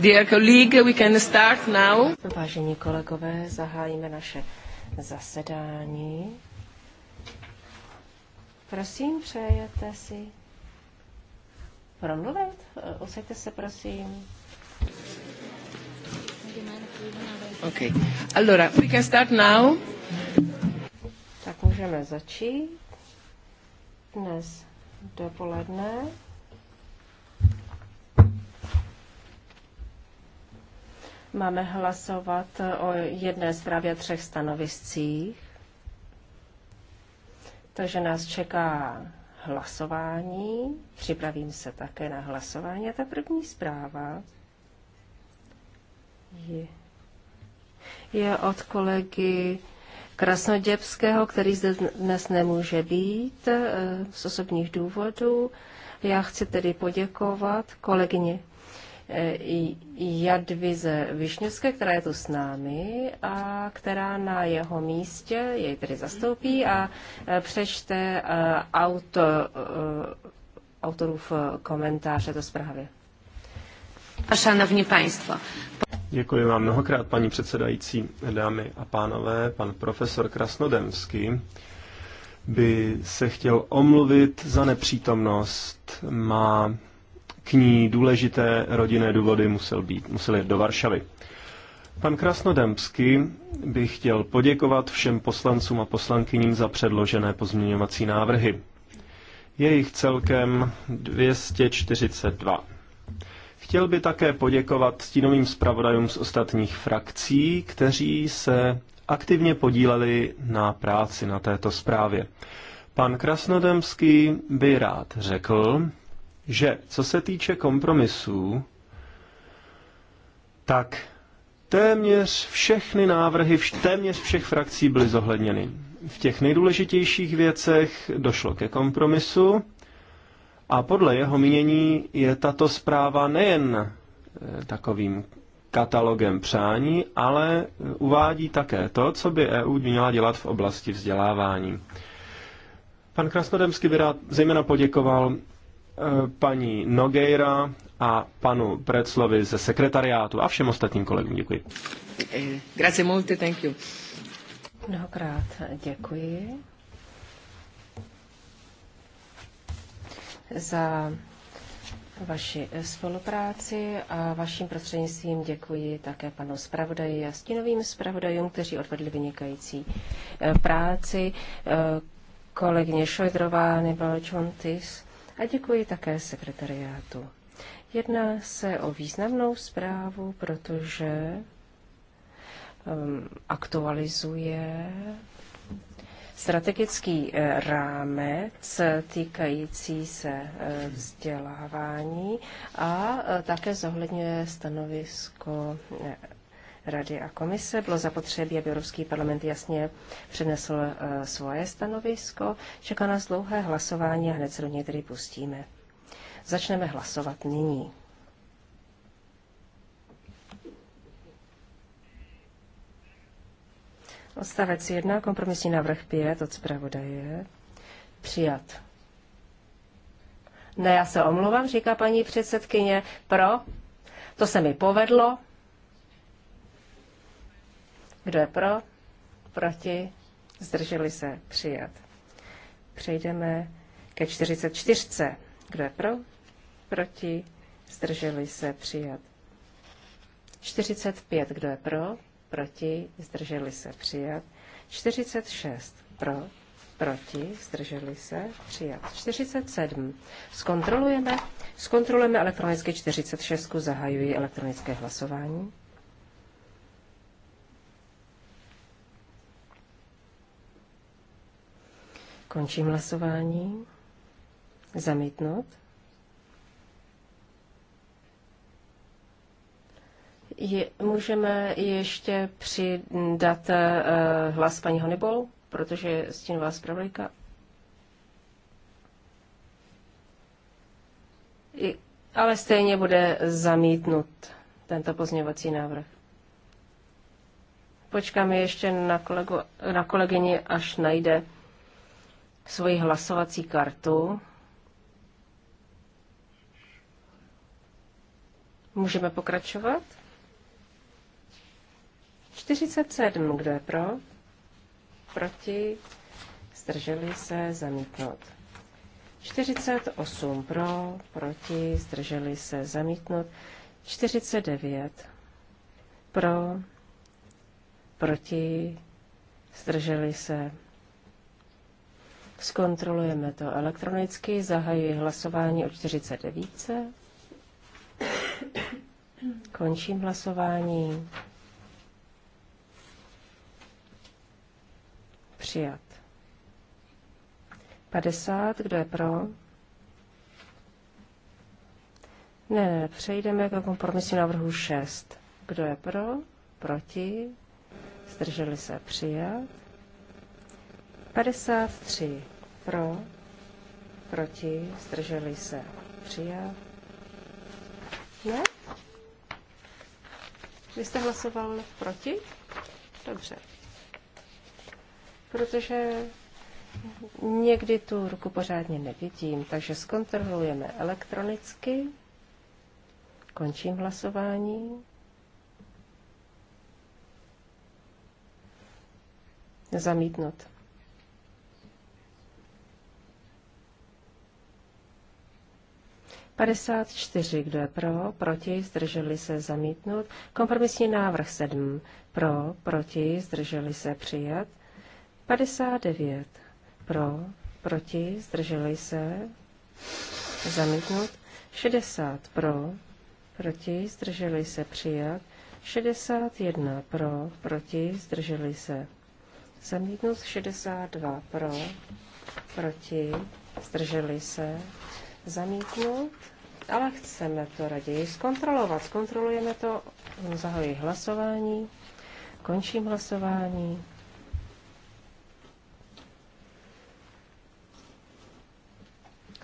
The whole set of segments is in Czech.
Dear colleague, we can start now. Vážení kolegové, zahájíme naše zasedání. Prosím, přejete si promluvit? Eh, usaďte se, prosím. OK. Allora, we can start now. Tak můžeme začít. Dnes dopoledne Máme hlasovat o jedné zprávě třech stanoviscích. Takže nás čeká hlasování. Připravím se také na hlasování. A ta první zpráva je, je od kolegy Krasnoděbského, který zde dnes nemůže být eh, z osobních důvodů. Já chci tedy poděkovat kolegyně Eh, Jadvize Višňovské, která je tu s námi a která na jeho místě jej tedy zastoupí a eh, přečte eh, auto, autorův komentář této zprávě. Šanovní państwo. Děkuji vám mnohokrát, paní předsedající, dámy a pánové. Pan profesor Krasnodemský by se chtěl omluvit za nepřítomnost. Má k ní důležité rodinné důvody musel, být, musel jít do Varšavy. Pan Krasnodemský by chtěl poděkovat všem poslancům a poslankyním za předložené pozměňovací návrhy. Je jich celkem 242. Chtěl by také poděkovat stínovým zpravodajům z ostatních frakcí, kteří se aktivně podíleli na práci na této zprávě. Pan Krasnodemský by rád řekl, že co se týče kompromisů, tak téměř všechny návrhy téměř všech frakcí byly zohledněny. V těch nejdůležitějších věcech došlo ke kompromisu a podle jeho mínění je tato zpráva nejen e, takovým katalogem přání, ale e, uvádí také to, co by EU měla dělat v oblasti vzdělávání. Pan Krasnodemský by rád zejména poděkoval paní Nogueira a panu Preclovi ze sekretariátu a všem ostatním kolegům. Děkuji. Grazie molte, thank you. Mnohokrát děkuji za vaši spolupráci a vaším prostřednictvím děkuji také panu zpravodaji a stínovým zpravodajům, kteří odvedli vynikající eh, práci. Eh, kolegyně Šojdrová nebo Čontis a děkuji také sekretariátu. Jedná se o významnou zprávu, protože um, aktualizuje strategický eh, rámec týkající se eh, vzdělávání a eh, také zohledňuje stanovisko Rady a Komise. Bylo zapotřebí, aby Evropský parlament jasně přinesl eh, svoje stanovisko. Čeká nás dlouhé hlasování a hned se do něj tedy pustíme. Začneme hlasovat nyní. Odstavec 1, kompromisní návrh 5 od zpravodaje. Přijat. Ne, já se omluvám, říká paní předsedkyně. Pro? To se mi povedlo. Kdo je pro? Proti? Zdrželi se? Přijat. Přejdeme ke 44. Kdo je pro? Proti? Zdrželi se? Přijat. 45. Kdo je pro? Proti? Zdrželi se? Přijat. 46. Pro? Proti? Zdrželi se? Přijat. 47. Zkontrolujeme? Zkontrolujeme elektronicky 46. Zahajuji elektronické hlasování. Končím hlasování. Zamítnout. Je, můžeme ještě přidat uh, hlas paní Honibol, protože je stínová zpravodajka. Ale stejně bude zamítnut tento pozměňovací návrh. Počkáme ještě na, kolegu, na kolegyni, až najde svoji hlasovací kartu. Můžeme pokračovat? 47. Kdo je pro? Proti? Zdrželi se? Zamítnout. 48 pro, proti, zdrželi se, zamítnout. 49 pro, proti, zdrželi se, Zkontrolujeme to elektronicky. Zahajuji hlasování o 49. Končím hlasování. Přijat. 50, kdo je pro? Ne, ne, přejdeme k kompromisu návrhu 6. Kdo je pro? Proti? Zdrželi se přijat. 53 pro, proti, zdrželi se, přijat. Ne? Vy jste hlasoval proti? Dobře. Protože někdy tu ruku pořádně nevidím, takže zkontrolujeme elektronicky. Končím hlasování. Zamítnout. 54, kdo je pro, proti, zdrželi se zamítnout. Kompromisní návrh 7, pro, proti, zdrželi se přijat. 59, pro, proti, zdrželi se zamítnout. 60, pro, proti, zdrželi se přijat. 61, pro, proti, zdrželi se zamítnout. 62, pro, proti, zdrželi se zamítnout, ale chceme to raději zkontrolovat. Zkontrolujeme to, zahoji hlasování, končím hlasování.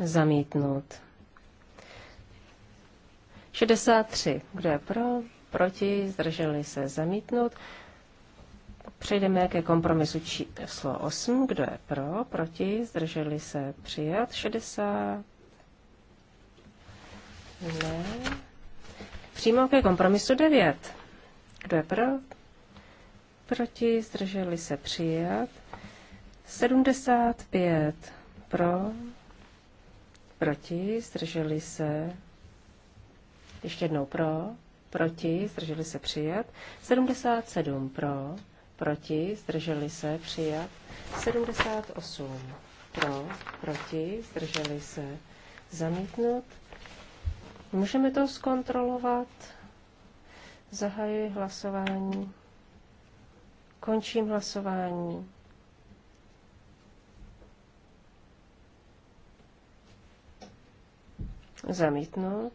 Zamítnout. 63. Kdo je pro? Proti? Zdrželi se zamítnout. Přejdeme ke kompromisu číslo 8. Kdo je pro? Proti? Zdrželi se přijat. 60. Ne. Přímo ke kompromisu 9. Kdo je pro? Proti, zdrželi se přijat. 75 pro, proti, zdrželi se, ještě jednou pro, proti, zdrželi se přijat, 77 pro, proti, zdrželi se přijat, 78 pro, proti, zdrželi se zamítnut, Můžeme to zkontrolovat. Zahajuji hlasování. Končím hlasování. Zamítnout.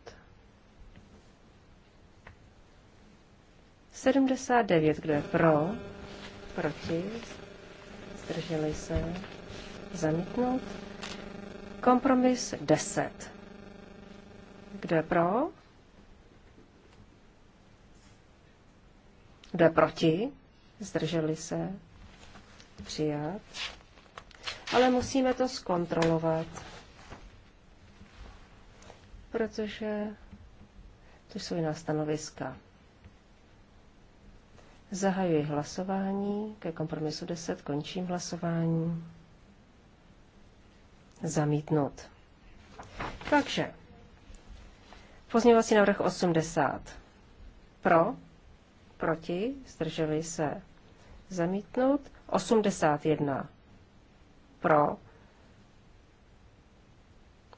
79, kdo je pro, proti, zdrželi se, zamítnout. Kompromis 10. Kdo je pro? Kdo je proti? Zdrželi se? Přijat. Ale musíme to zkontrolovat, protože to jsou jiná stanoviska. Zahajuji hlasování. Ke kompromisu 10 končím hlasování. Zamítnout. Takže Pozměňovací návrh 80. Pro, proti, zdrželi se zamítnout. 81. Pro,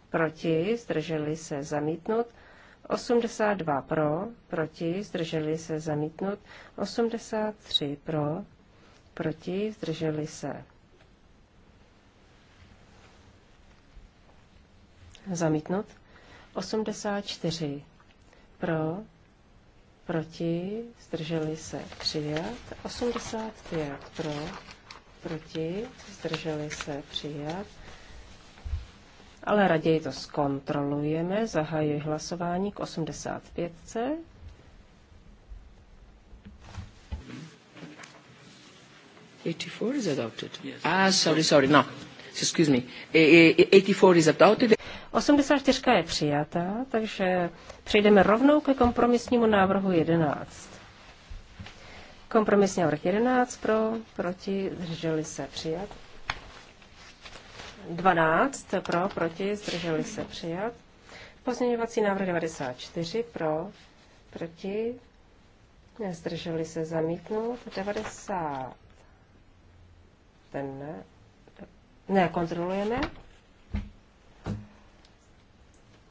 proti, zdrželi se zamítnout. 82 pro, proti, zdrželi se zamítnout. 83 pro, proti, zdrželi se zamítnout. 84 pro, proti, zdrželi se přijat. 85 pro, proti, zdrželi se přijat. Ale raději to zkontrolujeme. Zahajuji hlasování k 85. Eighty-four is adopted. Yes. Ah, sorry, sorry, no excuse me, 84 e, e, e, is adopted. 84 je přijata, takže přejdeme rovnou ke kompromisnímu návrhu 11. Kompromisní návrh 11 pro, proti, zdrželi se přijat. 12 pro, proti, zdrželi se přijat. Pozměňovací návrh 94 pro, proti, zdrželi se zamítnout. 90 ten ne, Nekontrolujeme.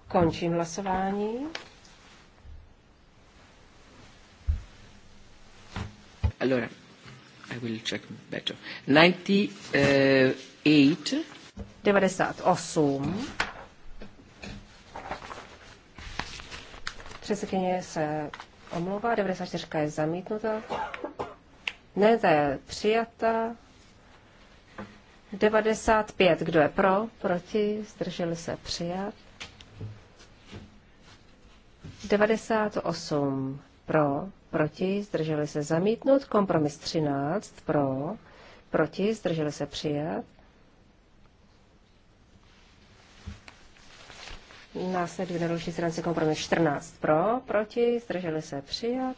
Končím hlasování. Allora, I will check better. 98. 98. se omlouvá, 94 je zamítnuta. Ne, to je přijata. 95. Kdo je pro? Proti? Zdrželi se přijat. 98. Pro? Proti? Zdrželi se zamítnout. Kompromis 13. Pro? Proti? Zdrželi se přijat. Následuje další stránce kompromis 14 pro, proti, zdrželi se přijat.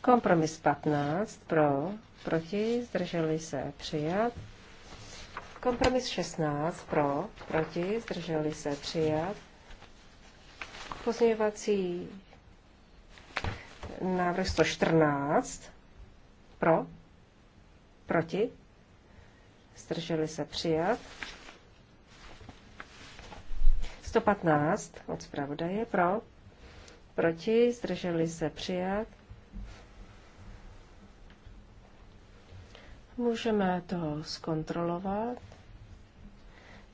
Kompromis 15 pro, proti, zdrželi se přijat. Kompromis 16 pro, proti, zdrželi se přijat. Pozměňovací návrh 114 pro, proti, zdrželi se přijat. 115 od zpravodaje pro, proti, zdrželi se přijat. Můžeme to zkontrolovat.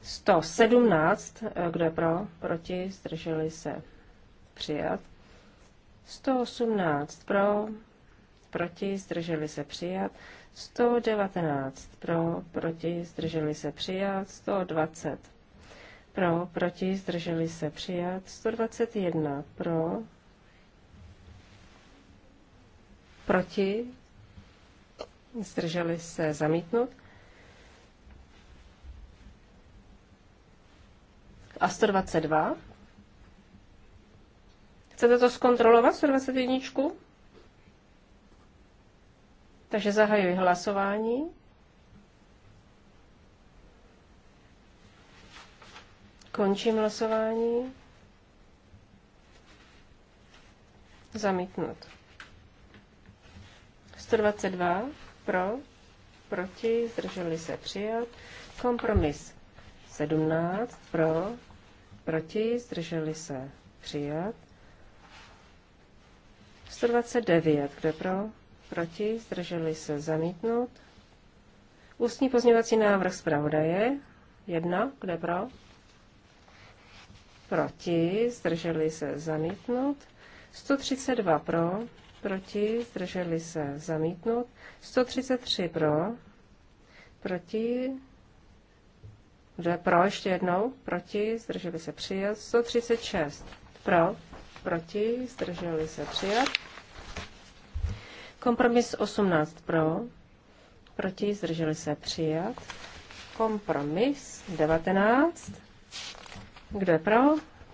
117, eh, kdo je pro, proti, zdrželi se přijat. 118 pro, proti, zdrželi se přijat. 119 pro, proti, zdrželi se přijat. 120 pro, proti, zdrželi se přijat. 121 pro, proti, zdrželi se zamítnout. A 122. Chcete to zkontrolovat, 121? Takže zahajuji hlasování. Končím hlasování. Zamítnout. 122 pro, proti, zdrželi se přijat. Kompromis 17 pro, proti, zdrželi se přijat. 129, kde pro, proti, zdrželi se zamítnout. Ústní pozměvací návrh zpravodaje 1, kde pro, proti, zdrželi se zamítnout. 132 pro, proti, zdrželi se zamítnout. 133 pro, proti, kdo pro ještě jednou, proti, zdrželi se přijat. 136 pro, proti, zdrželi se přijat. Kompromis 18 pro, proti, zdrželi se přijat. Kompromis 19, kdo je pro,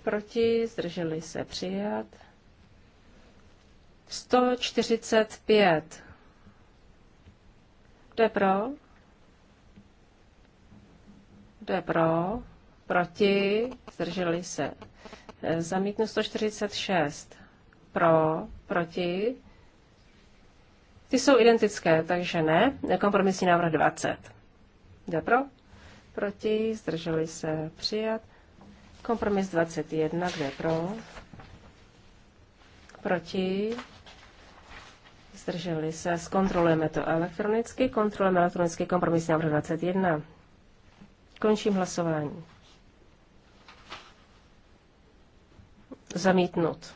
proti, zdrželi se přijat. 145. Kdo je pro? Kdo je pro? Proti? Zdrželi se. E, zamítnu 146. Pro? Proti? Ty jsou identické, takže ne. Kompromisní návrh 20. Jde pro? Proti? Zdrželi se. Přijat. Kompromis 21. Kde pro? Proti? Zdrželi se. Zkontrolujeme to elektronicky. Kontrolujeme elektronický kompromisní návrh 21. Končím hlasování. Zamítnut.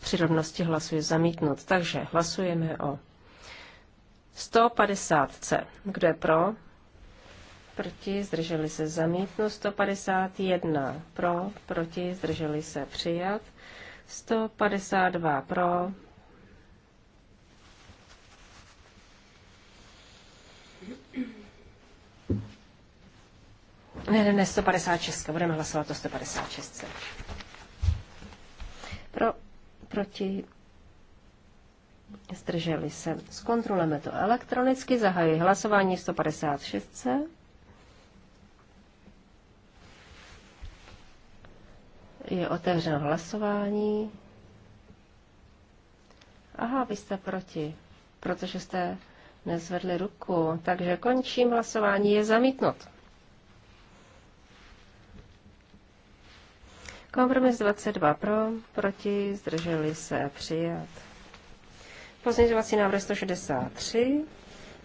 Při rovnosti hlasuje zamítnut. Takže hlasujeme o 150C. Kdo je pro? Proti, zdrželi se zamítnut. 151 pro, proti, zdrželi se přijat. 152 pro, Ne, ne, ne, 156. Budeme hlasovat o 156. Pro, proti zdrželi se. Zkontrolujeme to elektronicky. Zahajuji hlasování 156. Je otevřeno hlasování. Aha, vy jste proti, protože jste nezvedli ruku. Takže končím hlasování, je zamítnut. Kompromis 22 pro, proti, zdrželi se, přijat. Pozměňovací návrh 163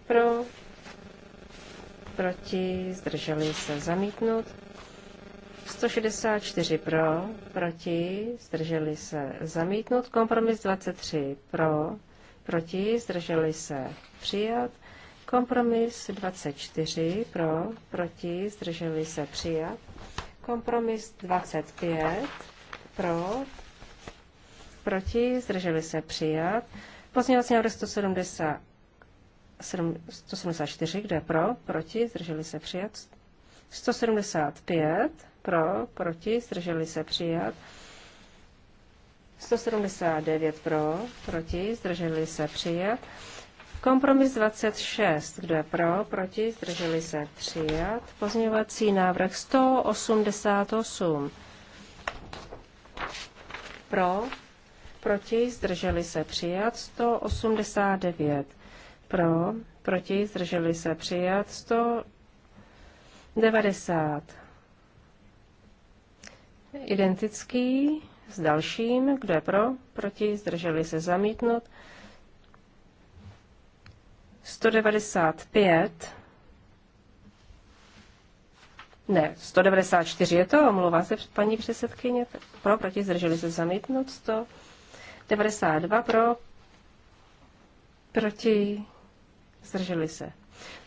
pro, proti, zdrželi se, zamítnut. 164 pro, proti, zdrželi se zamítnout. Kompromis 23 pro, proti, zdrželi se přijat. Kompromis 24 pro, proti, zdrželi se přijat. Kompromis 25 pro, proti, zdrželi se přijat. Pozměňovací návrh 170, 174, kde pro, proti, zdrželi se přijat. 175 pro, proti, zdrželi se přijat. 179 pro, proti, zdrželi se přijat. Kompromis 26, kdo je pro, proti, zdrželi se přijat. Pozměňovací návrh 188. Pro, proti, zdrželi se přijat. 189 pro, proti, zdrželi se přijat. 190 identický s dalším, kdo je pro, proti, zdrželi se zamítnout. 195, ne, 194 je to, omlouvá se paní předsedkyně, pro, proti, zdrželi se zamítnout, 192 pro, proti, zdrželi se.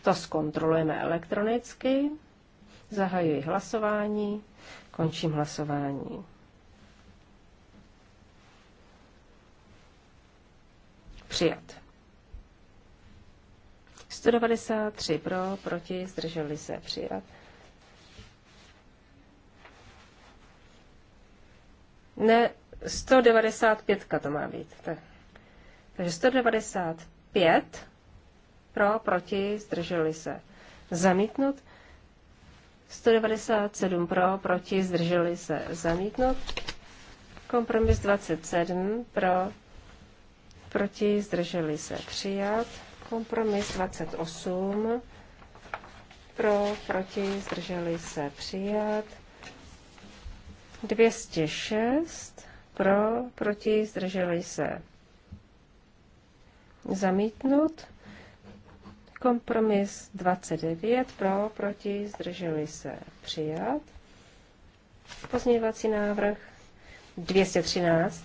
To zkontrolujeme elektronicky, zahajuji hlasování, Končím hlasování. Přijat. 193 pro, proti, zdrželi se přijat. Ne, 195 to má být. Tak. Takže 195 pro, proti, zdrželi se. Zamítnut. 197 pro, proti, zdrželi se zamítnout. Kompromis 27 pro, proti, zdrželi se přijat. Kompromis 28 pro, proti, zdrželi se přijat. 206 pro, proti, zdrželi se zamítnout. Kompromis 29 pro, proti, zdrželi se přijat. Pozměňovací návrh 213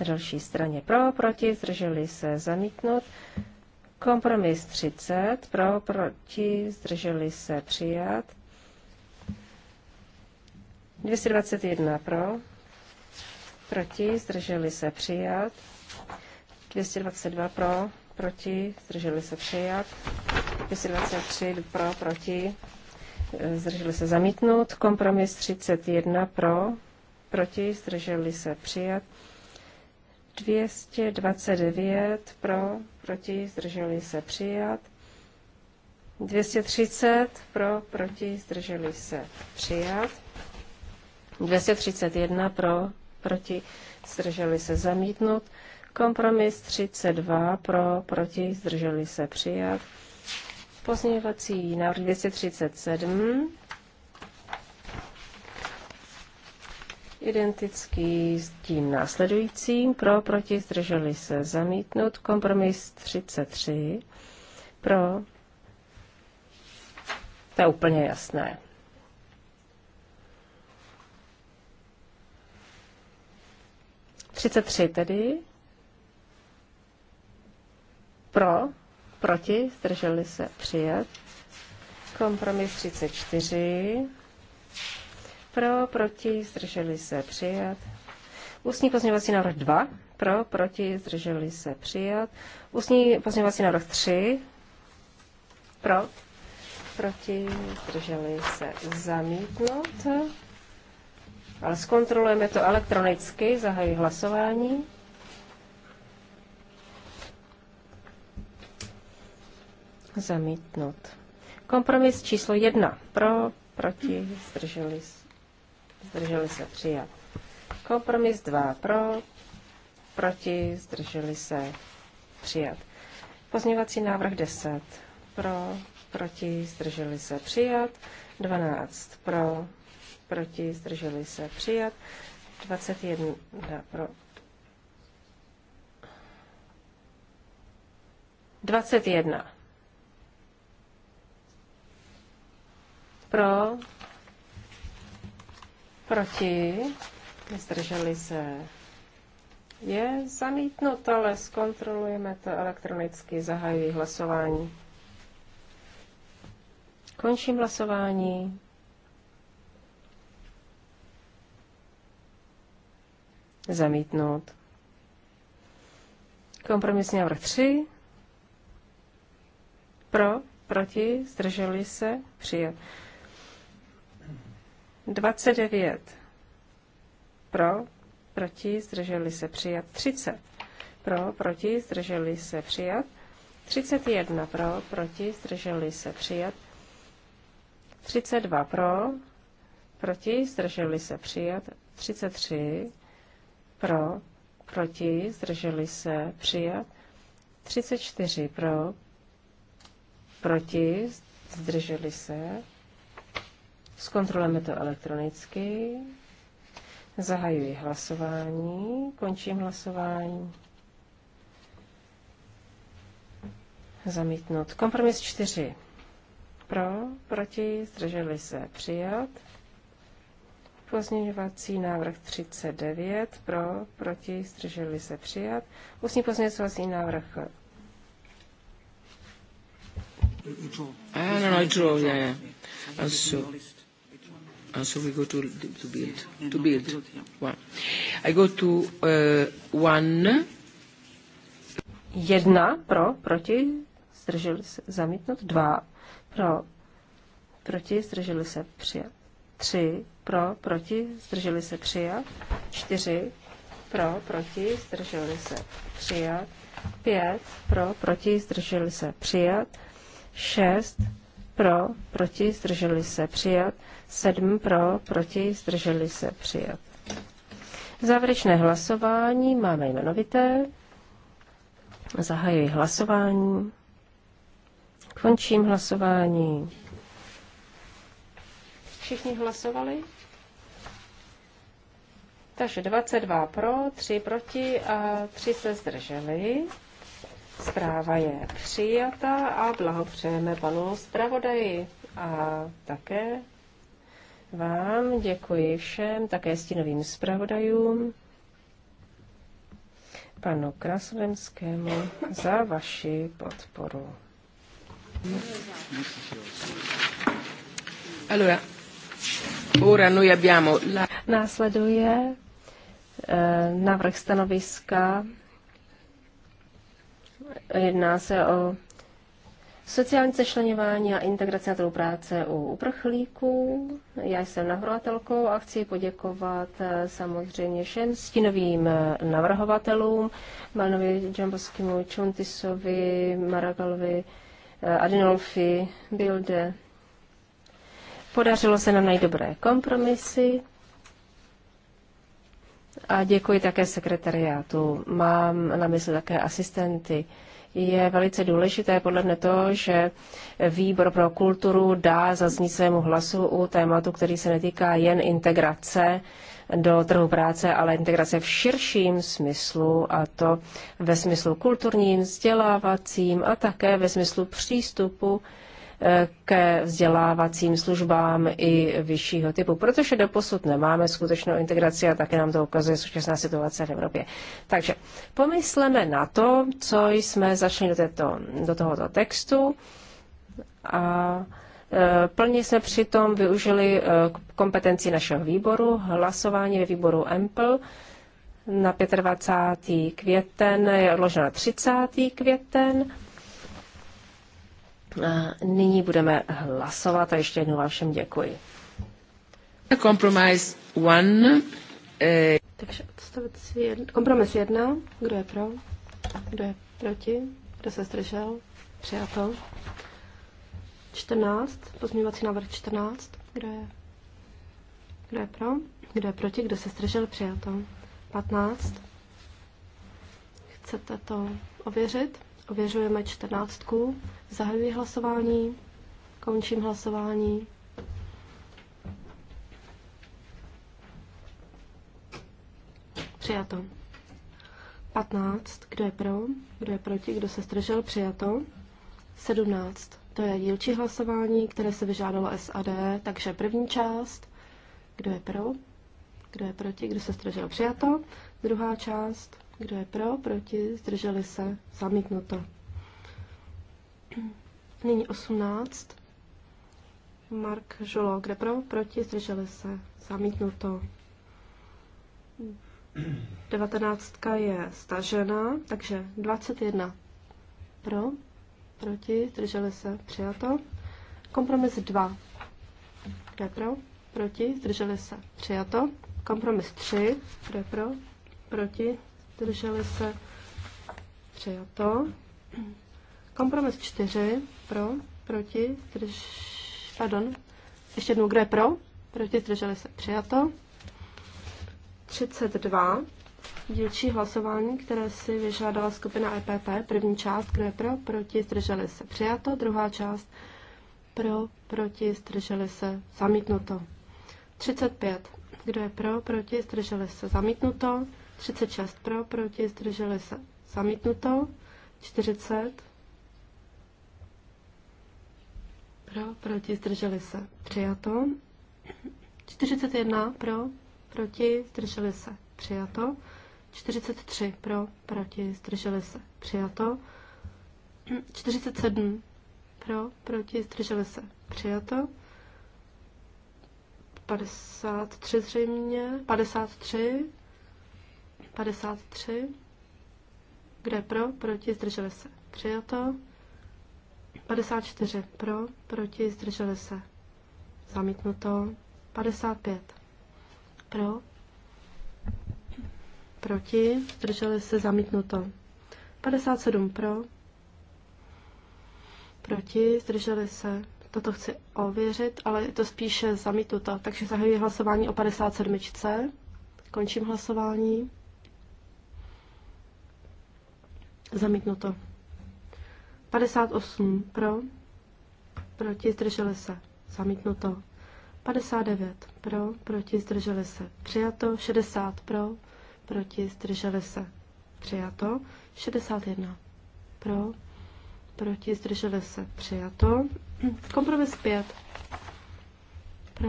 na další straně pro, proti, zdrželi se zamítnout. Kompromis 30, pro, proti, zdrželi se přijat. 221 pro, proti, zdrželi se přijat. 222 pro, proti, zdrželi se přijat. 23 e, pro, proti, zdrželi se zamítnout. Kompromis 31 pro, proti, zdrželi se přijat. 229 pro, proti, zdrželi se přijat. 230 pro, proti, zdrželi se přijat. 231 pro, proti, zdrželi se zamítnout. Kompromis 32 pro, proti, zdrželi se přijat. Pozměňovací návrh 237. Identický s tím následujícím. Pro, proti, zdrželi se zamítnout. Kompromis 33. Pro. To je úplně jasné. Třicet tři tedy pro, proti, zdrželi se přijat. Kompromis 34. Pro, proti, zdrželi se přijat. Ústní pozměňovací návrh 2. Pro, proti, zdrželi se přijat. Ústní pozměňovací návrh 3. Pro, proti, zdrželi se zamítnout. Ale zkontrolujeme to elektronicky, zahají hlasování. Zamítnut. Kompromis číslo jedna. Pro, proti, zdrželi, zdrželi se přijat. Kompromis dva pro, proti, zdrželi se přijat. Pozměňovací návrh 10 pro, proti, zdrželi se přijat. 12 pro, proti, zdrželi se přijat. 21 pro, 21. Pro, proti, zdrželi se. Je zamítnut, ale zkontrolujeme to elektronicky, zahajuji hlasování. Končím hlasování. Zamítnout. Kompromisní návrh 3. Pro, proti, zdrželi se, přijat. 29 pro, proti, zdrželi se přijat 30. Pro, proti, zdrželi se přijat 31 pro, proti, zdrželi se přijat 32 pro, proti, zdrželi se přijat 33 pro, proti, zdrželi se přijat 34 pro, proti, zdrželi se Zkontrolujeme to elektronicky. Zahajuji hlasování, končím hlasování. Zamítnout. Kompromis 4. Pro, proti, zdrželi se, přijat. Pozměňovací návrh 39. Pro, proti, zdrželi se, přijat. Ústní pozměňovací návrh. Ah, no, no, I draw, yeah, yeah. And uh, so we go to, to build. Yeah, to build. yeah. One. No, I go to uh, one. Jedna pro, proti, zdržel se, zamítnout. Dva pro, proti, zdrželi se, přijat. Tři pro, proti, zdrželi se, přijat. Čtyři pro, proti, zdrželi se, přijat. Pět pro, proti, zdrželi se, přijat. Šest pro, proti, zdrželi se, přijat. 7 pro, proti, zdrželi se přijat. Závěrečné hlasování máme jmenovité. Zahajuji hlasování. Končím hlasování. Všichni hlasovali? Takže 22 pro, 3 proti a 3 se zdrželi. Zpráva je přijata a blahopřejeme panu zpravodaji a také vám, děkuji všem, také stínovým zpravodajům, panu Krasovenskému za vaši podporu. Allora, ora noi abbiamo la... Následuje eh, návrh stanoviska. Jedná se o Sociální sešleněvání a integrace na trhu práce u uprchlíků. Já jsem navrhovatelkou a chci poděkovat eh, samozřejmě všem stínovým eh, navrhovatelům, Malnovi Džambovskému, Čuntisovi, Maragalovi, eh, Adinolfi, Bilde. Podařilo se nám najít dobré kompromisy a děkuji také sekretariátu. Mám na mysli také asistenty je velice důležité podle mne to, že výbor pro kulturu dá zaznít svému hlasu u tématu, který se netýká jen integrace do trhu práce, ale integrace v širším smyslu, a to ve smyslu kulturním, vzdělávacím a také ve smyslu přístupu Eh, ke vzdělávacím službám i vyššího typu, protože doposud nemáme skutečnou integraci a také nám to ukazuje současná situace v Evropě. Takže pomysleme na to, co jsme začali do, této, do tohoto textu a eh, Plně jsme přitom využili eh, kompetenci našeho výboru, hlasování ve výboru EMPL na 25. květen je odloženo na 30. květen Nyní budeme hlasovat a ještě jednou vám všem děkuji. Kompromis one. Eh, Takže odstavec jedna. Kompromis jedna. Kdo je pro? Kdo je proti? Kdo se zdržel? Přijato. 14. Pozměňovací návrh 14. Kdo je? Kdo je pro? Kdo je proti? Kdo se zdržel? Přijato. 15. Chcete to ověřit? Ověřujeme 14. Zahajuji hlasování, končím hlasování. Přijato. 15. Kdo je pro? Kdo je proti? Kdo se zdržel? Přijato. 17. To je dílčí hlasování, které se vyžádalo SAD, takže první část. Kdo je pro? Kdo je proti? Kdo se zdržel? Přijato. Druhá část. Kdo je pro? Proti? Zdrželi se? Zamítnuto. Nyní 18. Mark Žolo, kde pro, proti, zdrželi se, zamítnuto. 19 je stažena, takže 21 pro, proti, zdrželi se, přijato. Kompromis 2, kde pro, proti, zdrželi se, přijato. Kompromis 3, kde pro, proti, zdrželi se, přijato. Kompromis 4 pro, proti, zdrž... pardon, ještě jednou, kdo je pro, proti, zdrželi se, přijato. 32 dílčí hlasování, které si vyžádala skupina EPP. První část, kdo je pro, proti, zdrželi se, přijato. Druhá část, pro, proti, zdrželi se, zamítnuto. 35. Kdo je pro, proti, zdrželi se, zamítnuto. 36 pro, proti, zdrželi se, zamítnuto. 40 pro, proti, zdrželi se. Přijato. 41 pro, proti, zdrželi se. Přijato. 43 pro, proti, zdrželi se. Přijato. 47 pro, proti, zdrželi se. Přijato. 53 zřejmě. 53. 53. Kde pro, proti, zdrželi se. Přijato. 54 pro, proti, zdrželi se. Zamítnuto. 55 pro, proti, zdrželi se, zamítnuto. 57 pro, proti, zdrželi se. Toto chci ověřit, ale je to spíše zamítnuto. Takže zahajuji hlasování o 57. Končím hlasování. Zamítnuto. 58 pro, proti zdrželi se, zamítnuto. 59 pro, proti zdrželi se, přijato. 60 pro, proti zdrželi se, přijato. 61 pro, proti zdrželi se, přijato. Kompromis 5 pro,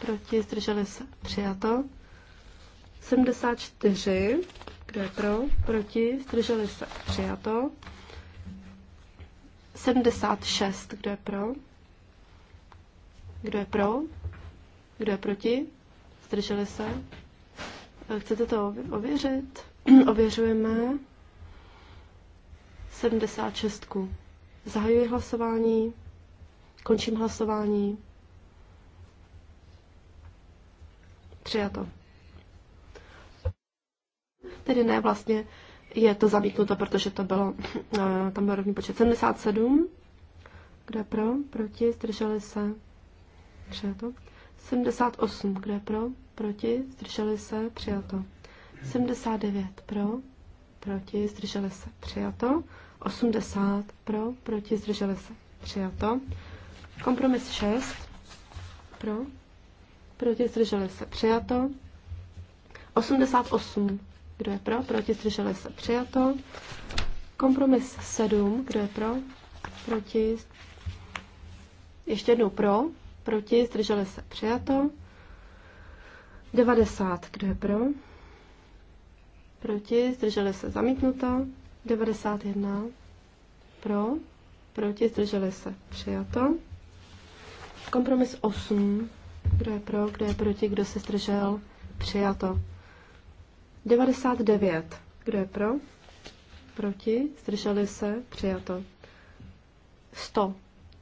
proti zdrželi se, přijato. 74 kdo je pro? Proti? Zdrželi se? Přijato. 76. Kdo je pro? Kdo je pro? Kdo je proti? Zdrželi se? Eh, chcete to ověřit? Ověřujeme 76. Zahajuji hlasování. Končím hlasování. Přijato. Tedy ne vlastně je to zamítnuto, protože to bylo, eh, tam byl rovný počet 77. Kde pro? Proti? Zdrželi se? Přijato. 78. Kde pro? Proti? Zdrželi se? Přijato. 79. Pro? Proti? Zdrželi se? Přijato. 80. Pro? Proti? Zdrželi se? Přijato. Kompromis 6. Pro? Proti? Zdrželi se? Přijato. 88 kdo je pro? Proti? Zdrželi se? Přijato. Kompromis 7. Kdo je pro? Proti? Ještě jednou pro. Proti? Zdrželi se? Přijato. 90. Kdo je pro? Proti? Zdrželi se? Zamítnuto. 91. Pro? Proti? Zdrželi se? Přijato. Kompromis 8. Kdo je pro? Kdo je proti? Kdo se zdržel? Přijato. 99. Kdo je pro? Proti? Zdrželi se? Přijato. 100.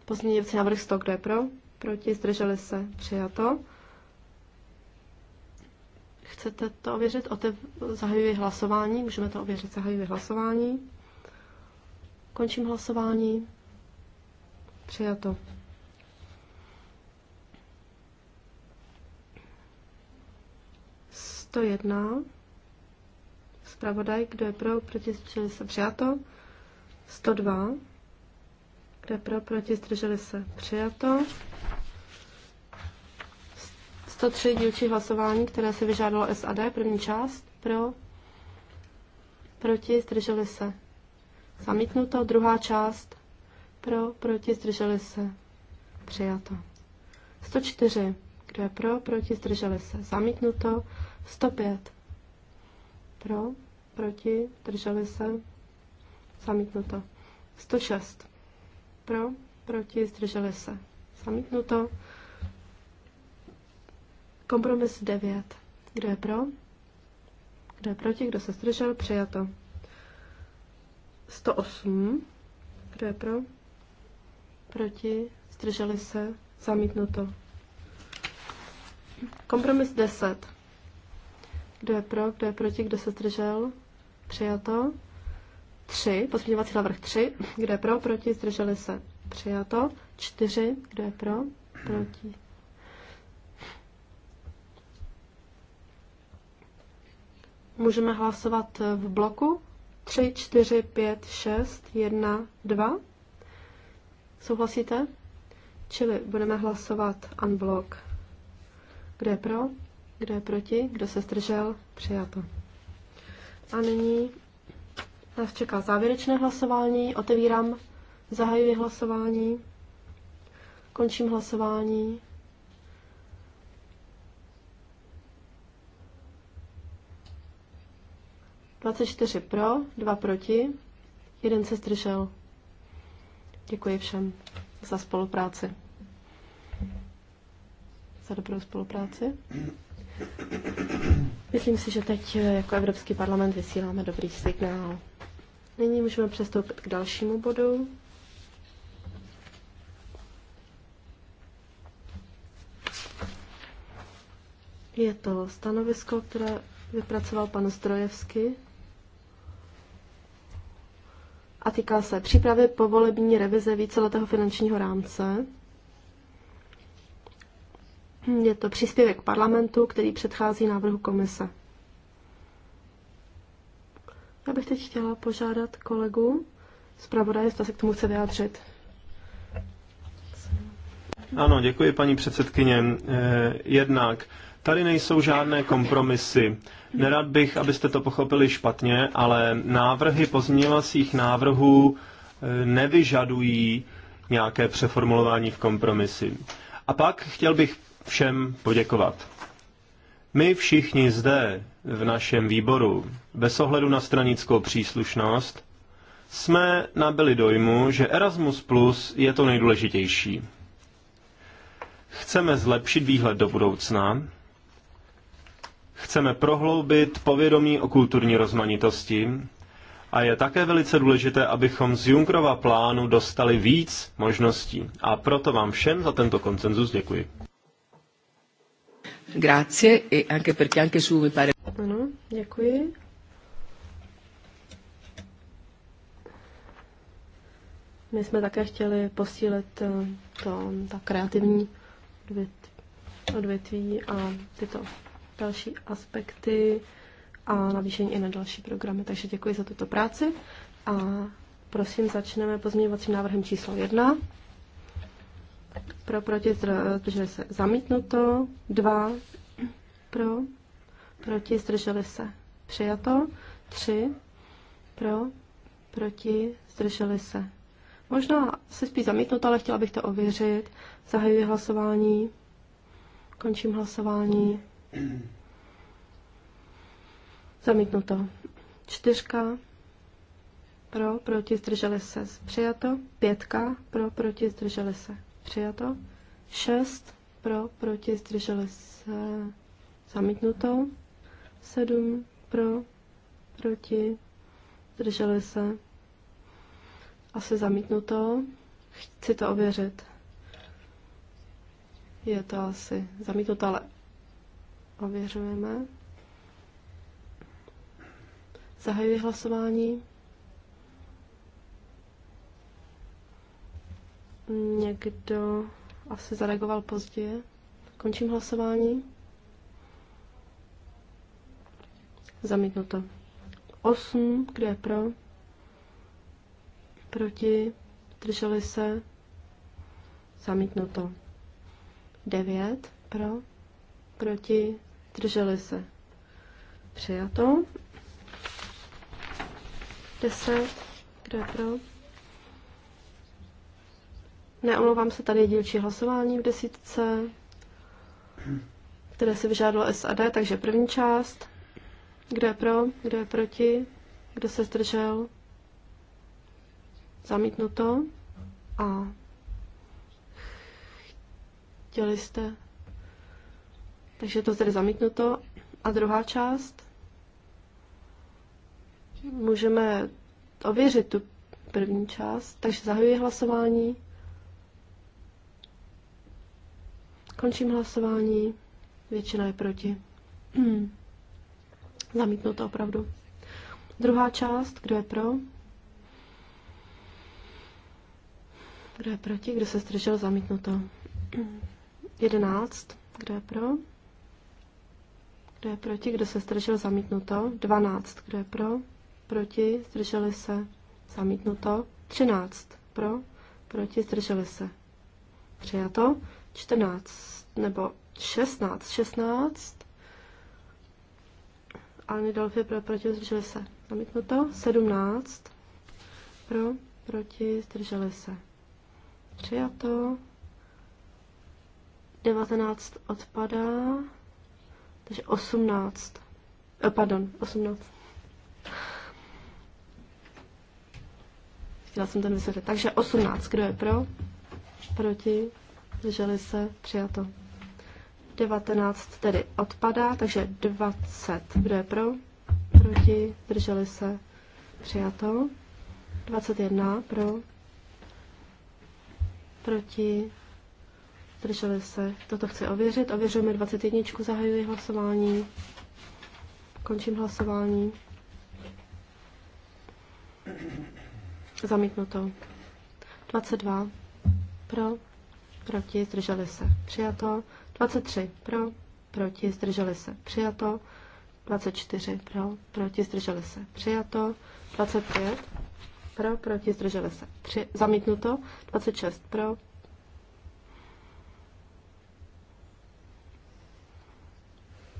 Pozměňovací návrh 100. Kdo je pro? Proti? Zdrželi se? Přijato. Chcete to ověřit? Otev... Zahajuji hlasování. Můžeme to ověřit. Zahajuji hlasování. Končím hlasování. Přijato. To jedna zpravodaj, kdo je pro, proti, zdrželi se, přijato. 102, kdo je pro, proti, zdrželi se, přijato. 103 dílčí hlasování, které se vyžádalo SAD, první část, pro, proti, zdrželi se. Zamítnuto, druhá část, pro, proti, zdrželi se, přijato. 104, kdo je pro, proti, zdrželi se, zamítnuto. 105, pro, proti, drželi se, zamítnuto. 106 pro, proti, zdrželi se, zamítnuto. Kompromis 9. Kdo je pro? Kdo je proti? Kdo se zdržel? Přijato. 108. Kdo je pro? Proti? Zdrželi se? Zamítnuto. Kompromis 10. Kdo je pro? Kdo je proti? Kdo se zdržel? Přijato. 3. Pozměňovací návrh 3. Kdo je pro? Proti? Zdrželi se. Přijato. 4. Kdo je pro? Proti? Můžeme hlasovat v bloku 3, 4, 5, 6, 1, 2. Souhlasíte? Čili budeme hlasovat unblock. Kdo je pro? Kdo je proti? Kdo se zdržel? Přijato. A nyní nás čeká závěrečné hlasování. Otevírám, zahajuji hlasování, končím hlasování. Dvacet čtyři pro, dva proti, jeden se zdržel. Děkuji všem za spolupráci. Za dobrou spolupráci. Myslím si, že teď eh, jako Evropský parlament vysíláme dobrý signál. Nyní můžeme přestoupit k dalšímu bodu. Je to stanovisko, které vypracoval pan Zdrojevsky a týká se přípravy povolební revize víceletého finančního rámce. Je to příspěvek parlamentu, který předchází návrhu komise. Já bych teď chtěla požádat kolegu zpravodaje, jestli se k tomu chce vyjádřit. Ano, děkuji paní předsedkyně. Eh, jednak Tady nejsou žádné kompromisy. Nerad bych, abyste to pochopili špatně, ale návrhy pozměňovacích návrhů eh, nevyžadují nějaké přeformulování v kompromisy. A pak chtěl bych všem poděkovat. My všichni zde v našem výboru, bez ohledu na stranickou příslušnost, jsme nabili dojmu, že Erasmus Plus je to nejdůležitější. Chceme zlepšit výhled do budoucna, chceme prohloubit povědomí o kulturní rozmanitosti a je také velice důležité, abychom z Junkrova plánu dostali víc možností. A proto vám všem za tento koncenzus děkuji. Grazie e anche perché anche su mi pare... Ano, děkuji. My jsme také chtěli posílit eh, to, ta kreativní odvětví a tyto další aspekty a navýšení i na další programy. Takže děkuji za tuto práci a prosím začneme pozměňovacím návrhem číslo jedna pro, proti, zdrželi se, zamítnuto, dva. pro, proti, zdrželi se, přijato, tři. pro, proti, zdrželi se. Možná se spíš zamítnuto, ale chtěla bych to ověřit. Zahajuji hlasování, končím hlasování. Zamítnuto. Čtyřka, pro, proti, zdrželi se, přijato. Pětka, pro, proti, zdrželi se, přijato. 6 pro, proti, zdrželi se, zamítnuto. 7 pro, proti, zdrželi se, asi zamítnuto. Chci to ověřit. Je to asi zamítnuto, ale ověřujeme. Zahajuji hlasování. Někdo asi zareagoval pozdě. Končím hlasování. Zamítnuto. 8, kdo je pro? Proti? Drželi se? Zamítnuto. 9, pro? Proti? Drželi se? Přijato. 10, kdo je pro? Neomlouvám se, tady je dílčí hlasování v desítce, které si vyžádalo SAD, takže první část. Kdo je pro, kdo je proti, kdo se zdržel, zamítnuto a chtěli jste. Takže to tedy zamítnuto. A druhá část. Můžeme ověřit tu první část, takže zahajuji hlasování. Končím hlasování. Většina je proti. Zamítnu to opravdu. Druhá část, kdo je pro? Kdo je proti? Kdo se zdržel? Zamítnuto. 11. Kdo je pro? Kdo je proti? Kdo se zdržel? Zamítnuto. 12. Kdo je pro? Proti? Zdrželi se? Zamítnuto. 13. Pro? Proti? Zdrželi se? Přijato. 14 nebo 16, 16. Alny Dolfy pro, proti, zdrželi se. Zamítnuto. 17 pro, proti, zdrželi se. Přijato. 19 odpadá. Takže 18. E, eh, pardon, 18. Chtěla jsem ten vysvětlit. Takže 18. Kdo je pro? Proti? drželi se, přijato. 19 tedy odpadá, takže 20. Kdo je pro? Proti, drželi se, přijato. 21 pro, proti, drželi se. Toto chci ověřit. Ověřujeme 21. Zahajuji hlasování. Končím hlasování. Zamítnuto. 22 pro, proti, zdrželi se, přijato. 23 pro, proti, zdrželi se, přijato. 24 pro, proti, zdrželi se, přijato. 25 pro, proti, zdrželi se, při, zamítnuto. 26 pro,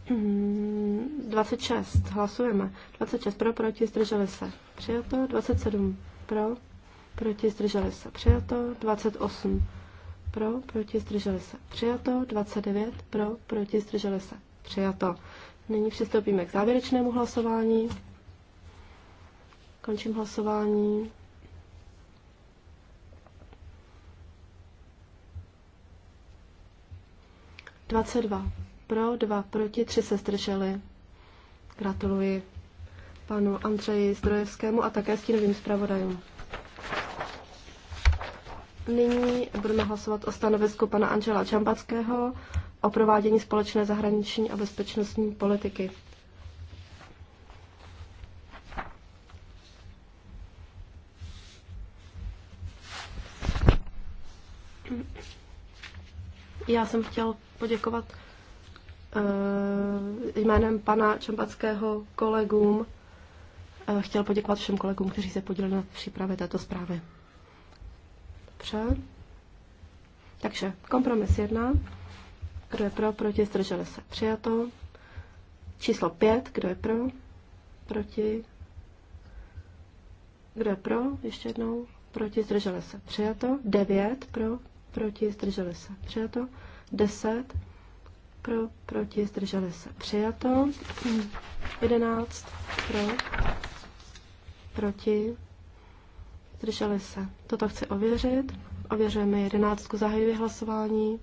Hmm, 26, hlasujeme. 26 pro, proti, zdrželi se. Přijato. 27 pro, proti, zdrželi se. Přijato. 28 pro, proti, zdrželi se, přijato. 29 pro, proti, zdrželi se, přijato. Nyní přistoupíme k závěrečnému hlasování. Končím hlasování. Dvacet dva pro, dva proti, tři se zdrželi. Gratuluji panu Andřeji Zdrojevskému a také stínovým zpravodajům. Nyní budeme hlasovat o stanovisku pana Angela Čambackého o provádění společné zahraniční a bezpečnostní politiky. Já jsem chtěl poděkovat eh, jménem pana Čambackého kolegům. Eh, chtěl poděkovat všem kolegům, kteří se podíleli na přípravě této zprávy. Dobře. Takže kompromis jedna, Kdo je pro, proti, zdrželi se. Přijato. Číslo pět, Kdo je pro, proti. Kdo je pro, ještě jednou, proti, zdrželi se. Přijato. devět Pro, proti, zdrželi se. Přijato. deset Pro, proti, zdrželi se. Přijato. jedenáct Pro, proti, zdrželi se. Toto chci ověřit. Ověřujeme jedenáctku, zahajuji hlasování.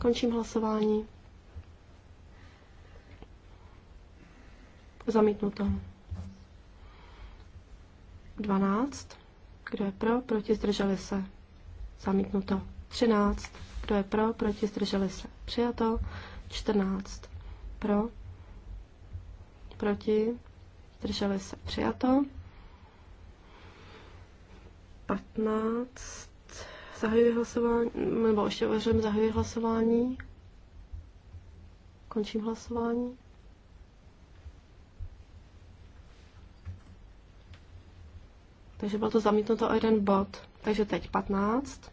Končím hlasování. Zamítnuto. 12. Kdo je pro, proti, zdrželi se. Zamítnuto. 13. Kdo je pro, proti, zdrželi se. Přijato. 14. Pro, proti, zdrželi se. Přijato. 15. Zahajuji hlasování, nebo ještě ověřím, zahajuji hlasování. Končím hlasování. Takže bylo to zamítnuto o jeden bod. Takže teď 15.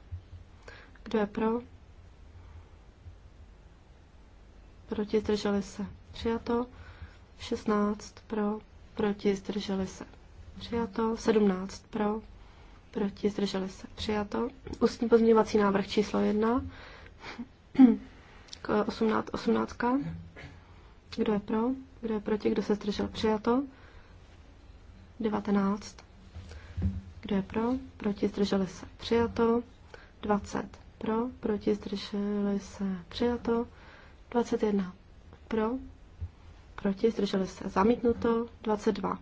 Kdo je pro? Proti zdrželi se. Přijato. 16 pro. Proti zdrželi se. Přijato. 17 pro proti, zdrželi se, přijato. Ústní pozměňovací návrh číslo 1, 18, 18. Kdo je pro? Kdo je proti? Kdo se zdržel? Přijato. 19. Kdo je pro? Proti zdrželi se. Přijato. 20. Pro. Proti zdrželi se. Přijato. 21. Pro. Proti zdrželi se. Zamítnuto. 22.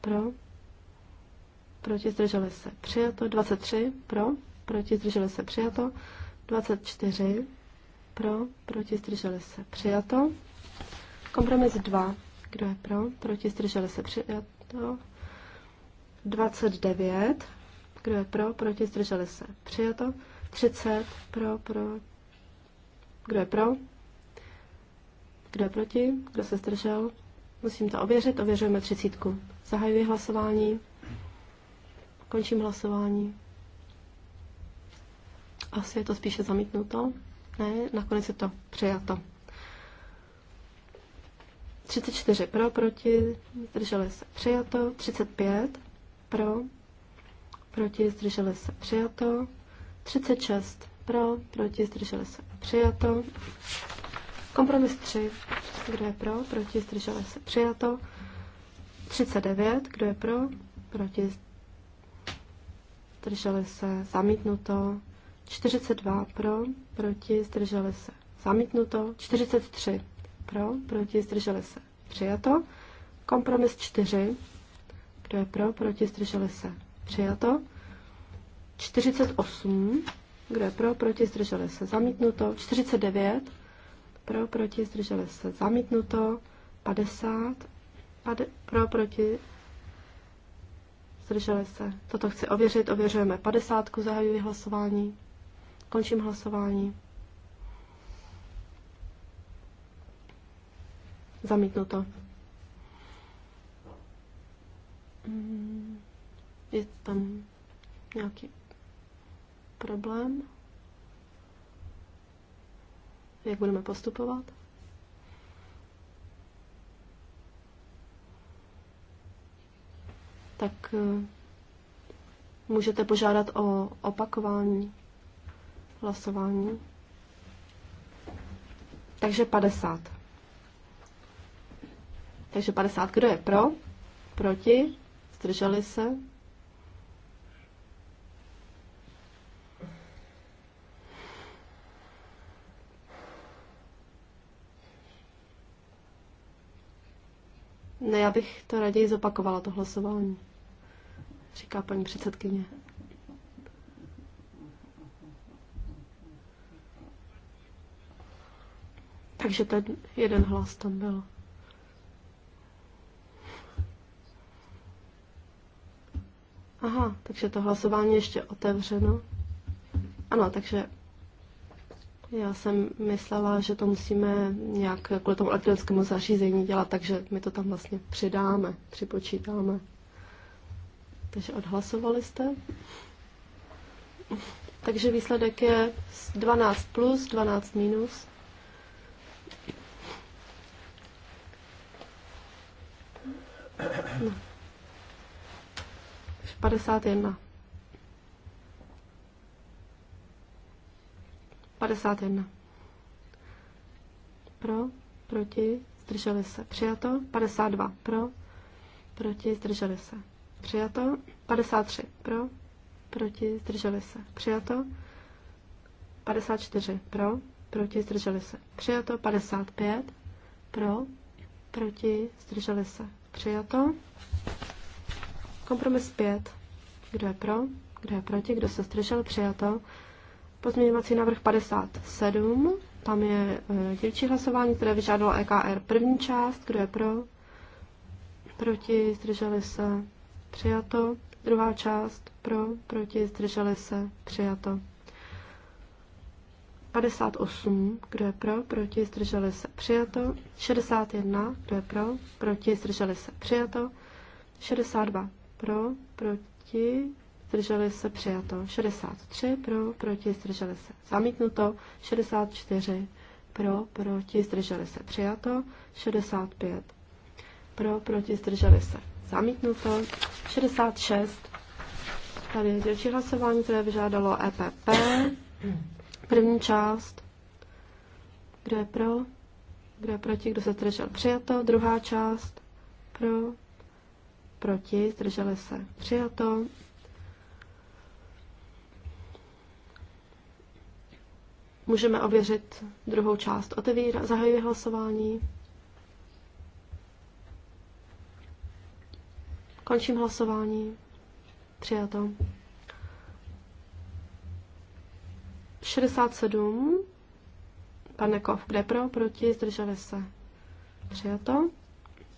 Pro proti zdrželi se přijato, 23 pro, proti zdrželi se přijato, 24 pro, proti zdrželi se přijato, kompromis 2, kdo je pro, proti zdrželi se přijato, 29, kdo je pro, proti zdrželi se přijato, 30 pro, pro, kdo je pro, kdo je proti, kdo se zdržel, musím to ověřit, ověřujeme třicítku. Zahajuji hlasování. Končím hlasování. Asi je to spíše zamítnuto. Ne, nakonec je to přijato. 34 pro, proti, zdrželi se přijato. 35 pro, proti, zdrželi se přijato. 36 pro, proti, zdrželi se přijato. Kompromis 3, kdo je pro, proti, zdrželi se přijato. 39, kdo je pro, proti, zdrželi se, zamítnuto. 42 pro, proti, zdrželi se, zamítnuto. 43 pro, proti, zdrželi se, přijato. Kompromis 4, kdo je pro, proti, zdrželi se, přijato. 48, kdo je pro, proti, zdrželi se, zamítnuto. 49, pro, proti, zdrželi se, zamítnuto. 50, pro, proti, zdrželi se. Toto chci ověřit, ověřujeme 50, zahajuji hlasování, končím hlasování. Zamítnuto. Mm, je tam nějaký problém? Jak budeme postupovat? tak eh, můžete požádat o opakování hlasování. Takže 50. Takže 50. Kdo je pro? Proti? Zdrželi se? Ne, já bych to raději zopakovala, to hlasování, říká paní předsedkyně. Takže ten jeden hlas tam byl. Aha, takže to hlasování ještě otevřeno. Ano, takže já jsem myslela, že to musíme nějak kvůli tomu elektronickému zařízení dělat, takže my to tam vlastně přidáme, připočítáme. Takže odhlasovali jste. Takže výsledek je 12 plus, 12 minus. No. 51 51. Pro, proti, zdrželi se. Přijato. 52. Pro, proti, zdrželi se. Přijato. 53. Pro, proti, zdrželi se. Přijato. 54. Pro, proti, zdrželi se. Přijato. 55. Pro, proti, zdrželi se. Přijato. Kompromis 5. Kdo je pro? Kdo je proti? Kdo se zdržel? Přijato. Pozměňovací návrh 57, tam je eh, dělčí hlasování, které vyžádalo EKR první část, kdo je pro, proti, zdrželi se, přijato. Druhá část, pro, proti, zdrželi se, přijato. 58, kdo je pro, proti, zdrželi se, přijato. 61, kdo je pro, proti, zdrželi se, přijato. 62, pro, proti, zdrželi se, přijato. 63 pro, proti, zdrželi se, zamítnuto. 64 pro, proti, zdrželi se, přijato. 65 pro, proti, zdrželi se, zamítnuto. 66 tady je další hlasování, které vyžádalo EPP. První část, kdo je pro, kdo je proti, kdo se zdržel, přijato. Druhá část, pro, proti, zdrželi se, přijato. Můžeme ověřit druhou část. Otevírá, zahajuji hlasování. Končím hlasování. Přijato. 67. Pan Nekov, kde pro, proti, zdrželi se. Přijato.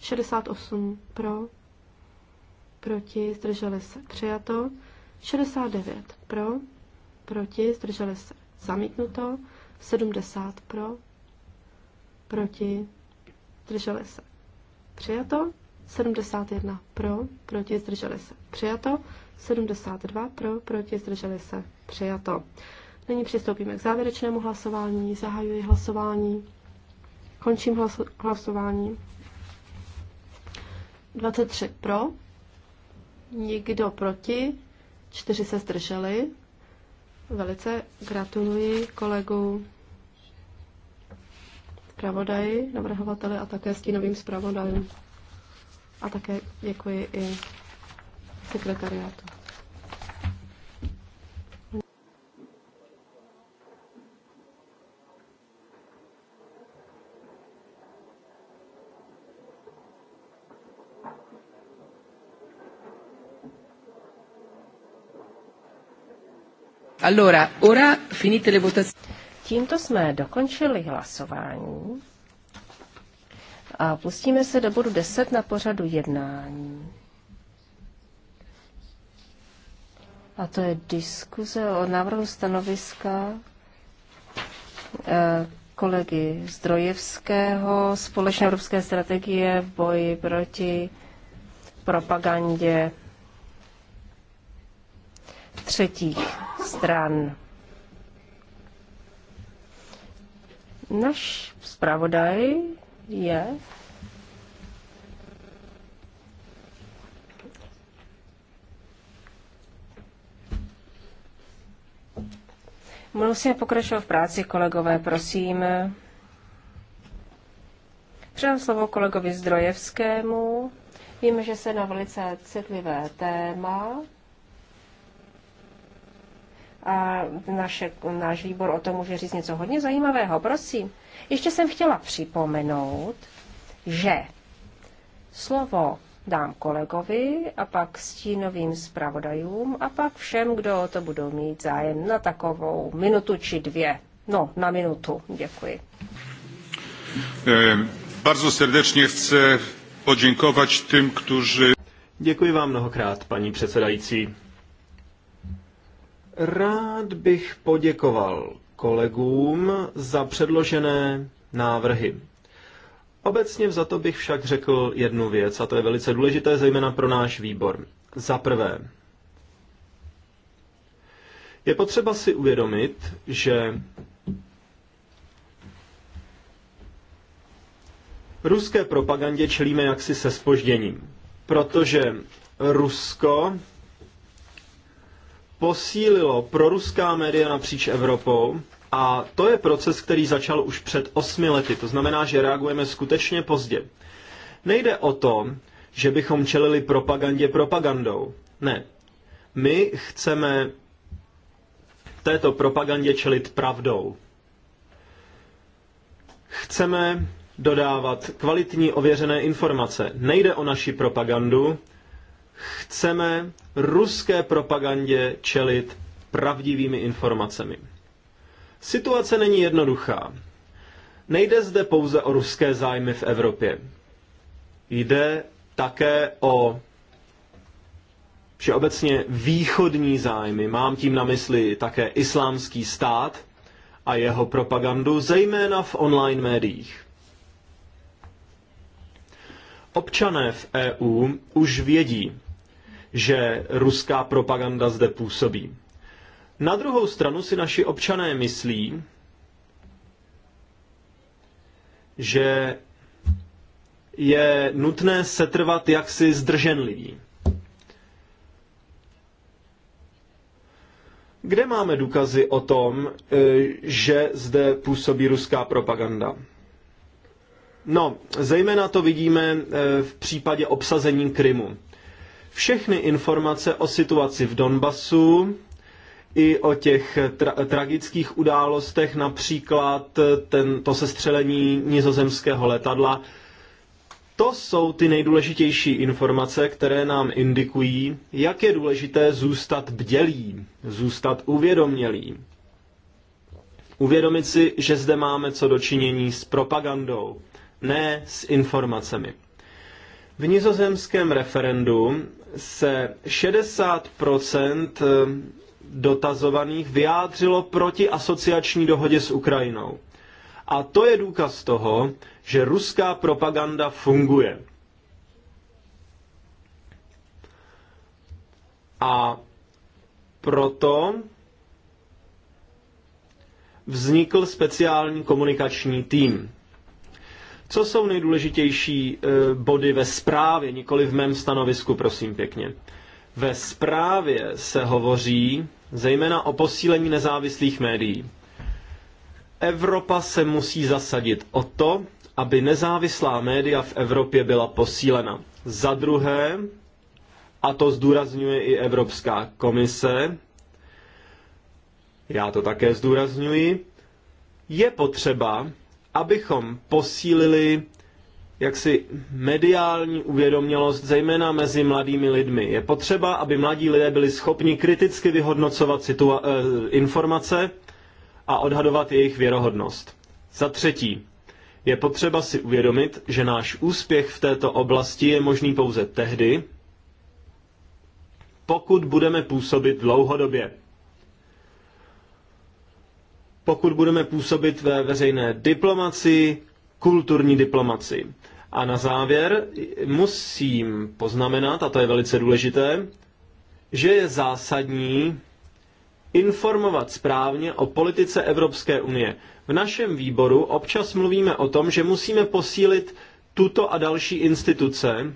68 pro, proti, zdrželi se. Přijato. 69 pro, proti, zdrželi se zamítnuto, 70 pro, proti, zdrželi se, přijato, 71 pro, proti, zdrželi se, přijato, 72 pro, proti, zdrželi se, přijato. Nyní přistoupíme k závěrečnému hlasování, zahajuji hlasování, končím hlasu, hlasování. 23 pro, nikdo proti, 4 se zdrželi, Velice gratuluji kolegu zpravodaji, navrhovateli a také stínovým zpravodajům. A také děkuji i sekretariátu. Allora, ora finite le votazioni. Tímto jsme dokončili hlasování a pustíme se do bodu 10 na pořadu jednání. A to je diskuze o návrhu stanoviska eh, kolegy Zdrojevského, společné evropské strategie v boji proti propagandě třetích stran. Náš zpravodaj je Musíme pokračovat v práci, kolegové, prosím. Předám slovo kolegovi Zdrojevskému. Vím, že se na velice citlivé téma a naše, náš výbor o tom může říct něco hodně zajímavého. Prosím, ještě jsem chtěla připomenout, že slovo dám kolegovi a pak stínovým zpravodajům a pak všem, kdo o to budou mít zájem na takovou minutu či dvě. No, na minutu. Děkuji. E, bardzo srdečně chci poděkovat těm, kteří... Děkuji vám mnohokrát, paní předsedající. Rád bych poděkoval kolegům za předložené návrhy. Obecně za to bych však řekl jednu věc, a to je velice důležité, zejména pro náš výbor. Za prvé, je potřeba si uvědomit, že ruské propagandě čelíme jaksi se spožděním, protože Rusko posílilo proruská média napříč Evropou a to je proces, který začal už před osmi lety. To znamená, že reagujeme skutečně pozdě. Nejde o to, že bychom čelili propagandě propagandou. Ne. My chceme této propagandě čelit pravdou. Chceme dodávat kvalitní ověřené informace. Nejde o naši propagandu, Chceme ruské propagandě čelit pravdivými informacemi. Situace není jednoduchá. Nejde zde pouze o ruské zájmy v Evropě. Jde také o všeobecně východní zájmy. Mám tím na mysli také islámský stát a jeho propagandu, zejména v online médiích. Občané v EU už vědí, že ruská propaganda zde působí. Na druhou stranu si naši občané myslí, že je nutné setrvat jaksi zdrženlivý. Kde máme důkazy o tom, e, že zde působí ruská propaganda? No, zejména to vidíme e, v případě obsazení Krymu všechny informace o situaci v Donbasu i o těch tra- tragických událostech, například ten, to sestřelení nizozemského letadla. To jsou ty nejdůležitější informace, které nám indikují, jak je důležité zůstat bdělý, zůstat uvědomělý. Uvědomit si, že zde máme co dočinění s propagandou, ne s informacemi. V nizozemském referendu se 60 eh, dotazovaných vyjádřilo proti asociační dohodě s Ukrajinou. A to je důkaz toho, že ruská propaganda funguje. A proto vznikl speciální komunikační tým. Co jsou nejdůležitější eh, body ve zprávě, nikoli v mém stanovisku, prosím pěkně? Ve zprávě se hovoří zejména o posílení nezávislých médií. Evropa se musí zasadit o to, aby nezávislá média v Evropě byla posílena. Za druhé, a to zdůrazňuje i Evropská komise, já to také zdůrazňuji, je potřeba, abychom posílili jaksi mediální uvědomělost, zejména mezi mladými lidmi. Je potřeba, aby mladí lidé byli schopni kriticky vyhodnocovat situa- eh, informace a odhadovat jejich věrohodnost. Za třetí, je potřeba si uvědomit, že náš úspěch v této oblasti je možný pouze tehdy, pokud budeme působit dlouhodobě pokud budeme působit ve veřejné diplomaci, kulturní diplomaci. A na závěr musím poznamenat, a to je velice důležité, že je zásadní informovat správně o politice Evropské unie. V našem výboru občas mluvíme o tom, že musíme posílit tuto a další instituce,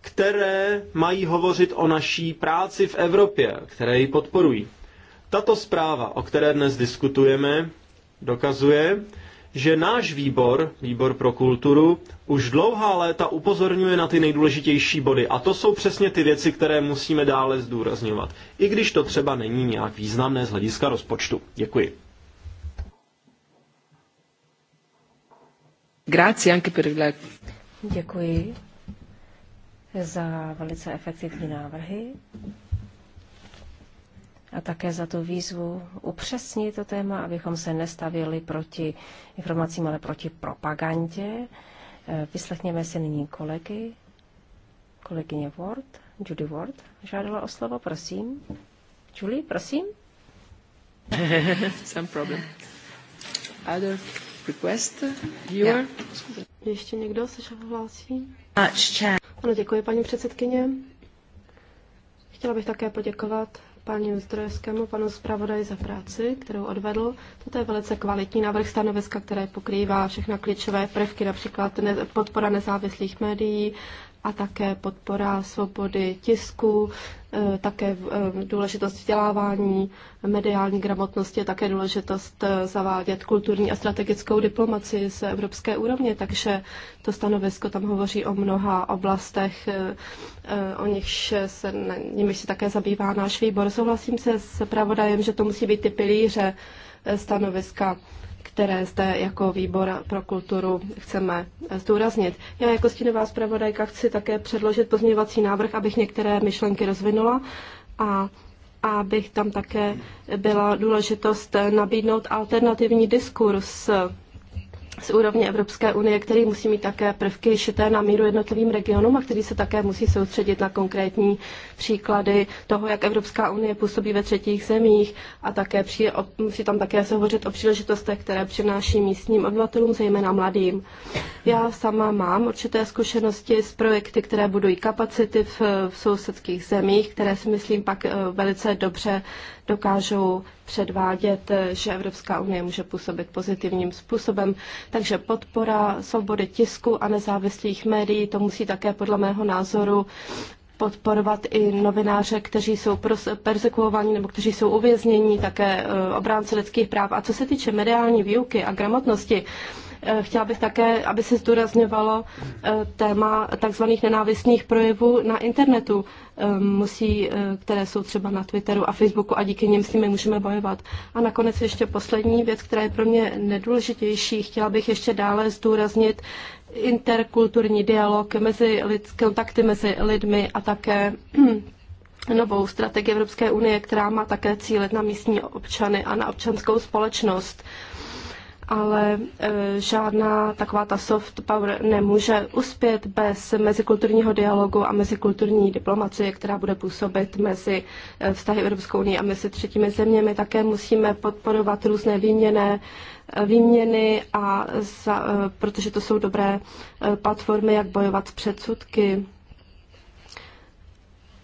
které mají hovořit o naší práci v Evropě, které ji podporují. Tato zpráva, o které dnes diskutujeme, dokazuje, že náš výbor, výbor pro kulturu, už dlouhá léta upozorňuje na ty nejdůležitější body. A to jsou přesně ty věci, které musíme dále zdůrazňovat. I když to třeba není nějak významné z hlediska rozpočtu. Děkuji. Grazie anche per il... Děkuji za velice efektivní návrhy a také za tu výzvu upřesnit to téma, abychom se nestavili proti informacím, ale proti propagandě. E, vyslechněme si nyní kolegy. Kolegyně Ward, Judy Ward, žádala o slovo, prosím. Julie, prosím. Some problem. Other request? Viewer? Yeah. Ještě někdo se hlásí? Ano, děkuji, paní předsedkyně. Chtěla bych také poděkovat paní Zdrojevskému, panu zpravodaji za práci, kterou odvedl. Toto je velice kvalitní návrh stanoviska, které pokrývá všechna klíčové prvky, například podpora nezávislých médií, a také podpora svobody tisku, eh, také eh, důležitost vzdělávání, mediální gramotnosti, také důležitost eh, zavádět kulturní a strategickou diplomaci z evropské úrovně, takže to stanovisko tam hovoří o mnoha oblastech, o nichž se, nimiž se také zabývá náš výbor. Souhlasím se s pravodajem, že to musí být ty pilíře stanoviska které zde jako výbor pro kulturu chceme zdůraznit. Já jako stínová zpravodajka chci také předložit pozměňovací návrh, abych některé myšlenky rozvinula a abych tam také byla důležitost nabídnout alternativní diskurs z úrovně Evropské unie, který musí mít také prvky šité na míru jednotlivým regionům a který se také musí soustředit na konkrétní příklady toho, jak Evropská unie působí ve třetích zemích a také při, o, musí tam také se hovořit o příležitostech, které přináší místním obyvatelům, zejména mladým. Já sama mám určité zkušenosti s projekty, které budují kapacity v, v sousedských zemích, které si myslím pak eh, velice dobře dokážou předvádět, eh, že Evropská unie může působit pozitivním způsobem. Takže podpora svobody tisku a nezávislých médií, to musí také podle mého názoru podporovat i novináře, kteří jsou persekuovaní nebo kteří jsou uvězněni, také eh, obránci lidských práv. A co se týče mediální výuky a gramotnosti, Eh, chtěla bych také, aby se zdůrazňovalo eh, téma tzv. nenávistných projevů na internetu, eh, musí, které jsou třeba na Twitteru a Facebooku a díky nim s nimi můžeme bojovat. A nakonec ještě poslední věc, která je pro mě nedůležitější. Chtěla bych ještě dále zdůraznit interkulturní dialog mezi lid, kontakty mezi lidmi a také novou strategii Evropské unie, která má také cílet na místní občany a na občanskou společnost ale e, žádná taková ta soft power nemůže uspět bez mezikulturního dialogu a mezikulturní diplomacie, která bude působit mezi e, vztahy Evropskou unii a mezi třetími zeměmi. Také musíme podporovat různé výměny, e, výměny a za, protože to jsou dobré platformy, jak bojovat s předsudky.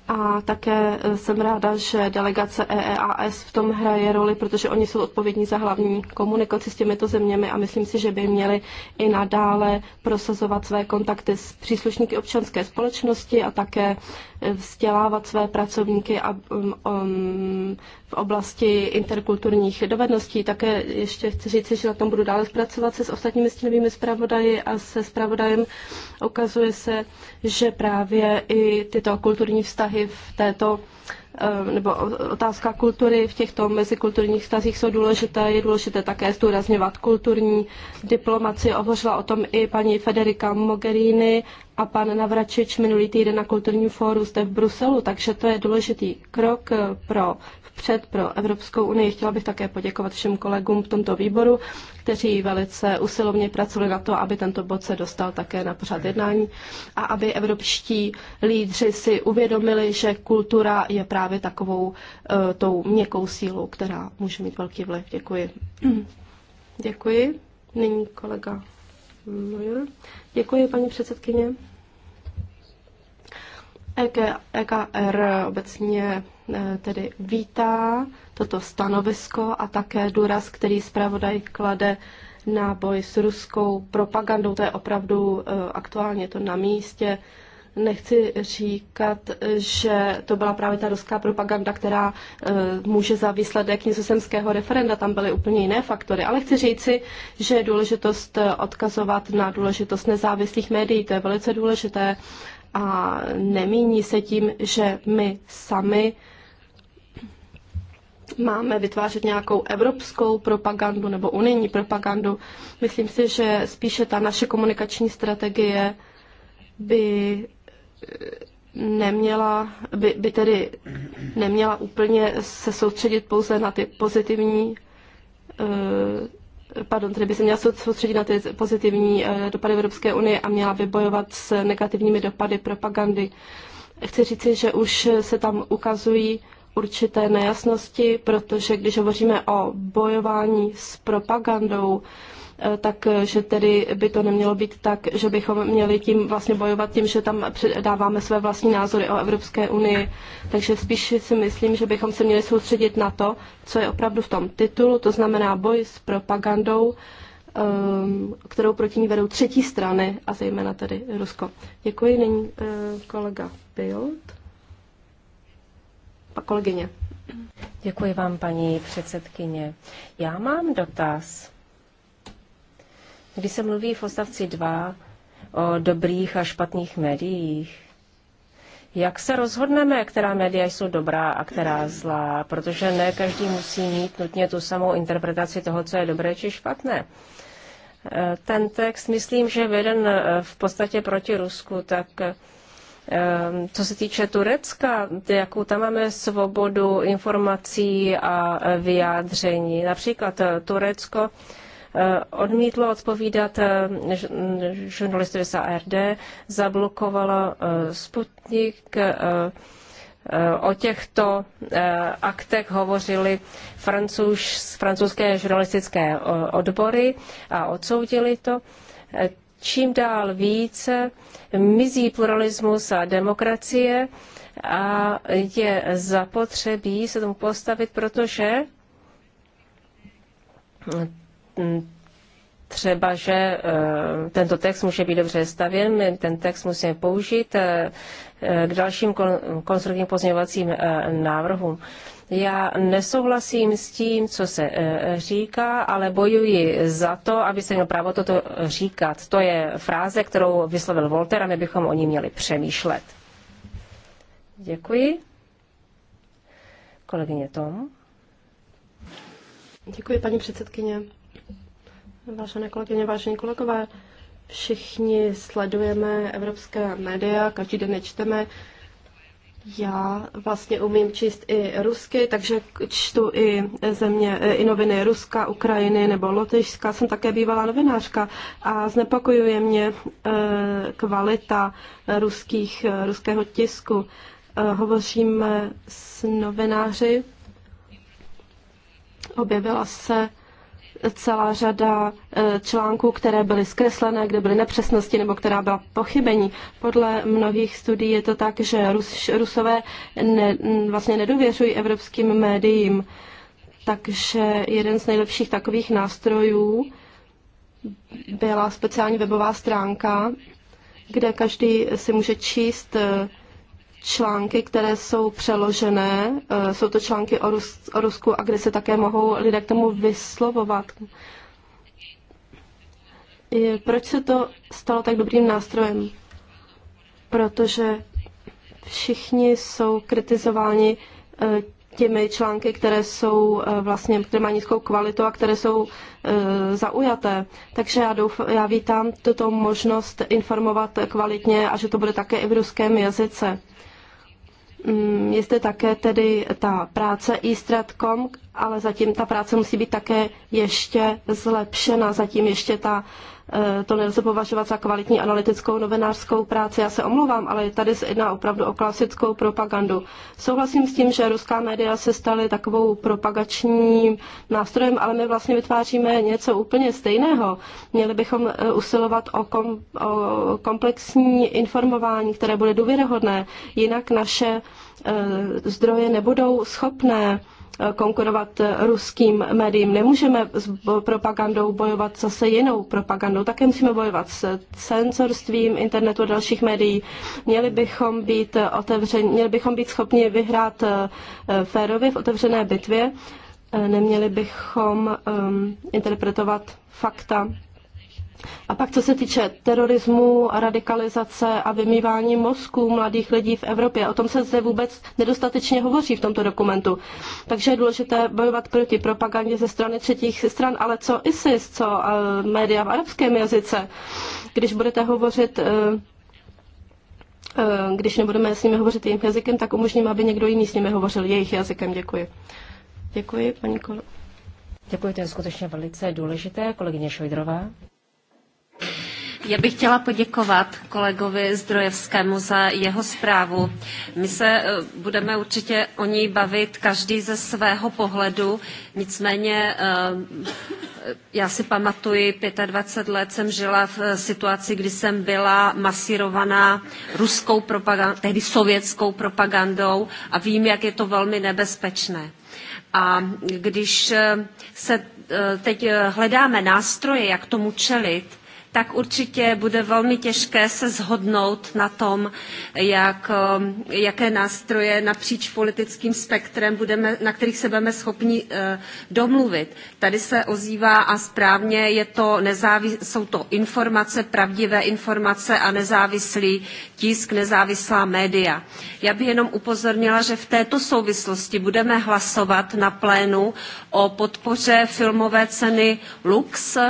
A také e, jsem ráda, že delegace EEAS v tom hraje roli, protože oni jsou odpovědní za hlavní komunikaci s těmito zeměmi a myslím si, že by měli i nadále prosazovat své kontakty s příslušníky občanské společnosti a také e, vzdělávat své pracovníky a um, um, v oblasti interkulturních dovedností. Také ještě chci říct, že na tom budu dále pracovat se s ostatními stínovými zpravodaji a se zpravodajem. Ukazuje se, že právě i tyto kulturní vztahy v této eh, nebo otázka kultury v těchto mezikulturních vztazích jsou důležité. Je důležité také zdůrazňovat kulturní diplomaci. Hovořila o tom i paní Federika Mogherini a pan Navračič minulý týden na kulturním fóru zde v Bruselu, takže to je důležitý krok eh, pro vpřed pro Evropskou unii. Chtěla bych také poděkovat všem kolegům v tomto výboru, kteří velice usilovně pracovali na to, aby tento bod se dostal také na pořad jednání a aby evropští lídři si uvědomili, že kultura je právě takovou uh, tou měkkou sílou, která může mít velký vliv. Děkuji. Děkuji. Nyní kolega Děkuji, paní předsedkyně. EK, EKR obecně Eh, tedy vítá toto stanovisko a také důraz, který zpravodaj klade na boj s ruskou propagandou. To je opravdu eh, aktuálně to na místě. Nechci říkat, že to byla právě ta ruská propaganda, která eh, může za výsledek nizozemského referenda, tam byly úplně jiné faktory, ale chci říci, že je důležitost odkazovat na důležitost nezávislých médií, to je velice důležité a nemíní se tím, že my sami máme vytvářet nějakou evropskou propagandu nebo unijní propagandu. Myslím si, že spíše ta naše komunikační strategie by eh, neměla, by, by tedy neměla úplně se soustředit pouze na ty pozitivní eh, pardon, tedy by se měla soustředit na ty pozitivní eh, dopady Evropské unie a měla vybojovat s negativními dopady propagandy. Chci říci, že už se tam ukazují určité nejasnosti, protože když hovoříme o bojování s propagandou, eh, takže eh, tedy by to nemělo být tak, že bychom měli tím vlastně bojovat tím, že tam dáváme své vlastní názory o Evropské unii. Takže spíš si myslím, že bychom se měli soustředit na to, co je opravdu v tom titulu, to znamená boj s propagandou, ehm, kterou proti ní vedou třetí strany a zejména tedy Rusko. Děkuji, nyní eh, kolega Bild kolegyně. Děkuji vám, paní předsedkyně. Já mám dotaz. Když se mluví v odstavci 2 o dobrých a špatných médiích, jak se rozhodneme, která média jsou dobrá a která zlá? Protože ne každý musí mít nutně tu samou interpretaci toho, co je dobré či špatné. E, ten text, myslím, že veden e, v podstatě proti Rusku, tak Ehm, co se týče Turecka, jakou tam máme svobodu informací a e, vyjádření. Například e, Turecko e, odmítlo odpovídat žurnalistovi z ARD, zablokovalo Sputnik, O těchto aktech hovořili francouz, francouzské žurnalistické odbory a odsoudili to čím dál více mizí pluralismus a demokracie a je zapotřebí se tomu postavit, protože třeba, že eh, tento text může být dobře stavěn, my ten text musíme použít eh, k dalším konstruktivním pozměňovacím eh, návrhům. Já nesouhlasím s tím, co se e, říká, ale bojuji za to, aby se měl právo toto říkat. To je fráze, kterou vyslovil Volter a my bychom o ní měli přemýšlet. Děkuji. Kolegyně Tom. Děkuji, paní předsedkyně. Vážené kolegyně, vážení kolegové, všichni sledujeme evropské média, každý den je čteme. Já vlastně umím číst i rusky, takže čtu i země, e, i noviny Ruska, Ukrajiny nebo Lotyšska. Jsem také bývalá novinářka a znepokojuje mě e, kvalita ruských, e, ruského tisku. Hovoříme s novináři. Objevila se celá řada e, článků, které byly zkreslené, kde byly nepřesnosti nebo která byla pochybení. Podle mnohých studií je to tak, že Rus, Rusové ne, vlastně nedověřují evropským médiím. Takže jeden z nejlepších takových nástrojů byla speciální webová stránka, kde každý si může číst e, články, které jsou přeložené. Eh, jsou to články o, Rus, o Rusku a kde se také mohou lidé k tomu vyslovovat. Proč se to stalo tak dobrým nástrojem? Protože všichni jsou kritizováni eh, těmi články, které jsou eh, vlastně, které mají nízkou kvalitu a které jsou e, zaujaté. Takže já, douf, já vítám tuto možnost informovat kvalitně a že to bude také i v ruském jazyce. Mm, je zde také tedy ta práce eStrat.com, ale zatím ta práce musí být také ještě zlepšena, zatím ještě ta Eh, to nelze považovat za kvalitní analytickou novinářskou práci. Já se omluvám, ale tady se jedná opravdu o klasickou propagandu. Souhlasím s tím, že ruská média se staly takovou propagačním nástrojem, ale my vlastně vytváříme něco úplně stejného. Měli bychom eh, usilovat o, kom, o komplexní informování, které bude důvěryhodné, jinak naše eh, zdroje nebudou schopné Eh, konkurovat eh, ruským médiím. Nemůžeme s propagandou bojovat zase jinou propagandou. Také musíme bojovat s cenzorstvím internetu a dalších médií. Měli bychom být, eh, otevřeni, měli bychom být schopni vyhrát férově v otevřené bitvě. Neměli bychom um, interpretovat fakta a pak, co se týče terorismu, radikalizace a vymývání mozků mladých lidí v Evropě, o tom se zde vůbec nedostatečně hovoří v tomto dokumentu. Takže je důležité bojovat proti propagandě ze strany třetích stran, ale co ISIS, co uh, média v arabském jazyce, když budete hovořit. Uh, když nebudeme s nimi hovořit jejich jazykem, tak umožním aby někdo jiný s nimi hovořil jejich jazykem. Děkuji. Děkuji, paní Kolo. Děkuji, to je skutečně velice důležité. Kolegyně Šojdrová. Já bych chtěla poděkovat kolegovi Zdrojevskému za jeho zprávu. My se eh, budeme určitě o ní bavit každý ze svého pohledu, nicméně eh, já si pamatuji, 25 let jsem žila v eh, situaci, kdy jsem byla masírovaná ruskou propagandou, tehdy sovětskou propagandou a vím, jak je to velmi nebezpečné. A když se teď hledáme nástroje, jak tomu čelit, tak určitě bude velmi těžké se shodnout na tom, jak, um, jaké nástroje napříč politickým spektrem budeme, na kterých se budeme schopni uh, domluvit. Tady se ozývá a správně je to nezávis, jsou to informace, pravdivé informace a nezávislý tisk, nezávislá média. Já bych jenom upozornila, že v této souvislosti budeme hlasovat na plénu o podpoře filmové ceny Lux, uh,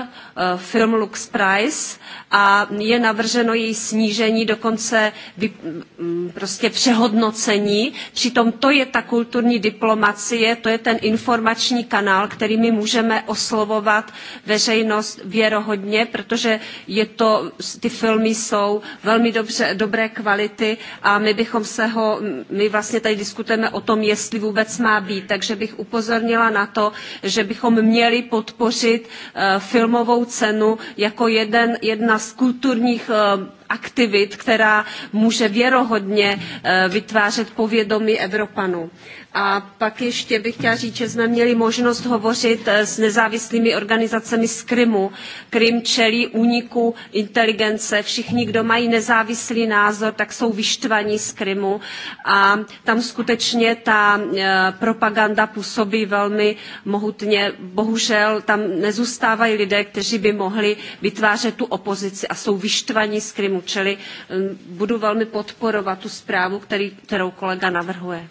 film Lux Prize, this a je navrženo její snížení, dokonce vy, mm, prostě přehodnocení. Přitom to je ta kulturní diplomacie, to je ten informační kanál, který my můžeme oslovovat veřejnost věrohodně, protože je to, ty filmy jsou velmi dobře, dobré kvality a my bychom se ho, my vlastně tady diskutujeme o tom, jestli vůbec má být, takže bych upozornila na to, že bychom měli podpořit eh, filmovou cenu jako jeden, jedna kulturních eh, aktivit, která může věrohodně eh, vytvářet povědomí Evropanů. A pak ještě bych chtěla říct, že jsme měli možnost hovořit eh, s nezávislými organizacemi z Krymu. Krym čelí úniku inteligence. Všichni, kdo mají nezávislý názor, tak jsou vyštvaní z Krymu. A tam skutečně ta eh, propaganda působí velmi mohutně. Bohužel tam nezůstávají lidé, kteří by mohli vytvářet tu opozici a jsou vyštvaní z Krymu systému, čili eh, budu velmi podporovat tu zprávu, který, kterou kolega navrhuje.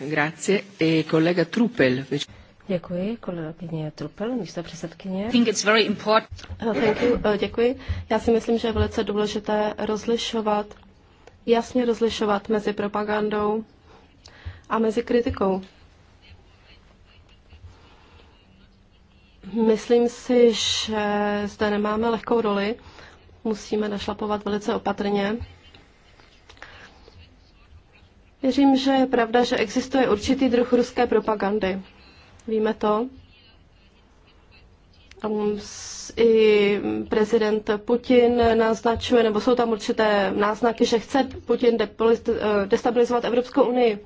Grazie. E kolega Trupel. Děkuji, kolegyně Trupel, místo předsedkyně. Think it's very important. Oh, thank you. Eh, děkuji. Já si myslím, že je velice důležité rozlišovat, jasně rozlišovat mezi propagandou a mezi kritikou. Myslím si, že zde nemáme lehkou roli. Musíme našlapovat velice opatrně. Věřím, že je pravda, že existuje určitý druh ruské propagandy. Víme to. I prezident Putin naznačuje, nebo jsou tam určité náznaky, že chce Putin eh, destabilizovat Evropskou unii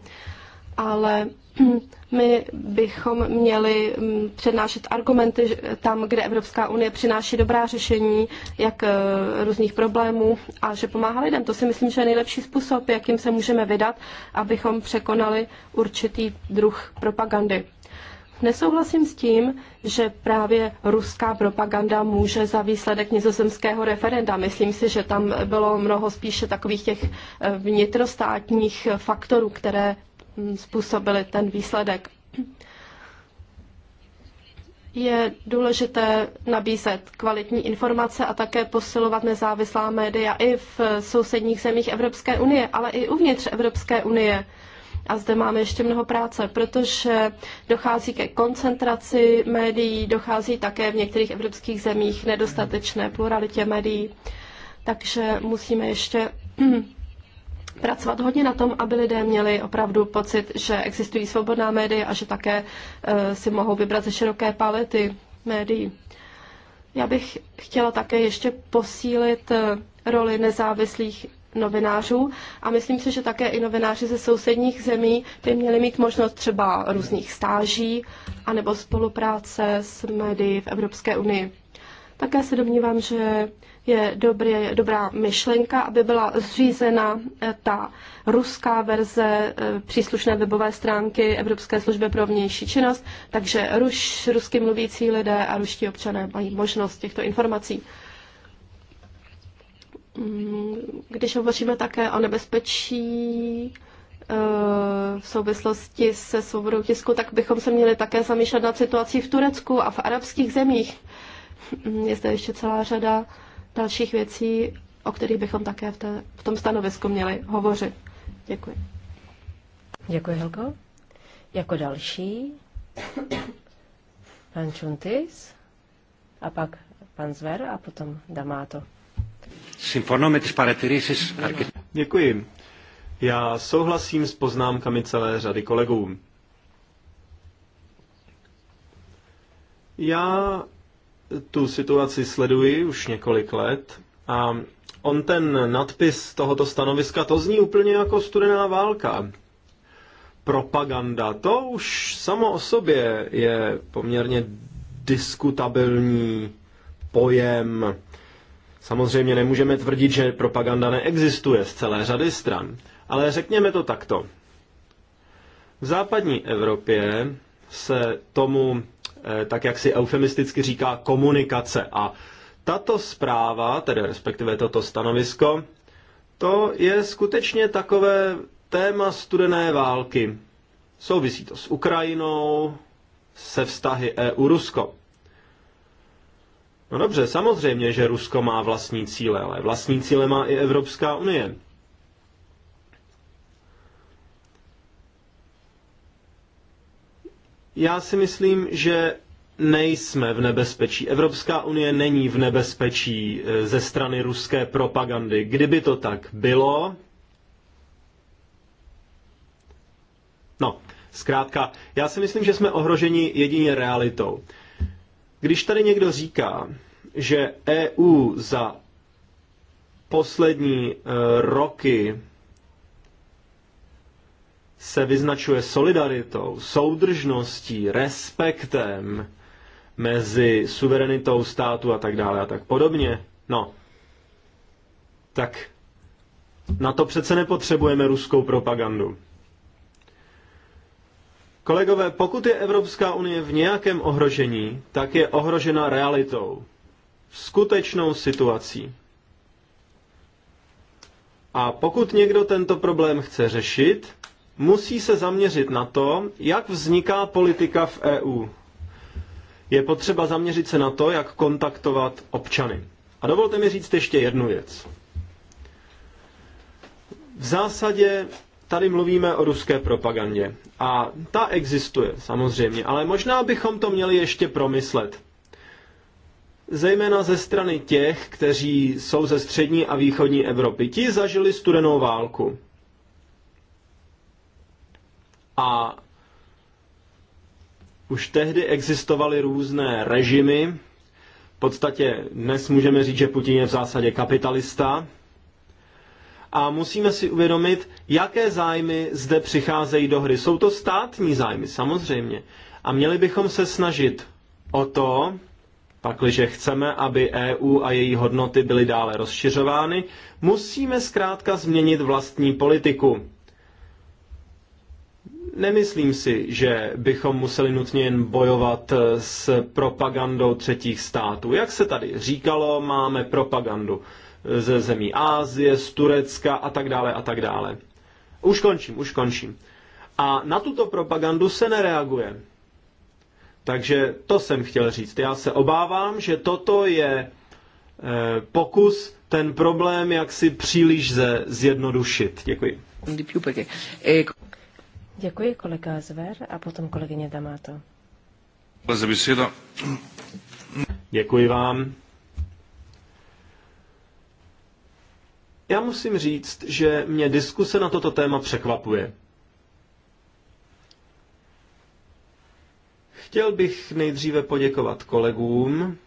ale my bychom měli mm, přednášet argumenty tam, kde Evropská unie přináší dobrá řešení, jak e, různých problémů a že pomáhá lidem. To si myslím, že je nejlepší způsob, jakým se můžeme vydat, abychom překonali určitý druh propagandy. Nesouhlasím s tím, že právě ruská propaganda může za výsledek nizozemského referenda. Myslím si, že tam bylo mnoho spíše takových těch e, vnitrostátních faktorů, které způsobily ten výsledek. Je důležité nabízet kvalitní informace a také posilovat nezávislá média i v sousedních zemích Evropské unie, ale i uvnitř Evropské unie. A zde máme ještě mnoho práce, protože dochází ke koncentraci médií, dochází také v některých evropských zemích nedostatečné pluralitě médií. Takže musíme ještě pracovat hodně na tom, aby lidé měli opravdu pocit, že existují svobodná média a že také eh, si mohou vybrat ze široké palety médií. Já bych chtěla také ještě posílit eh, roli nezávislých novinářů a myslím si, že také i novináři ze sousedních zemí by měli mít možnost třeba různých stáží anebo spolupráce s médií v Evropské unii. Také se domnívám, že je dobrý, dobrá myšlenka, aby byla zřízena eh, ta ruská verze eh, příslušné webové stránky Evropské služby pro vnější činnost, takže ruš, rusky mluvící lidé a ruští občané mají možnost těchto informací. Mm, když hovoříme také o nebezpečí eh, v souvislosti se svobodou tisku, tak bychom se měli také zamýšlet nad situací v Turecku a v arabských zemích. Mm, je zde ještě celá řada dalších věcí, o kterých bychom také v, té, v tom stanovisku měli hovořit. Děkuji. Děkuji, Helko. Jako další pan Čuntis a pak pan Zver a potom Damato. Děkuji. Já souhlasím s poznámkami celé řady kolegů. Já tu situaci sleduji už několik let a on ten nadpis tohoto stanoviska, to zní úplně jako studená válka. Propaganda, to už samo o sobě je poměrně diskutabilní pojem. Samozřejmě nemůžeme tvrdit, že propaganda neexistuje z celé řady stran, ale řekněme to takto. V západní Evropě se tomu Eh, tak jak si eufemisticky říká, komunikace. A tato zpráva, tedy respektive toto stanovisko, to je skutečně takové téma studené války. Souvisí to s Ukrajinou, se vztahy EU-Rusko. No dobře, samozřejmě, že Rusko má vlastní cíle, ale vlastní cíle má i Evropská unie. Já si myslím, že nejsme v nebezpečí. Evropská unie není v nebezpečí eh, ze strany ruské propagandy. Kdyby to tak bylo. No, zkrátka, já si myslím, že jsme ohroženi jedině realitou. Když tady někdo říká, že EU za poslední eh, roky se vyznačuje solidaritou, soudržností, respektem mezi suverenitou státu a tak dále a tak podobně, no, tak na to přece nepotřebujeme ruskou propagandu. Kolegové, pokud je Evropská unie v nějakém ohrožení, tak je ohrožena realitou, skutečnou situací. A pokud někdo tento problém chce řešit, musí se zaměřit na to, jak vzniká politika v EU. Je potřeba zaměřit se na to, jak kontaktovat občany. A dovolte mi říct ještě jednu věc. V zásadě tady mluvíme o ruské propagandě. A ta existuje, samozřejmě, ale možná bychom to měli ještě promyslet. Zejména ze strany těch, kteří jsou ze střední a východní Evropy. Ti zažili studenou válku. A už tehdy existovaly různé režimy. V podstatě dnes můžeme říct, že Putin je v zásadě kapitalista. A musíme si uvědomit, jaké zájmy zde přicházejí do hry. Jsou to státní zájmy, samozřejmě. A měli bychom se snažit o to, pakliže chceme, aby EU a její hodnoty byly dále rozšiřovány, musíme zkrátka změnit vlastní politiku. Nemyslím si, že bychom museli nutně jen bojovat eh, s propagandou třetích států. Jak se tady říkalo, máme propagandu eh, ze zemí Ázie, z Turecka a tak dále a tak dále. Už končím, už končím. A na tuto propagandu se nereaguje. Takže to jsem chtěl říct. Já se obávám, že toto je eh, pokus ten problém jaksi příliš ze zjednodušit. Děkuji. Děkuji kolega Zver a potom kolegyně Damato. Děkuji vám. Já musím říct, že mě diskuse na toto téma překvapuje. Chtěl bych nejdříve poděkovat kolegům,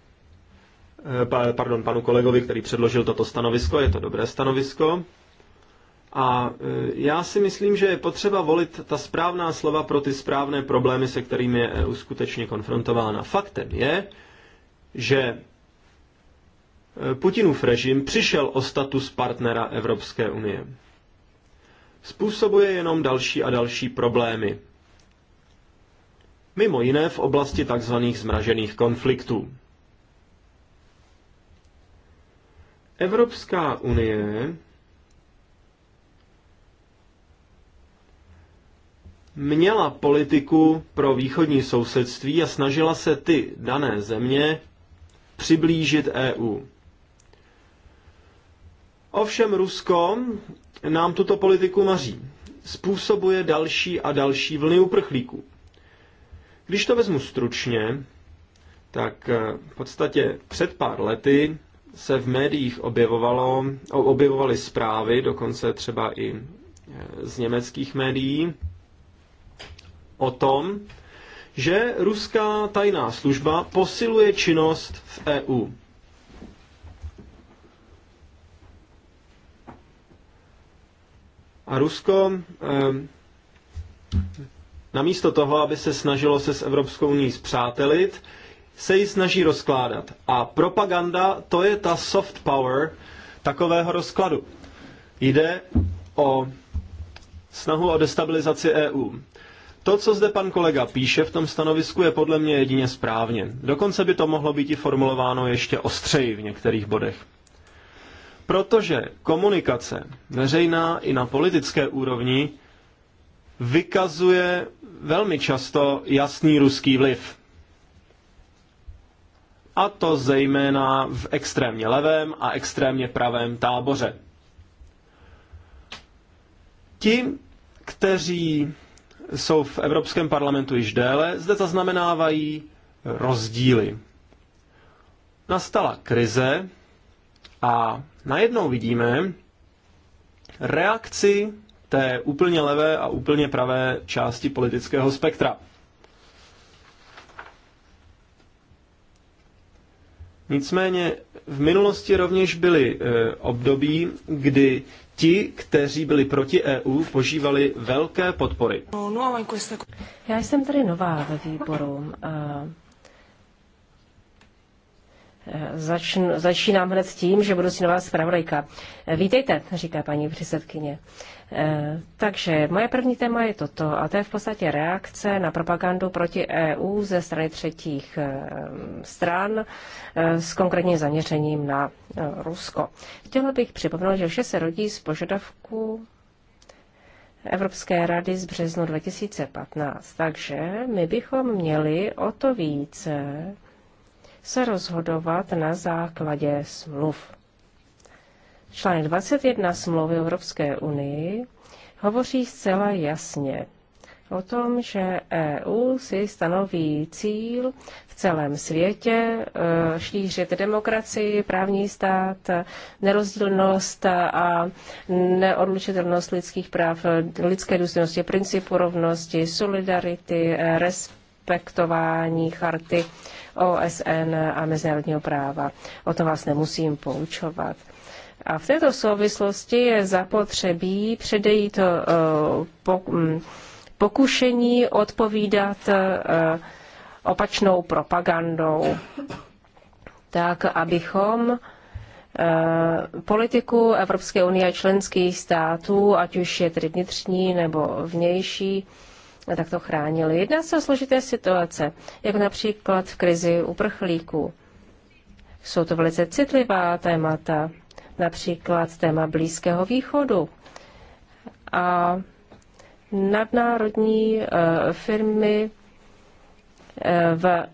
eh, pardon, panu kolegovi, který předložil toto stanovisko, je to dobré stanovisko. A e, já si myslím, že je potřeba volit ta správná slova pro ty správné problémy, se kterými je EU skutečně konfrontována. Faktem je, že e, Putinův režim přišel o status partnera Evropské unie. Způsobuje jenom další a další problémy. Mimo jiné v oblasti tzv. zmražených konfliktů. Evropská unie měla politiku pro východní sousedství a snažila se ty dané země přiblížit EU. Ovšem Rusko nám tuto politiku maří. Způsobuje další a další vlny uprchlíků. Když to vezmu stručně, tak eh, v podstatě před pár lety se v médiích objevovalo, objevovaly zprávy, dokonce třeba i eh, z německých médií, o tom, že ruská tajná služba posiluje činnost v EU. A Rusko namísto toho, aby se snažilo se s Evropskou uní zpřátelit, se ji snaží rozkládat. A propaganda to je ta soft power takového rozkladu. Jde o snahu o destabilizaci EU. To, co zde pan kolega píše v tom stanovisku, je podle mě jedině správně. Dokonce by to mohlo být i formulováno ještě ostřeji v některých bodech. Protože komunikace, veřejná i na politické úrovni, vykazuje velmi často jasný ruský vliv. A to zejména v extrémně levém a extrémně pravém táboře. Ti, kteří jsou v Evropském parlamentu již déle, zde zaznamenávají rozdíly. Nastala krize a najednou vidíme reakci té úplně levé a úplně pravé části politického spektra. Nicméně v minulosti rovněž byly eh, období, kdy Ti, kteří byli proti EU, požívali velké podpory. Já jsem tady nová ve výboru začínám hned s tím, že budu si nová zpravodajka. E, vítejte, říká paní předsedkyně. E, takže moje první téma je toto, a to je v podstatě reakce na propagandu proti EU ze strany třetích e, stran s konkrétním zaměřením na Rusko. Chtěla bych připomenout, že vše se rodí z požadavku Evropské rady z březnu 2015. Takže my bychom měli o to více se rozhodovat na základě smluv. Článek 21 smlouvy Evropské unii hovoří zcela jasně o tom, že EU si stanoví cíl v celém světě e, šířit demokracii, právní stát, nerozdílnost a neodlučitelnost lidských práv, lidské důstojnosti, principu rovnosti, solidarity, respektování charty OSN a mezinárodního práva. O to vás nemusím poučovat. A v této souvislosti je zapotřebí předejít eh, mm, pokušení odpovídat eh, opačnou propagandou, tak abychom eh, politiku Evropské unie a členských států, ať už je tedy vnitřní nebo vnější, takto chránili. Jedná se o složité situace, jako například v krizi uprchlíků. Jsou to velice citlivá témata, například téma Blízkého východu. A nadnárodní eh, firmy eh, v,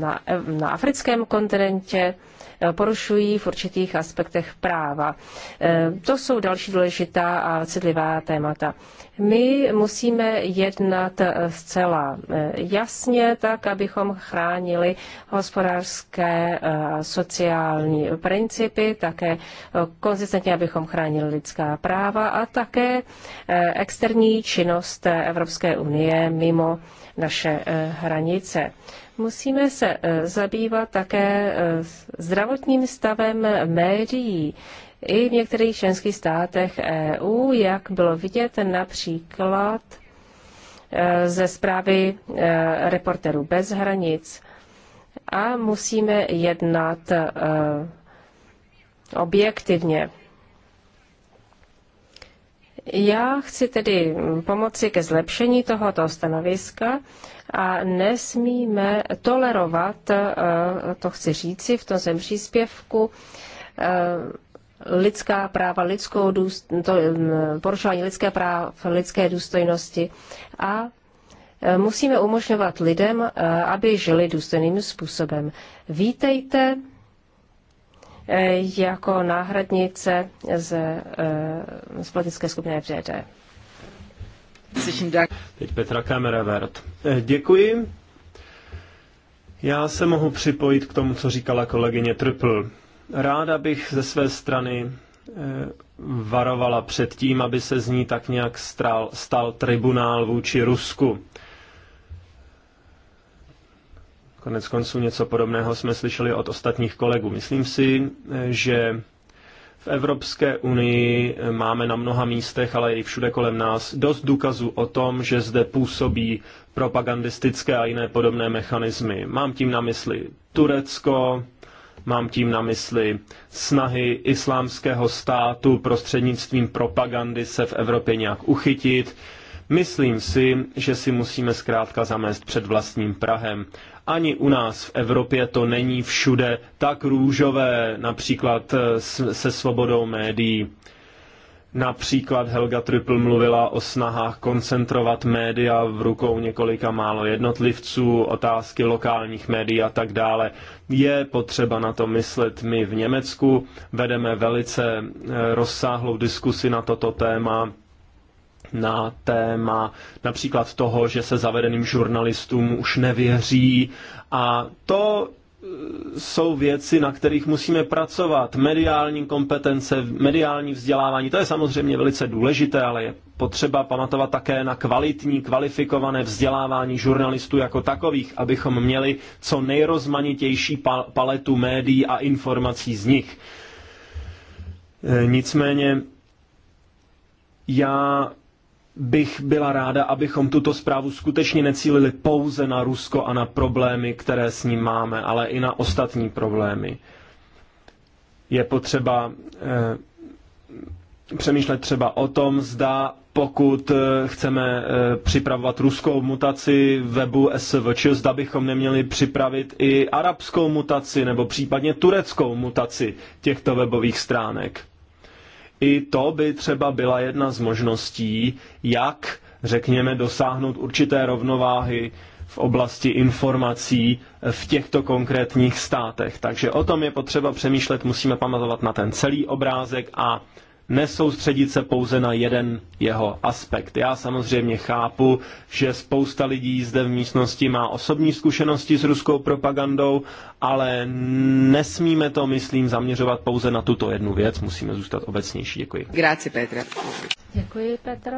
na, na africkém kontinentě Eh, porušují v určitých aspektech práva. Eh, to jsou další důležitá a citlivá témata. My musíme jednat eh, zcela jasně, tak abychom chránili hospodářské a sociální principy, také konzistentně, abychom chránili lidská práva a také externí činnost Evropské unie mimo naše hranice. Musíme se eh, zabývat také eh, zdravotním stavem médií. I v některých členských státech EU, jak bylo vidět například eh, ze zprávy reporterů bez hranic. A musíme jednat objektivně. Já chci tedy pomoci ke zlepšení tohoto stanoviska a nesmíme tolerovat, eh, to chci říci v tom svém příspěvku, eh, lidská práva, lidskou důst, to, mm, porušování lidské práv, lidské důstojnosti a eh, musíme umožňovat lidem, aby žili důstojným způsobem. Vítejte Eh, jako náhradnice z, eh, z politické skupiny FDD. Teď Petra Kamerevert. Eh, děkuji. Já se mohu připojit k tomu, co říkala kolegyně Trpl. Ráda bych ze své strany varovala před tím, aby se z ní tak nějak stál, stal tribunál vůči Rusku. Konec konců něco podobného jsme slyšeli od ostatních kolegů. Myslím si, eh, že v Evropské unii eh, máme na mnoha místech, ale i všude kolem nás, dost důkazů o tom, že zde působí propagandistické a jiné podobné mechanismy. Mám tím na mysli Turecko, mám tím na mysli snahy islámského státu prostřednictvím propagandy se v Evropě nějak uchytit. Myslím si, že si musíme zkrátka zamést před vlastním Prahem ani u nás v Evropě to není všude tak růžové, například eh, se svobodou médií. Například Helga Triple mluvila o snahách koncentrovat média v rukou několika málo jednotlivců, otázky lokálních médií a tak dále. Je potřeba na to myslet. My v Německu vedeme velice eh, rozsáhlou diskusi na toto téma na téma například toho, že se zavedeným žurnalistům už nevěří. A to eh, jsou věci, na kterých musíme pracovat. Mediální kompetence, mediální vzdělávání, to je samozřejmě velice důležité, ale je potřeba pamatovat také na kvalitní, kvalifikované vzdělávání žurnalistů jako takových, abychom měli co nejrozmanitější paletu médií a informací z nich. Eh, nicméně já bych byla ráda, abychom tuto zprávu skutečně necílili pouze na Rusko a na problémy, které s ním máme, ale i na ostatní problémy. Je potřeba eh, přemýšlet třeba o tom, zda pokud eh, chceme eh, připravovat ruskou mutaci webu SVČ, zda bychom neměli připravit i arabskou mutaci nebo případně tureckou mutaci těchto webových stránek. I to by třeba byla jedna z možností, jak, řekněme, dosáhnout určité rovnováhy v oblasti informací v těchto konkrétních státech. Takže o tom je potřeba přemýšlet, musíme pamatovat na ten celý obrázek a nesoustředit se pouze na jeden jeho aspekt. Já samozřejmě chápu, že spousta lidí zde v místnosti má osobní zkušenosti s ruskou propagandou, ale nesmíme to, myslím, zaměřovat pouze na tuto jednu věc. Musíme zůstat obecnější. Děkuji. Gráci, Petra. Děkuji, Petro.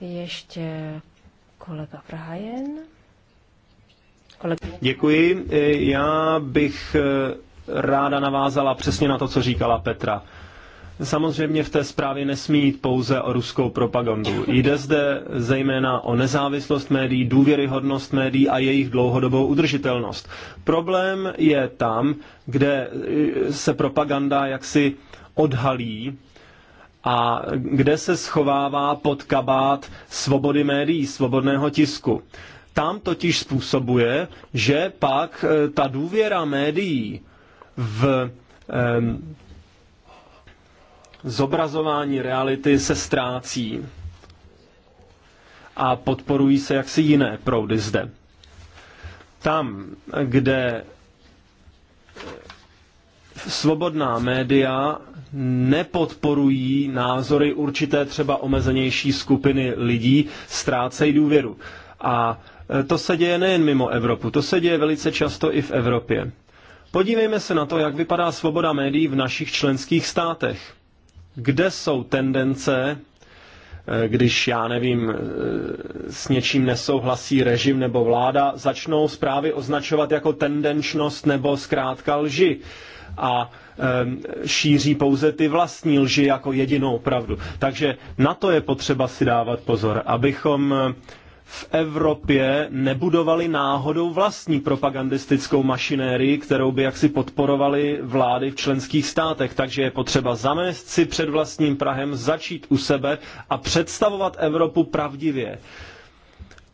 Ještě kolega Prahajen. Kolega... Děkuji. Já bych eh, ráda navázala přesně na to, co říkala Petra. Samozřejmě v té zprávě nesmí jít pouze o ruskou propagandu. Jde zde zejména o nezávislost médií, důvěryhodnost médií a jejich dlouhodobou udržitelnost. Problém je tam, kde eh, se propaganda jaksi odhalí a kde se schovává pod kabát svobody médií, svobodného tisku. Tam totiž způsobuje, že pak eh, ta důvěra médií v eh, zobrazování reality se ztrácí a podporují se jaksi jiné proudy zde. Tam, kde svobodná média nepodporují názory určité třeba omezenější skupiny lidí, ztrácejí důvěru. A e, to se děje nejen mimo Evropu, to se děje velice často i v Evropě. Podívejme se na to, jak vypadá svoboda médií v našich členských státech kde jsou tendence, eh, když, já nevím, eh, s něčím nesouhlasí režim nebo vláda, začnou zprávy označovat jako tendenčnost nebo zkrátka lži a eh, šíří pouze ty vlastní lži jako jedinou pravdu. Takže na to je potřeba si dávat pozor, abychom v Evropě nebudovali náhodou vlastní propagandistickou mašinérii, kterou by jaksi podporovali vlády v členských státech. Takže je potřeba zamést si před vlastním Prahem, začít u sebe a představovat Evropu pravdivě.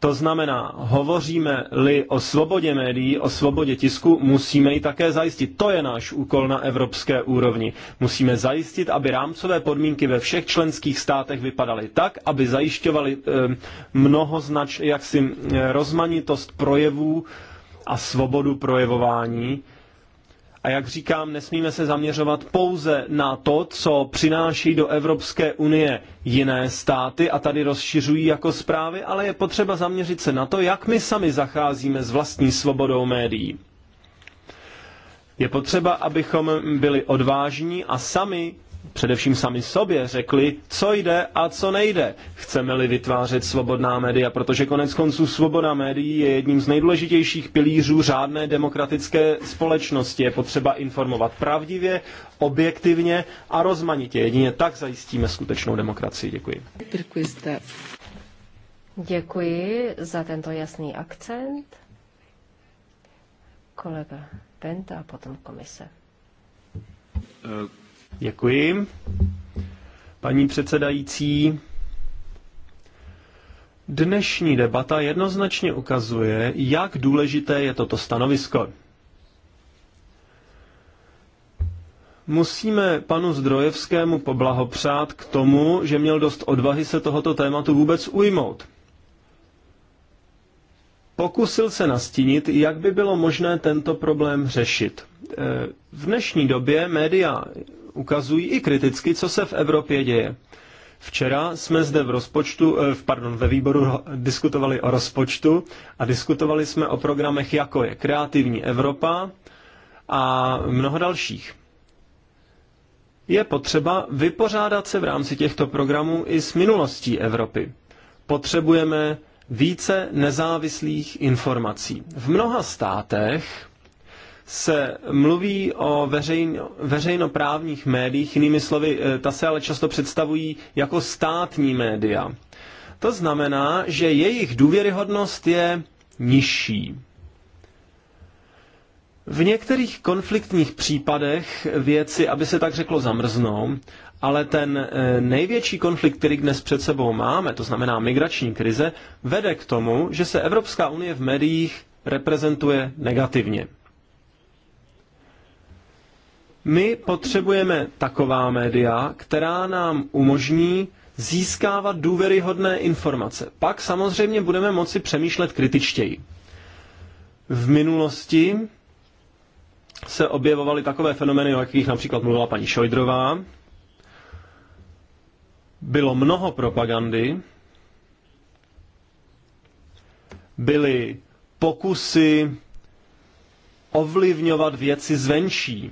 To znamená, hovoříme-li o svobodě médií, o svobodě tisku, musíme ji také zajistit. To je náš úkol na evropské úrovni. Musíme zajistit, aby rámcové podmínky ve všech členských státech vypadaly tak, aby zajišťovaly eh, mnohoznač, jaksi eh, rozmanitost projevů a svobodu projevování, a jak říkám, nesmíme se zaměřovat pouze na to, co přináší do Evropské unie jiné státy a tady rozšiřují jako zprávy, ale je potřeba zaměřit se na to, jak my sami zacházíme s vlastní svobodou médií. Je potřeba, abychom byli odvážní a sami především sami sobě řekli, co jde a co nejde. Chceme-li vytvářet svobodná média, protože konec konců svoboda médií je jedním z nejdůležitějších pilířů řádné demokratické společnosti. Je potřeba informovat pravdivě, objektivně a rozmanitě. Jedině tak zajistíme skutečnou demokracii. Děkuji. Děkuji za tento jasný akcent. Kolega Penta a potom komise. Uh. Děkuji. Paní předsedající, dnešní debata jednoznačně ukazuje, jak důležité je toto stanovisko. Musíme panu Zdrojevskému poblahopřát k tomu, že měl dost odvahy se tohoto tématu vůbec ujmout. Pokusil se nastínit, jak by bylo možné tento problém řešit. E, v dnešní době média ukazují i kriticky, co se v Evropě děje. Včera jsme zde v rozpočtu, eh, pardon, ve výboru diskutovali o rozpočtu a diskutovali jsme o programech jako je Kreativní Evropa a mnoho dalších. Je potřeba vypořádat se v rámci těchto programů i s minulostí Evropy. Potřebujeme více nezávislých informací. V mnoha státech se mluví o veřejno, veřejnoprávních médiích, jinými slovy, eh, ta se ale často představují jako státní média. To znamená, že jejich důvěryhodnost je nižší. V některých konfliktních případech věci, aby se tak řeklo, zamrznou, ale ten eh, největší konflikt, který dnes před sebou máme, to znamená migrační krize, vede k tomu, že se Evropská unie v médiích reprezentuje negativně. My potřebujeme taková média, která nám umožní získávat důvěryhodné informace. Pak samozřejmě budeme moci přemýšlet kritičtěji. V minulosti se objevovaly takové fenomény, o jakých například mluvila paní Šojdrová. Bylo mnoho propagandy, byly pokusy ovlivňovat věci zvenčí.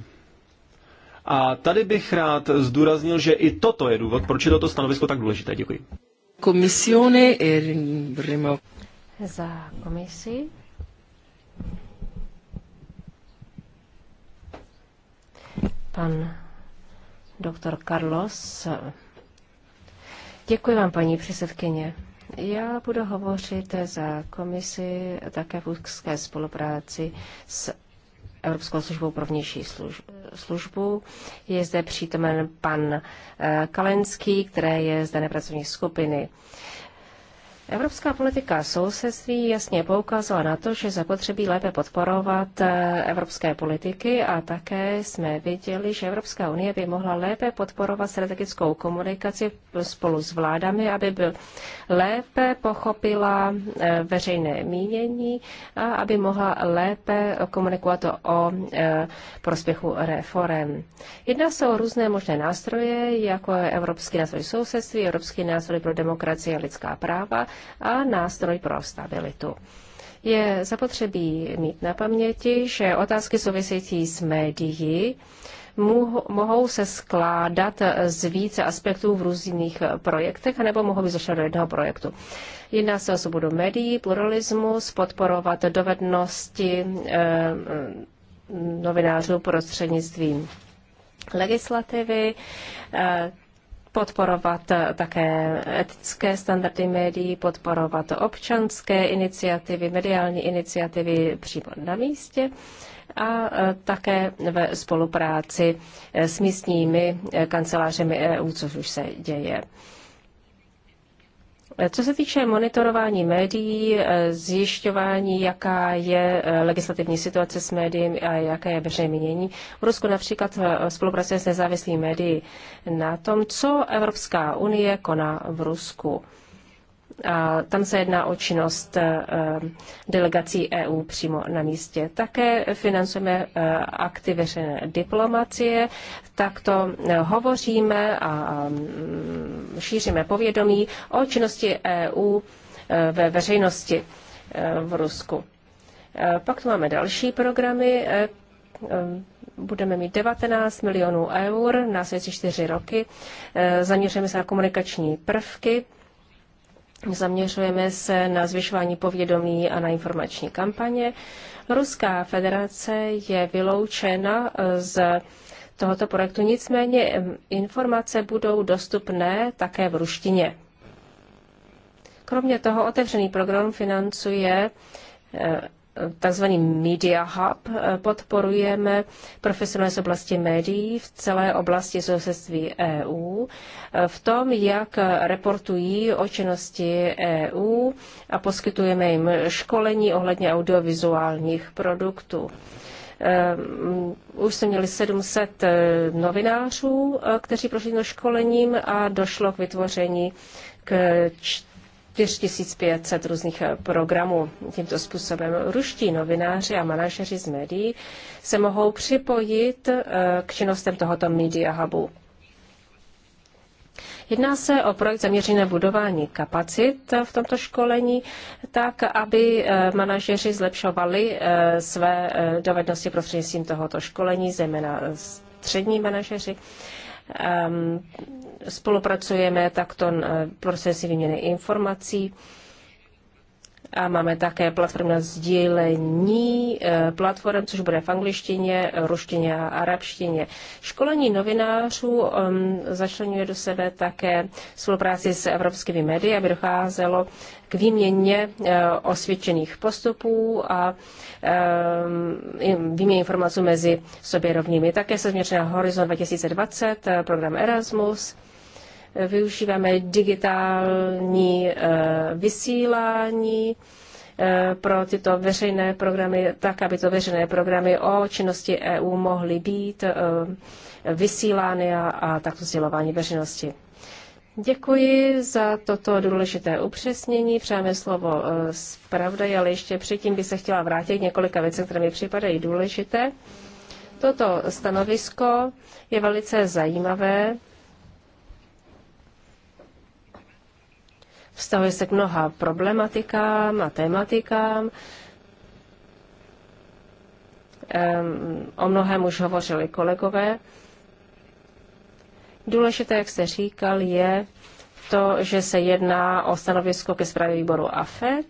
A tady bych rád zdůraznil, že i toto je důvod, proč je toto stanovisko tak důležité. Děkuji. Komisione Za komisi. Pan doktor Carlos. Děkuji vám, paní předsedkyně. Já budu hovořit za komisi také v úzké spolupráci s Evropskou službou pro vnější službu. Je zde přítomen pan eh, Kalenský, který je z dané pracovní skupiny. Evropská politika sousedství jasně poukázala na to, že zapotřebí lépe podporovat eh, evropské politiky a také jsme viděli, že Evropská unie by mohla lépe podporovat strategickou komunikaci spolu s vládami, aby byl lépe pochopila eh, veřejné mínění a aby mohla lépe komunikovat o eh, prospěchu reform. Jedná se o různé možné nástroje, jako Evropský nástroj sousedství, Evropský nástroj pro demokracii a lidská práva, a nástroj pro stabilitu. Je zapotřebí mít na paměti, že otázky související s médií mohou se skládat z více aspektů v různých projektech, nebo mohou být zašle do jednoho projektu. Jedná se o svobodu médií, pluralismus, podporovat dovednosti eh, eh novinářů prostřednictvím legislativy, eh, podporovat také etické standardy médií, podporovat občanské iniciativy, mediální iniciativy přímo na místě a e, také ve spolupráci e, s místními e, kancelářemi EU, což už se děje. Co se týče monitorování médií, eh, zjišťování, jaká je eh, legislativní situace s médií a jaké je veřejné mínění, v Rusku například eh, spolupracuje s nezávislými médií na tom, co Evropská unie koná v Rusku. A tam se jedná o činnost eh, delegací EU přímo na místě. Také financujeme eh, akty veřejné diplomacie, takto eh, hovoříme a mm, šíříme povědomí o činnosti EU ve veřejnosti v Rusku. Pak tu máme další programy. Budeme mít 19 milionů eur na 4 roky. Zaměříme se na komunikační prvky Zaměřujeme se na zvyšování povědomí a na informační kampaně. Ruská federace je vyloučena eh, z tohoto projektu, nicméně informace budou dostupné také v ruštině. Kromě toho otevřený program financuje eh, takzvaný Media Hub. Eh, podporujeme profesionální z oblasti médií v celé oblasti sousedství EU eh, v tom, jak reportují o činnosti EU a poskytujeme jim školení ohledně audiovizuálních produktů. Eh, už jsme měli 700 novinářů, kteří prošli školením a došlo k vytvoření k 4500 různých eh, programů tímto způsobem. Ruští novináři a manažeři z médií se mohou připojit eh, k činnostem tohoto Media Hubu. Jedná se o projekt zaměřený na budování kapacit eh, v tomto školení, tak aby manažeři zlepšovali své dovednosti prostřednictvím tohoto školení, zejména střední manažeři. Ehm, Spolupracujeme takto na eh, procesy výměny informací a máme také platformu na sdílení eh, platform, což bude v angličtině, ruštině a arabštině. Školení novinářů um, začlenuje do sebe také spolupráci s evropskými médii, aby docházelo k výměně uh, osvědčených postupů a um, výměně informací mezi sobě rovnými. Také se změřená Horizon 2020, program Erasmus, Využíváme digitální eh, vysílání eh, pro tyto veřejné programy, tak aby to veřejné programy o činnosti EU mohly být eh, vysílány a, a takto sdělování veřejnosti. Děkuji za toto důležité upřesnění. Přejeme slovo zpravdaj, ale ještě předtím bych se chtěla vrátit několika věcí, které mi připadají důležité. Toto stanovisko je velice zajímavé. Vztahuje se k mnoha problematikám a tématikám. O mnohem už hovořili kolegové. Důležité, jak jste říkal, je to, že se jedná o stanovisko ke zprávě výboru AFET.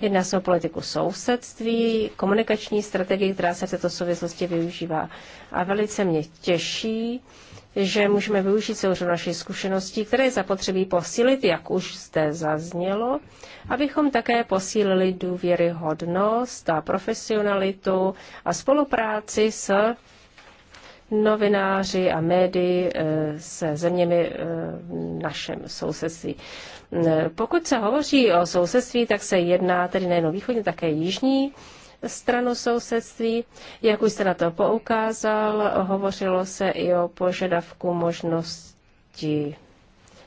Jedná se o politiku sousedství, komunikační strategii, která se v této souvislosti využívá. A velice mě těší, že můžeme využít celou řadu našich zkušeností, které je zapotřebí posílit, jak už zde zaznělo, abychom také posílili důvěryhodnost a profesionalitu a spolupráci s novináři a médii eh, se zeměmi eh, v našem sousedství. Eh, pokud se hovoří o sousedství, tak se jedná tedy nejen o východní, také jižní stranu sousedství. Jak už se na to poukázal, hovořilo se i o požadavku možnosti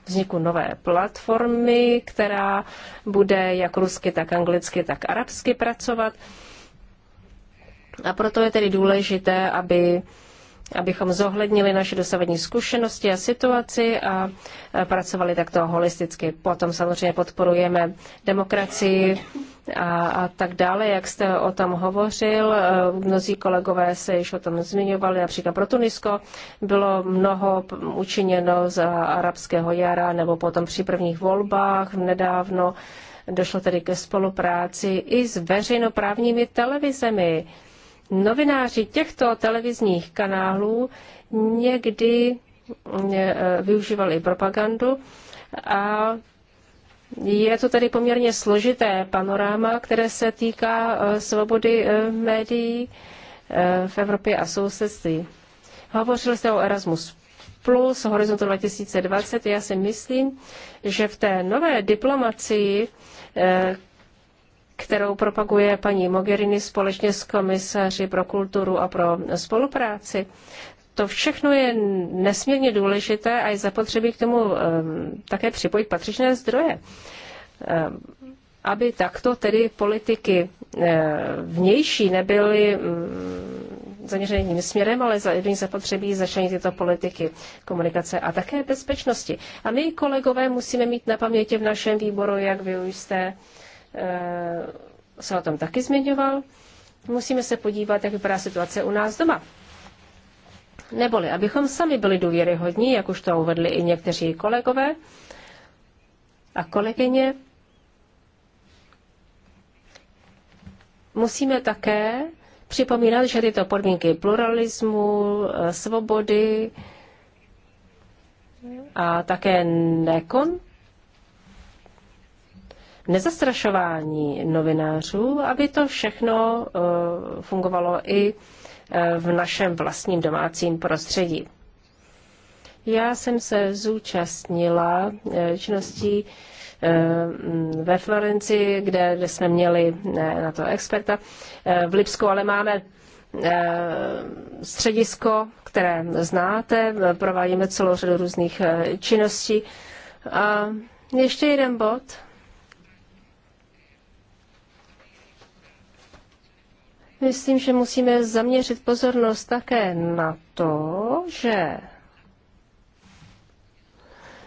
vzniku nové platformy, která bude jak rusky, tak anglicky, tak arabsky pracovat. A proto je tedy důležité, aby abychom zohlednili naše dosavadní zkušenosti a situaci a pracovali takto holisticky. Potom samozřejmě podporujeme demokracii a, a tak dále, jak jste o tom hovořil. E, mnozí kolegové se již o tom zmiňovali, například pro Tunisko bylo mnoho učiněno za arabského jara nebo potom při prvních volbách nedávno. Došlo tedy ke spolupráci i s veřejnoprávními televizemi novináři těchto televizních kanálů někdy eh, eh, využívali propagandu a je to tedy poměrně složité panoráma, které se týká eh, svobody médií v Evropě a sousedství. Hovořil jste o Erasmus plus Horizontu 2020. Já si myslím, že v té nové diplomacii, kterou propaguje paní Mogherini společně s komisaři pro kulturu a pro spolupráci. To všechno je nesmírně důležité a je zapotřebí k tomu um, také připojit patřičné zdroje. Um, aby takto tedy politiky eh, vnější nebyly mm, zaměřeny jedním směrem, ale za jedním zapotřebí začlenit tyto politiky komunikace a také bezpečnosti. A my, kolegové, musíme mít na paměti v našem výboru, jak vy už jste Eh, se o tom taky zmiňoval. Musíme se podívat, jak vypadá situace u nás doma. Neboli, abychom sami byli důvěryhodní, jak už to uvedli i někteří kolegové a kolegyně, musíme také připomínat, že tyto podmínky pluralismu, eh, svobody a také nekon, nezastrašování novinářů, aby to všechno eh, fungovalo i eh, v našem vlastním domácím prostředí. Já jsem se zúčastnila eh, činností ve Florenci, kde, kde jsme měli na to experta. V Lipsku ale máme středisko, které znáte, provádíme celou řadu různých činností. A ještě jeden bod, Myslím, že musíme zaměřit pozornost také na to, že,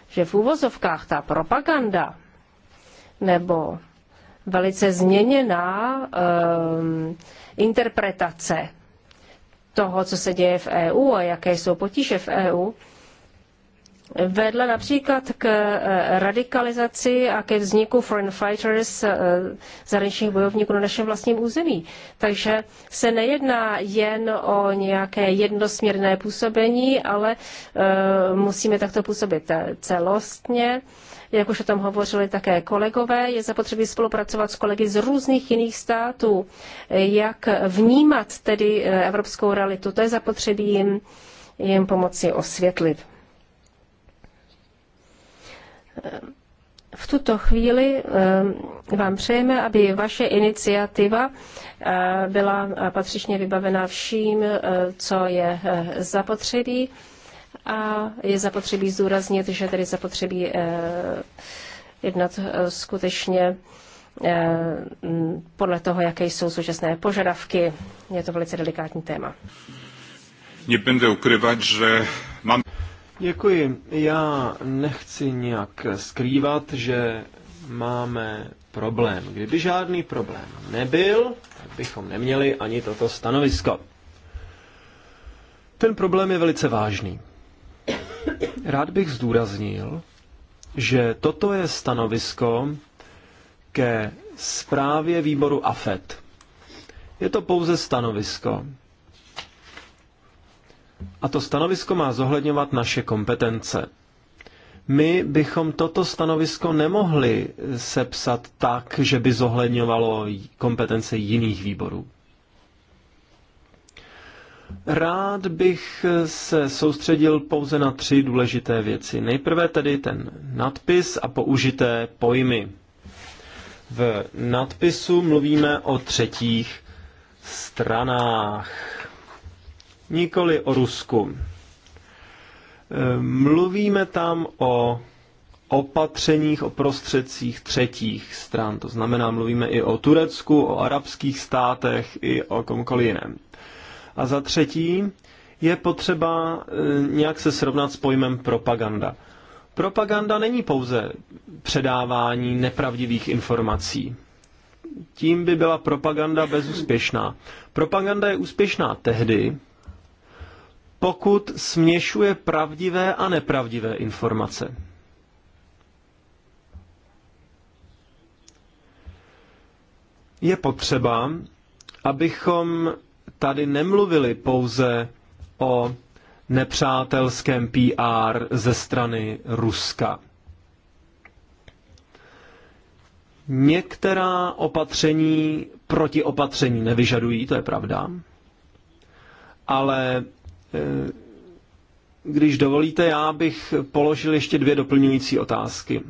že v úvozovkách ta propaganda nebo velice změněná um, interpretace toho, co se děje v EU a jaké jsou potíže v EU, vedla například k eh, radikalizaci a ke vzniku foreign fighters eh, zahraničních bojovníků na našem vlastním území. Takže se nejedná jen o nějaké jednosměrné působení, ale eh, musíme takto působit celostně. Jak už o tom hovořili také kolegové, je zapotřebí spolupracovat s kolegy z různých jiných států. Jak vnímat tedy evropskou realitu, to je zapotřebí jim, jim pomoci osvětlit v tuto chvíli ehm, vám přejeme, aby vaše iniciativa eh, byla patřičně vybavená vším, eh, co je eh, zapotřebí. A je zapotřebí zdůraznit, že tedy zapotřebí jednat skutečně podle toho, jaké jsou současné požadavky. Je to velice delikátní téma. Nebudu ukrývat, že mám... Děkuji. Já nechci nějak skrývat, že máme problém. Kdyby žádný problém nebyl, tak bychom neměli ani toto stanovisko. Ten problém je velice vážný. Rád bych zdůraznil, že toto je stanovisko ke zprávě výboru AFET. Je to pouze stanovisko. A to stanovisko má zohledňovat naše kompetence. My bychom toto stanovisko nemohli sepsat tak, že by zohledňovalo kompetence jiných výborů. Rád bych se soustředil pouze na tři důležité věci. Nejprve tedy ten nadpis a použité pojmy. V nadpisu mluvíme o třetích stranách nikoli o Rusku. E, mluvíme tam o opatřeních, o prostředcích třetích stran. To znamená, mluvíme i o Turecku, o arabských státech, i o komkoliv jiném. A za třetí je potřeba e, nějak se srovnat s pojmem propaganda. Propaganda není pouze předávání nepravdivých informací. Tím by byla propaganda bezúspěšná. Propaganda je úspěšná tehdy, pokud směšuje pravdivé a nepravdivé informace. Je potřeba, abychom tady nemluvili pouze o nepřátelském PR ze strany Ruska. Některá opatření proti opatření nevyžadují, to je pravda, ale Eh, když dovolíte, já bych položil ještě dvě doplňující otázky.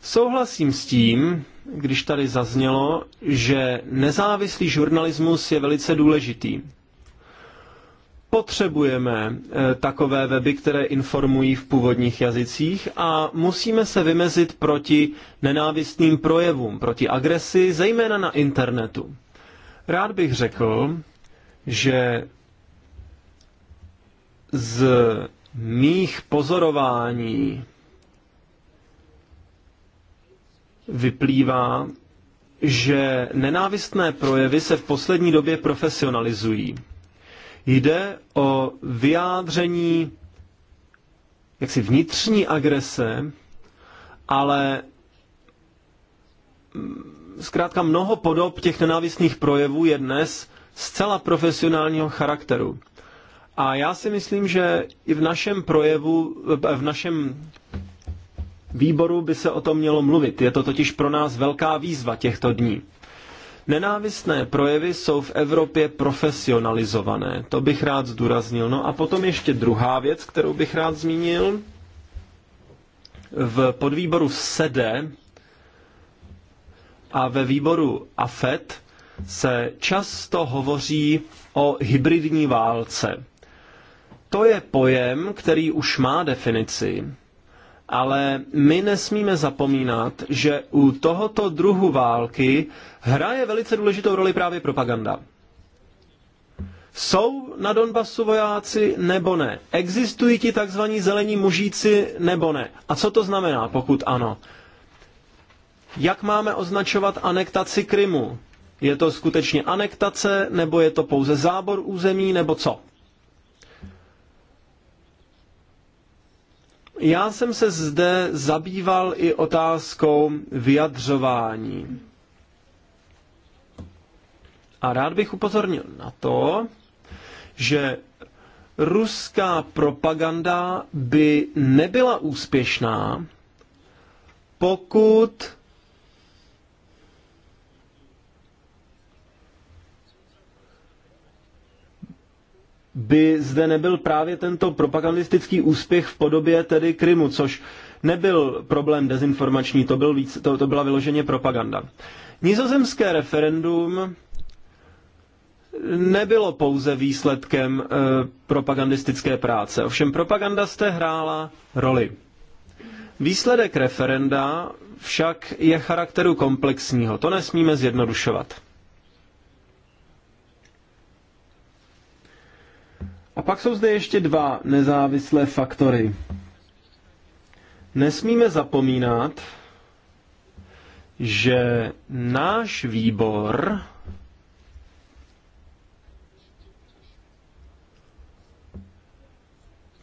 Souhlasím s tím, když tady zaznělo, že nezávislý žurnalismus je velice důležitý. Potřebujeme eh, takové weby, které informují v původních jazycích a musíme se vymezit proti nenávistným projevům, proti agresi, zejména na internetu. Rád bych řekl, že z mých pozorování vyplývá, že nenávistné projevy se v poslední době profesionalizují. Jde o vyjádření jaksi vnitřní agrese, ale zkrátka mnoho podob těch nenávistných projevů je dnes zcela profesionálního charakteru. A já si myslím, že i v našem projevu, v našem výboru by se o tom mělo mluvit. Je to totiž pro nás velká výzva těchto dní. Nenávistné projevy jsou v Evropě profesionalizované. To bych rád zdůraznil. No a potom ještě druhá věc, kterou bych rád zmínil. V podvýboru SEDE a ve výboru AFET se často hovoří o hybridní válce. To je pojem, který už má definici, ale my nesmíme zapomínat, že u tohoto druhu války hraje velice důležitou roli právě propaganda. Jsou na Donbasu vojáci nebo ne? Existují ti takzvaní zelení mužíci nebo ne? A co to znamená, pokud ano? Jak máme označovat anektaci Krymu? Je to skutečně anektace, nebo je to pouze zábor území, nebo co? Já jsem se zde zabýval i otázkou vyjadřování. A rád bych upozornil na to, že ruská propaganda by nebyla úspěšná, pokud by zde nebyl právě tento propagandistický úspěch v podobě tedy Krymu, což nebyl problém dezinformační, to, byl víc, to, to byla vyloženě propaganda. Nizozemské referendum nebylo pouze výsledkem e, propagandistické práce, ovšem propaganda zde hrála roli. Výsledek referenda však je charakteru komplexního, to nesmíme zjednodušovat. A pak jsou zde ještě dva nezávislé faktory. Nesmíme zapomínat, že náš výbor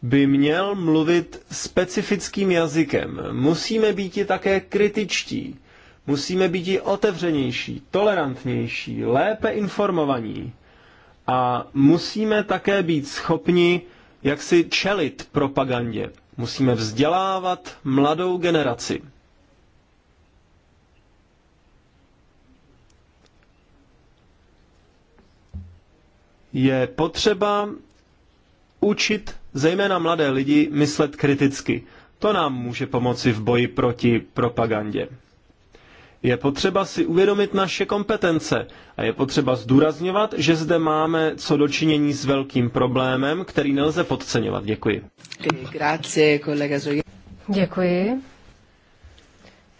by měl mluvit specifickým jazykem. Musíme být i také kritičtí. Musíme být i otevřenější, tolerantnější, lépe informovaní a musíme také být schopni jak si čelit propagandě. Musíme vzdělávat mladou generaci. Je potřeba učit zejména mladé lidi myslet kriticky. To nám může pomoci v boji proti propagandě. Je potřeba si uvědomit naše kompetence a je potřeba zdůrazňovat, že zde máme co dočinění s velkým problémem, který nelze podceňovat. Děkuji. Děkuji.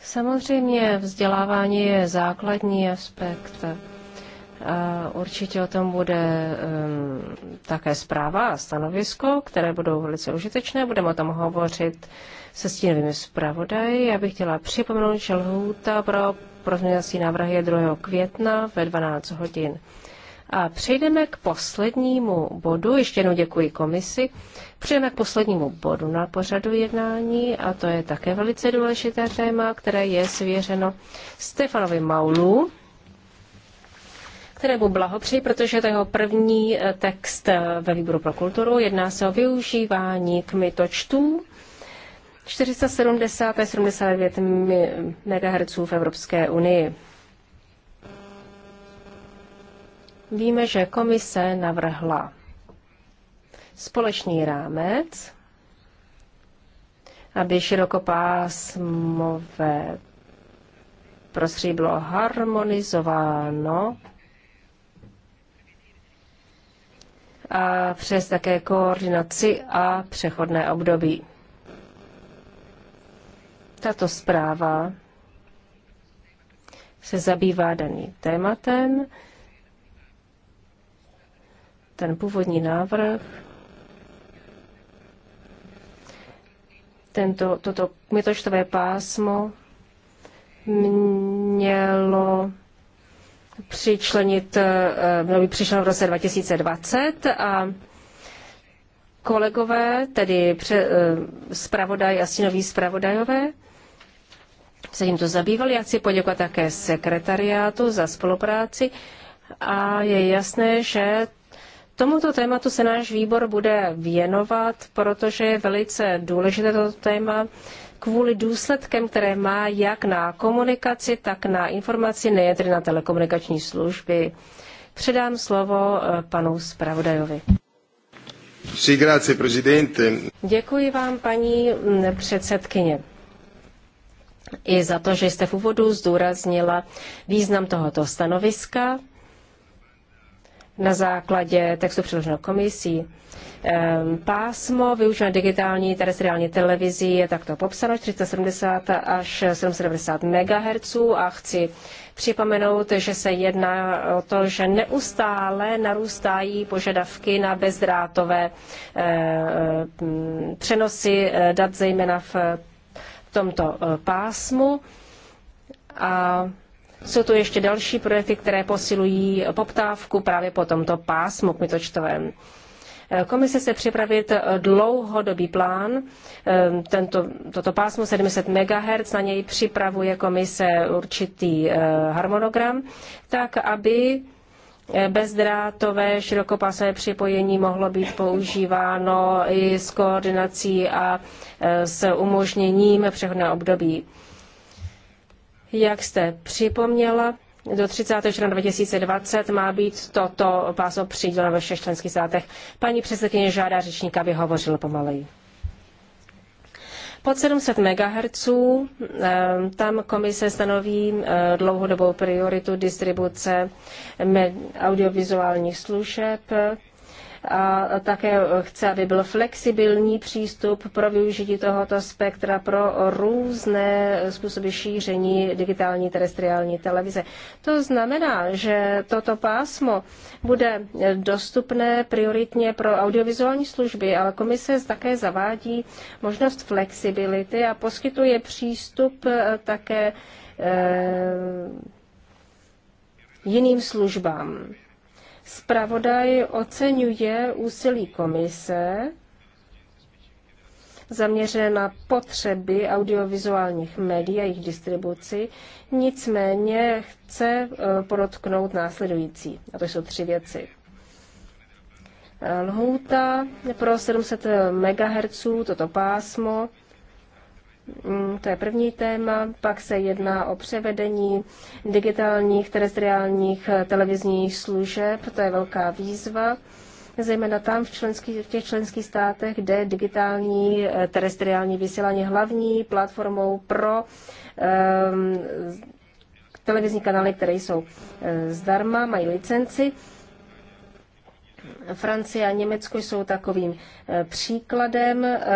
Samozřejmě vzdělávání je základní aspekt a eh, určitě o tom bude um, také zpráva a stanovisko, které budou velice užitečné. Budeme o tom hovořit se stínovými zpravodaji. Já bych chtěla připomenout, že lhůta pro pozměňovací návrhy je 2. května ve 12 hodin. A přejdeme k poslednímu bodu, ještě jednou děkuji komisi, přejdeme k poslednímu bodu na pořadu jednání a to je také velice důležité téma, které je svěřeno Stefanovi Maulu, kterému blahopřeji, protože to je jeho první eh, text eh, ve výboru pro kulturu. Jedná se o využívání kmitočtů 470 a 79 MHz v Evropské unii. Víme, že komise navrhla společný rámec, aby širokopásmové prostředí bylo harmonizováno a přes také koordinaci a přechodné období. Tato zpráva se zabývá daným tématem. Ten původní návrh tento, toto kmitočtové pásmo mělo přičlenit, eh, eh, měl by přičlenit v roce 2020 a kolegové, tedy pře, eh, zpravodaj a stínoví zpravodajové, se jim to zabývali. Já chci poděkovat také sekretariátu za spolupráci a je jasné, že tomuto tématu se náš výbor bude věnovat, protože je velice důležité toto téma kvůli důsledkem, které má jak na komunikaci, tak na informaci, nejen tedy na telekomunikační služby. Předám slovo eh, panu zpravodajovi. Sí, grazie, presidente. Děkuji vám, paní mm, předsedkyně, i za to, že jste v úvodu zdůraznila význam tohoto stanoviska na základě textu předloženého komisí. Ehm, pásmo využené digitální terestriální televizí je takto popsáno 470 až 790 MHz a chci připomenout, že se jedná o to, že neustále narůstají požadavky na bezdrátové ehm, přenosy eh, dat zejména v tomto eh, pásmu. A jsou tu ještě další projekty, které posilují poptávku právě po tomto pásmu kmitočtovém. Komise se připravit dlouhodobý plán. Ehm, tento, toto pásmo 700 MHz, na něj připravuje komise určitý eh, harmonogram, tak aby eh, bezdrátové širokopásové připojení mohlo být používáno i s koordinací a eh, s umožněním přechodného období. Jak jste připomněla, do 30. června 2020 má být toto pásmo přiděleno ve všech členských státech. Paní předsedkyně žádá řečníka, aby hovořil pomaleji. Pod 700 MHz ehm, tam komise stanoví ehm, dlouhodobou prioritu distribuce audiovizuálních služeb a také chce, aby byl flexibilní přístup pro využití tohoto spektra pro různé způsoby šíření digitální terestriální televize. To znamená, že toto pásmo bude dostupné prioritně pro audiovizuální služby, ale komise také zavádí možnost flexibility a poskytuje přístup eh, také eh, jiným službám. Spravodaj oceňuje úsilí komise zaměřené na potřeby audiovizuálních médií a jejich distribuci, nicméně chce e, podotknout následující. A to jsou tři věci. E, lhůta pro 700 MHz, toto pásmo, Mm, to je první téma. Pak se jedná o převedení digitálních terestriálních eh, televizních služeb. To je velká výzva zejména tam v, členský, v těch členských státech, kde digitální eh, terestriální vysílání hlavní platformou pro um, televizní kanály, které jsou eh, zdarma, mají licenci. Francie a Německo jsou takovým eh, příkladem eh,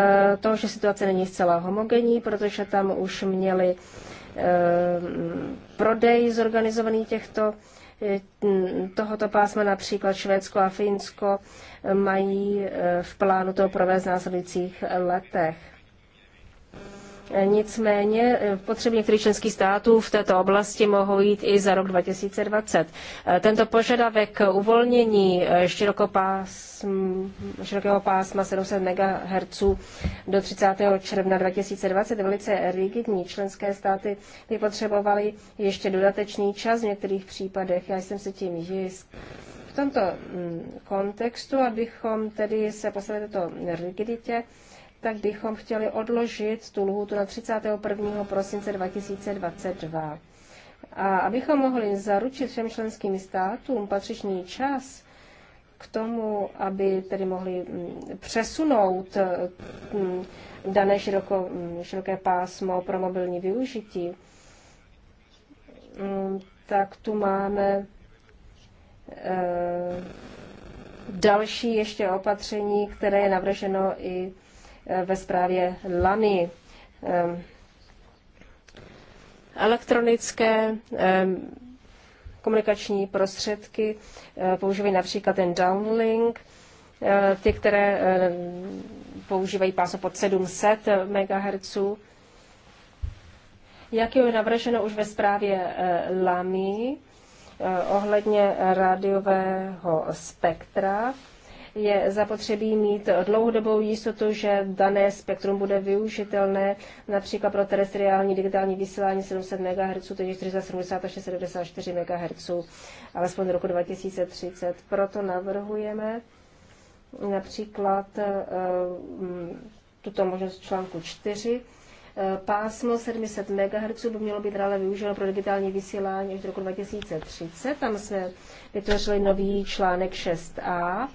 toho, že situace není zcela homogenní, protože tam už měli eh, prodej zorganizovaný těchto tohoto pásma například Švédsko a Finsko mají v plánu to provést v následujících letech. E, nicméně e, potřeby některých členských států v této oblasti mohou jít i za rok 2020. E, tento požadavek uvolnění širokého pásma 700 MHz do 30. června 2020 je velice rigidní. Členské státy by potřebovaly ještě dodatečný čas v některých případech. Já jsem se tím jist. V tomto mm, kontextu, abychom tedy se postavili této rigiditě, tak bychom chtěli odložit tu lhůtu na 31. prosince 2022. A abychom mohli zaručit všem členským státům patřičný čas k tomu, aby tedy mohli mm, přesunout mm, dané široko, mm, široké pásmo pro mobilní využití, tak tu máme eh, další ještě opatření, které je navrženo i Eh, ve zprávě Lany. Elektronické komunikační prostředky eh, používají například ten downlink, eh, ty, které používají páso pod 700 MHz. Jak je navrženo už ve zprávě LAMI ohledně rádiového spektra, je zapotřebí mít dlouhodobou jistotu, že dané spektrum bude využitelné například pro terestriální digitální vysílání 700 MHz, tedy 470 až 74 MHz, alespoň do roku 2030. Proto navrhujeme například eh, mm, tuto možnost článku 4. Eh, pásmo 700 MHz by mělo být dále využito pro digitální vysílání až do roku 2030. Tam jsme vytvořili nový článek 6a,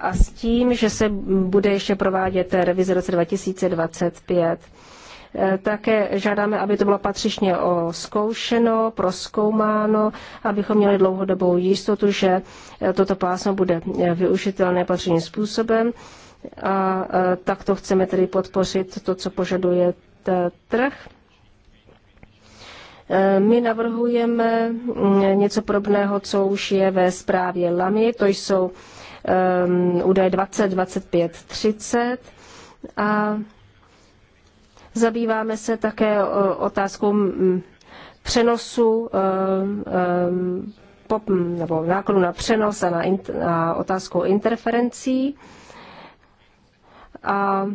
a s tím, že se bude ještě provádět revize roce 2025. E, také žádáme, aby to bylo patřičně zkoušeno, proskoumáno, abychom měli dlouhodobou jistotu, že e, toto pásmo bude e, využitelné patřičným způsobem. A takto chceme tedy podpořit to, co požaduje trh. My navrhujeme mm, něco podobného, co už je ve zprávě LAMI, to jsou um, údaje 20, 25, 30 a zabýváme se také otázkou mm, přenosu um, pop, nebo nákladu na přenos a na, in, a otázkou interferencí. A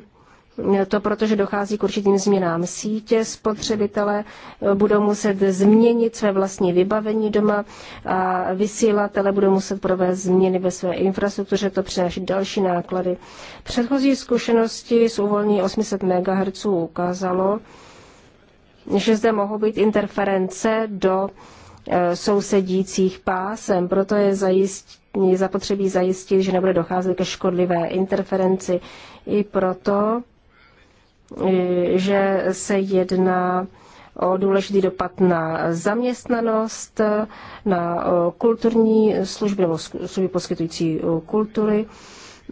to protože dochází k určitým změnám sítě, spotřebitele eh, budou muset změnit své vlastní vybavení doma a vysílatele budou muset provést změny ve své infrastruktuře, to přináší další náklady. Předchozí zkušenosti s uvolnění 800 MHz ukázalo, že zde mohou být interference do eh, sousedících pásem, proto je, zajist, je zapotřebí zajistit, že nebude docházet ke škodlivé interferenci. I proto Um, že se jedná o důležitý dopad na zaměstnanost, na kulturní služby nebo služby poskytující kultury.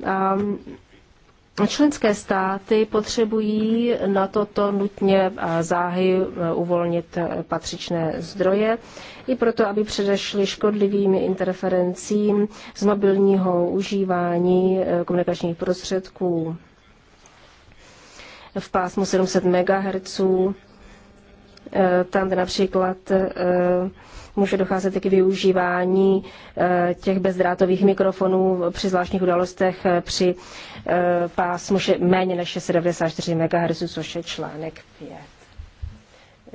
A um, členské státy potřebují na toto nutně a záhy e, uvolnit patřičné zdroje, i proto, aby předešly škodlivým interferencím z mobilního užívání e, komunikačních prostředků v pásmu 700 MHz, eh, tam, například eh, může docházet i k využívání eh, těch bezdrátových mikrofonů při zvláštních událostech při pásmu méně než 694 MHz, což je článek 5.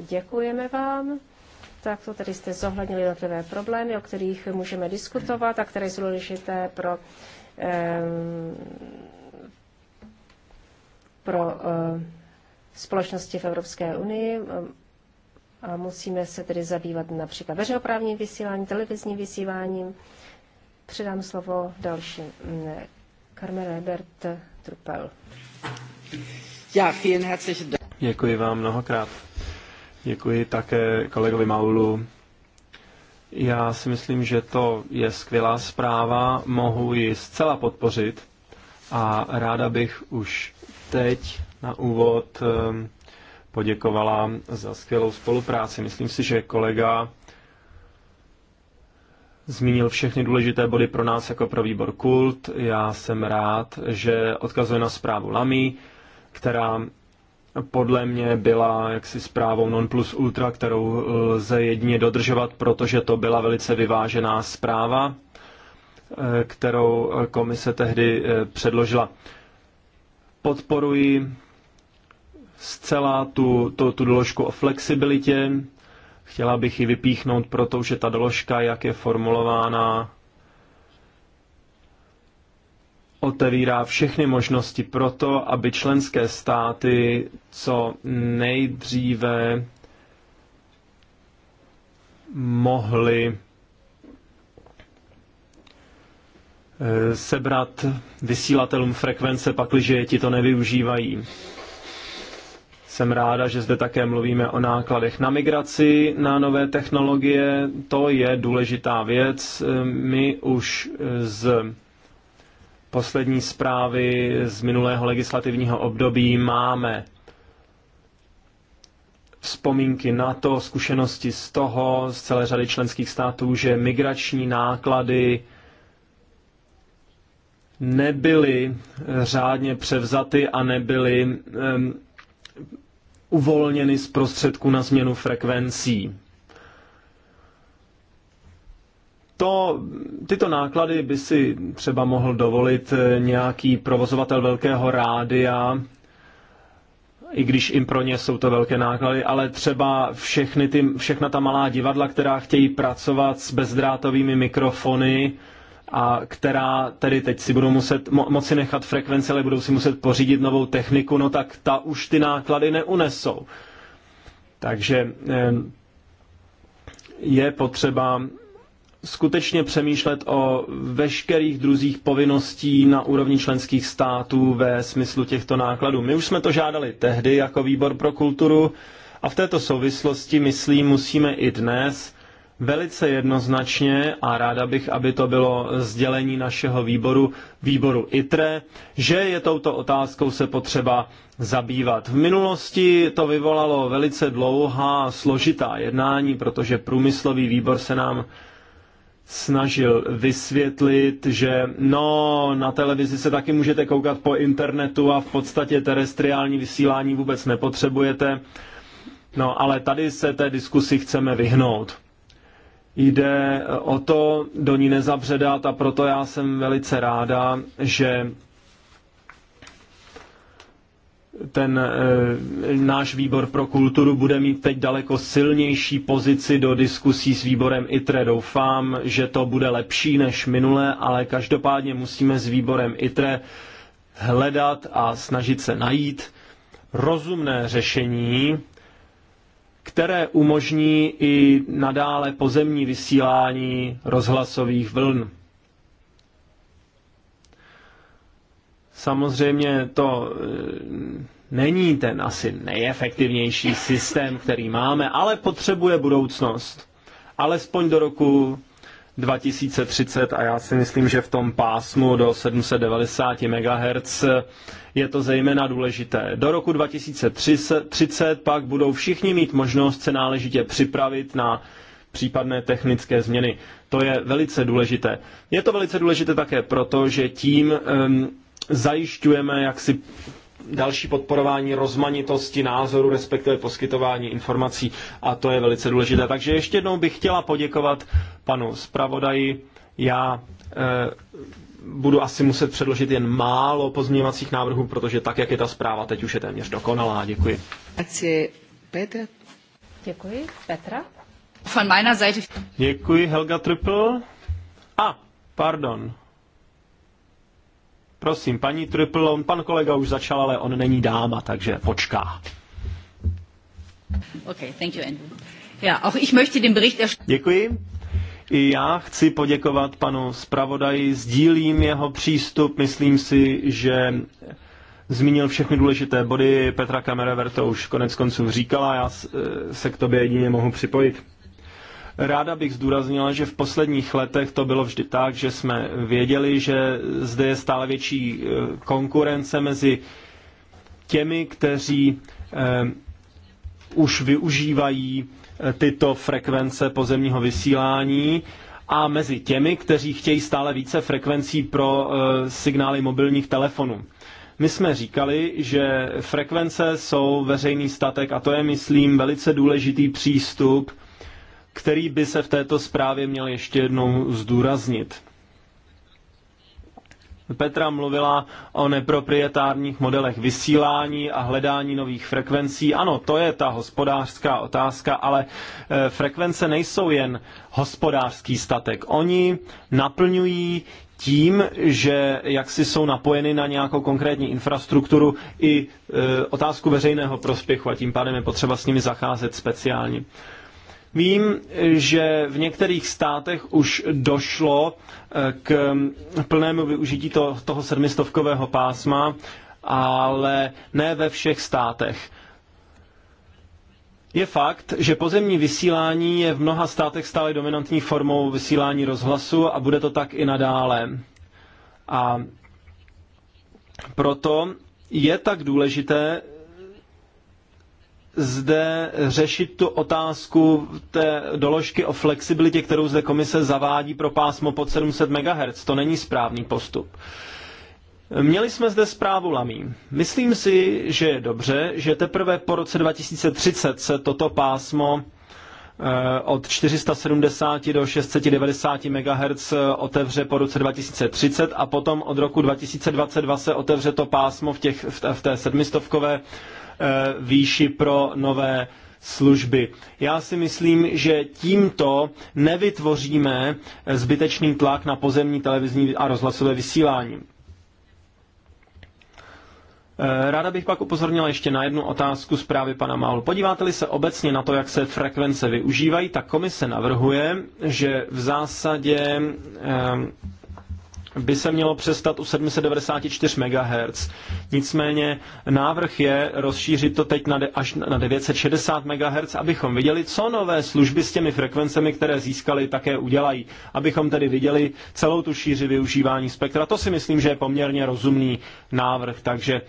Děkujeme vám. Tak to tady jste zohlednili jednotlivé problémy, o kterých můžeme diskutovat a které jsou důležité pro um, pro eh, společnosti v Evropské unii. Eh, a musíme se tedy zabývat například veřejnoprávním vysíláním, televizním vysíláním. Předám slovo dalším. Karmen Ebert Trupel. Ja, vielen herzlichen Dank. Děkuji vám mnohokrát. Děkuji také kolegovi Maulu. Já si myslím, že to je skvělá zpráva, mohu ji zcela podpořit a ráda bych už teď na úvod ehm, poděkovala za skvělou spolupráci. Myslím si, že kolega zmínil všechny důležité body pro nás jako pro výbor Kult. Já jsem rád, že odkazuje na zprávu Lamy, která podle mě byla jaksi zprávou non plus ultra, kterou lze jedině dodržovat, protože to byla velice vyvážená zpráva, eh, kterou komise tehdy eh, předložila. Podporuji zcela tu, tu, tu doložku o flexibilitě. Chtěla bych ji vypíchnout, protože ta doložka, jak je formulována, otevírá všechny možnosti pro to, aby členské státy co nejdříve mohly Eh, sebrat vysílatelům frekvence, pakliže je ti to nevyužívají. Jsem ráda, že zde také mluvíme o nákladech na migraci, na nové technologie. To je důležitá věc. Eh, my už eh, z poslední zprávy z minulého legislativního období máme vzpomínky na to, zkušenosti z toho, z celé řady členských států, že migrační náklady nebyly eh, řádně převzaty a nebyly um, uvolněny z prostředku na změnu frekvencí. To, tyto náklady by si třeba mohl dovolit eh, nějaký provozovatel velkého rádia, i když im pro ně jsou to velké náklady, ale třeba všechny ty, všechna ta malá divadla, která chtějí pracovat s bezdrátovými mikrofony, a která tedy teď si budou muset mo- moci nechat frekvenci, ale budou si muset pořídit novou techniku, no tak ta už ty náklady neunesou. Takže je potřeba skutečně přemýšlet o veškerých druzích povinností na úrovni členských států ve smyslu těchto nákladů. My už jsme to žádali tehdy jako výbor pro kulturu a v této souvislosti, myslím, musíme i dnes velice jednoznačně a ráda bych, aby to bylo sdělení našeho výboru, výboru ITRE, že je touto otázkou se potřeba zabývat. V minulosti to vyvolalo velice dlouhá složitá jednání, protože průmyslový výbor se nám snažil vysvětlit, že no, na televizi se taky můžete koukat po internetu a v podstatě terestriální vysílání vůbec nepotřebujete. No, ale tady se té diskusi chceme vyhnout. Jde o to do ní nezabředat a proto já jsem velice ráda, že ten e, náš výbor pro kulturu bude mít teď daleko silnější pozici do diskusí s výborem ITRE. Doufám, že to bude lepší než minule, ale každopádně musíme s výborem ITRE hledat a snažit se najít rozumné řešení, které umožní i nadále pozemní vysílání rozhlasových vln. Samozřejmě to eh, není ten asi nejefektivnější systém, který máme, ale potřebuje budoucnost. Alespoň do roku 2030 a já si myslím, že v tom pásmu do 790 MHz je to zejména důležité. Do roku 2030 pak budou všichni mít možnost se náležitě připravit na případné technické změny. To je velice důležité. Je to velice důležité také proto, že tím um, zajišťujeme jaksi další podporování rozmanitosti názoru, respektive poskytování informací a to je velice důležité. Takže ještě jednou bych chtěla poděkovat panu zpravodaji. Já e, budu asi muset předložit jen málo pozměňovacích návrhů, protože tak, jak je ta zpráva, teď už je téměř dokonalá. Děkuji. Petra. Děkuji. Petra? Von meiner Seite. Děkuji, Helga Trippel. A, ah, pardon. Prosím, paní on, pan kolega už začal, ale on není dáma, takže počká. Okay, thank you, Andrew. Ja, auch ich möchte den Bericht Děkuji. I já chci poděkovat panu zpravodaji, sdílím jeho přístup, myslím si, že zmínil všechny důležité body, Petra Kamerevert to už konec konců říkala, já se k tobě jedině mohu připojit. Ráda bych zdůraznila, že v posledních letech to bylo vždy tak, že jsme věděli, že zde je stále větší eh, konkurence mezi těmi, kteří eh, už využívají eh, tyto frekvence pozemního vysílání a mezi těmi, kteří chtějí stále více frekvencí pro signály mobilních telefonů. My jsme říkali, že frekvence jsou veřejný statek a to je, myslím, velice důležitý přístup, který by se v této zprávě měl ještě jednou zdůraznit. Petra mluvila o neproprietárních modelech vysílání a hledání nových frekvencí. Ano, to je ta hospodářská otázka, ale e, frekvence nejsou jen hospodářský statek. Oni naplňují tím, že jak si jsou napojeny na nějakou konkrétní infrastrukturu i e, otázku veřejného prospěchu a tím pádem je potřeba s nimi zacházet speciálně. Vím, že v některých státech už došlo eh, k plnému využití to, toho sedmistovkového pásma, ale ne ve všech státech. Je fakt, že pozemní vysílání je v mnoha státech stále dominantní formou vysílání rozhlasu a bude to tak i nadále. A proto je tak důležité zde řešit tu otázku té doložky o flexibilitě, kterou zde komise zavádí pro pásmo pod 700 MHz. To není správný postup. Měli jsme zde zprávu Lamy. Myslím si, že je dobře, že teprve po roce 2030 se toto pásmo eh, od 470 do 690 MHz eh, otevře po roce 2030 a potom od roku 2022 se otevře to pásmo v, těch, v té sedmistovkové Eh, výši pro nové služby. Já si myslím, že tímto nevytvoříme zbytečný tlak na pozemní televizní a rozhlasové vysílání. Eh, ráda bych pak upozornila ještě na jednu otázku zprávy pana Málu. Podíváte-li se obecně na to, jak se frekvence využívají, tak komise navrhuje, že v zásadě eh, by se mělo přestat u 794 MHz. Nicméně návrh je rozšířit to teď na de, až na 960 MHz, abychom viděli, co nové služby s těmi frekvencemi, které získali, také udělají. Abychom tedy viděli celou tu šíři využívání spektra. To si myslím, že je poměrně rozumný návrh, takže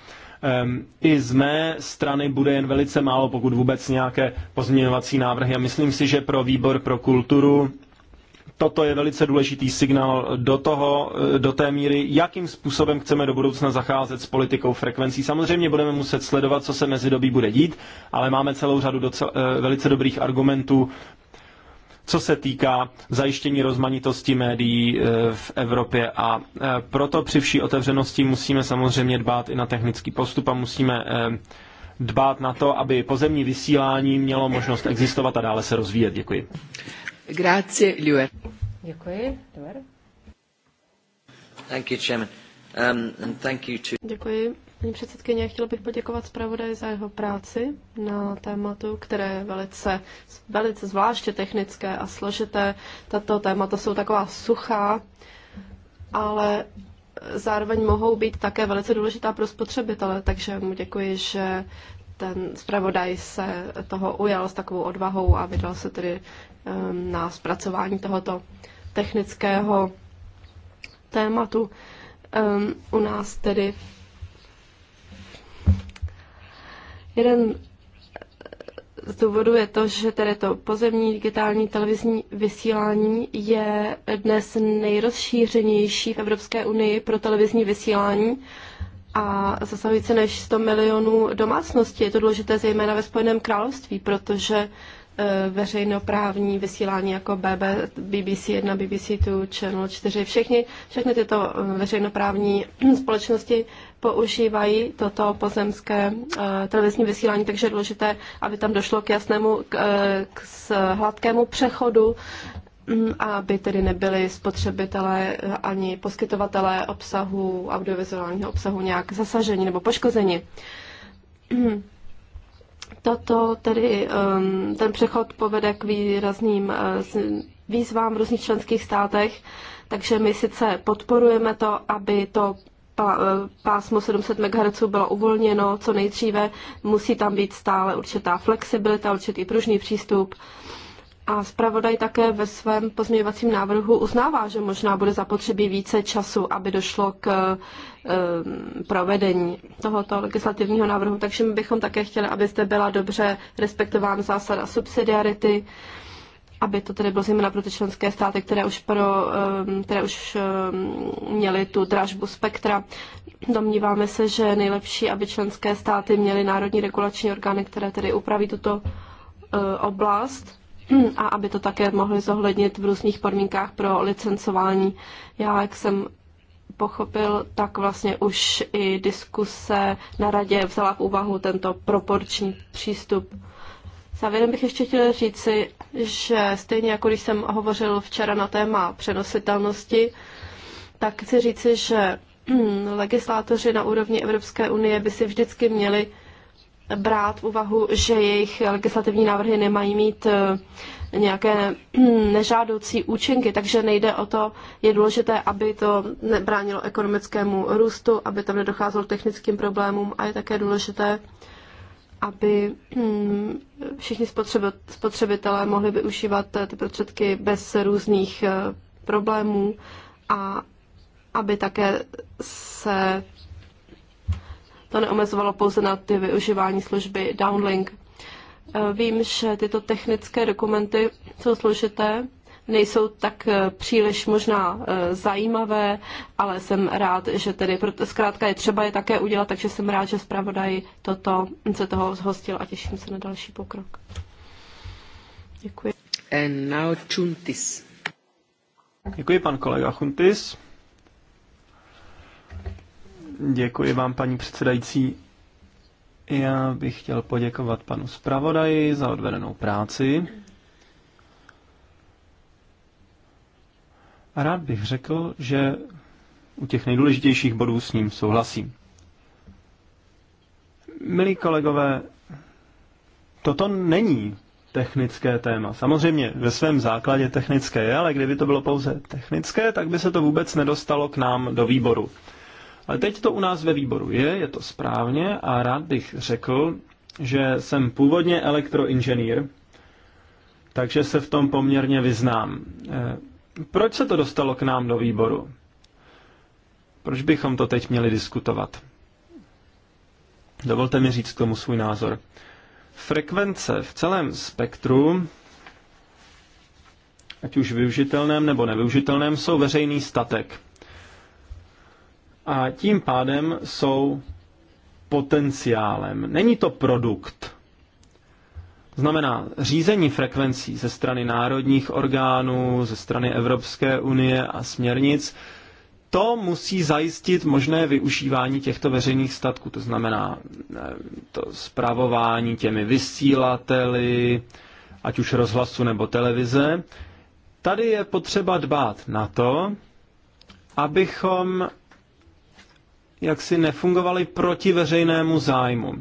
um, i z mé strany bude jen velice málo, pokud vůbec nějaké pozměňovací návrhy. A myslím si, že pro výbor pro kulturu toto je velice důležitý signál do, toho, do té míry, jakým způsobem chceme do budoucna zacházet s politikou frekvencí. Samozřejmě budeme muset sledovat, co se mezi dobí bude dít, ale máme celou řadu docel, eh, velice dobrých argumentů, co se týká zajištění rozmanitosti médií eh, v Evropě. A eh, proto při vší otevřenosti musíme samozřejmě dbát i na technický postup a musíme dbát na to, aby pozemní vysílání mělo možnost existovat a dále se rozvíjet. Děkuji. Grazie, Liuer. Děkuji, Liuer. Thank you, Chairman. Um, and thank you to... Děkuji. Paní předsedkyně, chtěla bych poděkovat zpravodaji za jeho práci na tématu, které je velice, velice zvláště technické a složité. Tato témata jsou taková suchá, ale zároveň mohou být také velice důležitá pro spotřebitele, takže mu děkuji, že ten zpravodaj se toho ujal s takovou odvahou a vydal se tedy na zpracování tohoto technického tématu. U nás tedy jeden z důvodu je to, že tedy to pozemní digitální televizní vysílání je dnes nejrozšířenější v Evropské unii pro televizní vysílání a zasahují více než 100 milionů domácností. Je to důležité zejména ve Spojeném království, protože eh, veřejnoprávní vysílání jako BB, BBC 1, BBC 2, Channel 4, všechny, všechny tyto eh, veřejnoprávní společnosti používají toto pozemské eh, televizní vysílání, takže je důležité, aby tam došlo k jasnému, k, k hladkému přechodu Mm, aby tedy nebyli spotřebitelé eh, ani poskytovatelé obsahu, audiovizuálního obsahu nějak zasaženi nebo poškozeni. Mm. Toto tedy, ehm, ten přechod povede k výrazným eh, výzvám v různých členských státech, takže my sice podporujeme to, aby to eh, pásmo 700 MHz bylo uvolněno co nejdříve, musí tam být stále určitá flexibilita, určitý pružný přístup, a zpravodaj také ve svém pozměňovacím návrhu uznává, že možná bude zapotřebí více času, aby došlo k eh, provedení tohoto legislativního návrhu. Takže my bychom také chtěli, aby zde byla dobře respektována zásada subsidiarity, aby to tedy bylo zejména pro ty členské státy, které už, pro, eh, které už eh, měly tu dražbu spektra. Domníváme se, že je nejlepší, aby členské státy měly národní regulační orgány, které tedy upraví tuto oblast Hmm, a aby to také mohli zohlednit v různých podmínkách pro licencování. Já, jak jsem pochopil, tak vlastně už i diskuse na radě vzala v úvahu tento proporční přístup. Závěrem bych ještě chtěl říci, že stejně jako když jsem hovořil včera na téma přenositelnosti, tak chci říci, že hmm, legislátoři na úrovni Evropské unie by si vždycky měli brát v úvahu, že jejich legislativní návrhy nemají mít eh, nějaké nežádoucí účinky, takže nejde o to, je důležité, aby to nebránilo ekonomickému růstu, aby tam nedocházelo k technickým problémům a je také důležité, aby mm, všichni spotřebitelé mohli využívat eh, ty prostředky bez různých eh, problémů a aby také se to neomezovalo pouze na ty využívání služby downlink. Eh, vím, že tyto technické dokumenty jsou složité, nejsou tak eh, příliš možná eh, zajímavé, ale jsem rád, že tedy zkrátka je třeba je také udělat, takže jsem rád, že zpravodaj toto se toho zhostil a těším se na další pokrok. Děkuji. And now Chuntis. Děkuji, pan kolega Chuntis. Děkuji vám, paní předsedající. Já bych chtěl poděkovat panu zpravodaji za odvedenou práci. A rád bych řekl, že u těch nejdůležitějších bodů s ním souhlasím. Milí kolegové, toto není technické téma. Samozřejmě ve svém základě technické je, ale kdyby to bylo pouze technické, tak by se to vůbec nedostalo k nám do výboru. Ale teď to u nás ve výboru je, je to správně a rád bych řekl, že jsem původně elektroinženýr, takže se v tom poměrně vyznám. Eh, proč se to dostalo k nám do výboru? Proč bychom to teď měli diskutovat? Dovolte mi říct k tomu svůj názor. Frekvence v celém spektru, ať už využitelném nebo nevyužitelném, jsou veřejný statek a tím pádem jsou potenciálem. Není to produkt. Znamená řízení frekvencí ze strany národních orgánů, ze strany Evropské unie a směrnic, to musí zajistit možné využívání těchto veřejných statků, to znamená eh, to zpravování těmi vysílateli, ať už rozhlasu nebo televize. Tady je potřeba dbát na to, abychom jaksi nefungovaly proti veřejnému zájmu.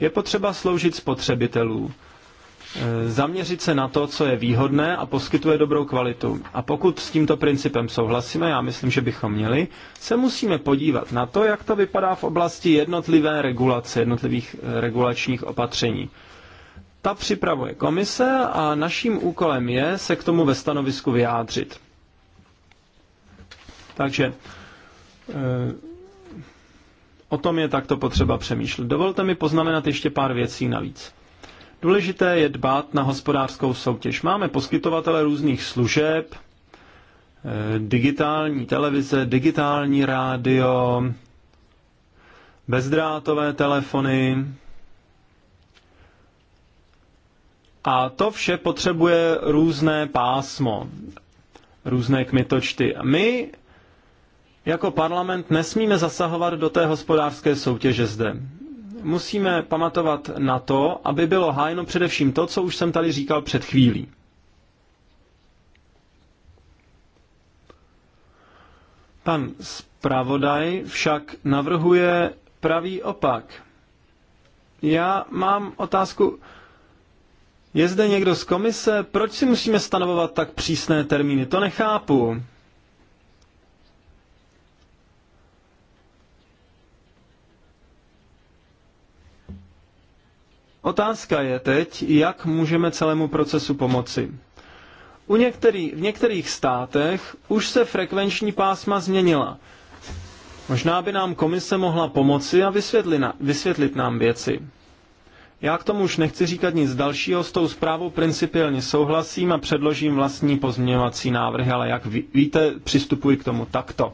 Je potřeba sloužit spotřebitelů, e, zaměřit se na to, co je výhodné a poskytuje dobrou kvalitu. A pokud s tímto principem souhlasíme, já myslím, že bychom měli, se musíme podívat na to, jak to vypadá v oblasti jednotlivé regulace, jednotlivých e, regulačních opatření. Ta připravuje komise a naším úkolem je se k tomu ve stanovisku vyjádřit. Takže e, O tom je takto potřeba přemýšlet. Dovolte mi poznamenat ještě pár věcí navíc. Důležité je dbát na hospodářskou soutěž. Máme poskytovatele různých služeb, eh, digitální televize, digitální rádio, bezdrátové telefony. A to vše potřebuje různé pásmo, různé kmitočty. A my jako parlament nesmíme zasahovat do té hospodářské soutěže zde. Musíme pamatovat na to, aby bylo hájeno především to, co už jsem tady říkal před chvílí. Pan zpravodaj však navrhuje pravý opak. Já mám otázku, je zde někdo z komise? Proč si musíme stanovovat tak přísné termíny? To nechápu. Otázka je teď, jak můžeme celému procesu pomoci. U některý, v některých státech už se frekvenční pásma změnila. Možná by nám komise mohla pomoci a vysvětlit, na, vysvětlit nám věci. Já k tomu už nechci říkat nic dalšího, s tou zprávou principiálně souhlasím a předložím vlastní pozměňovací návrhy, ale jak víte, přistupuji k tomu takto.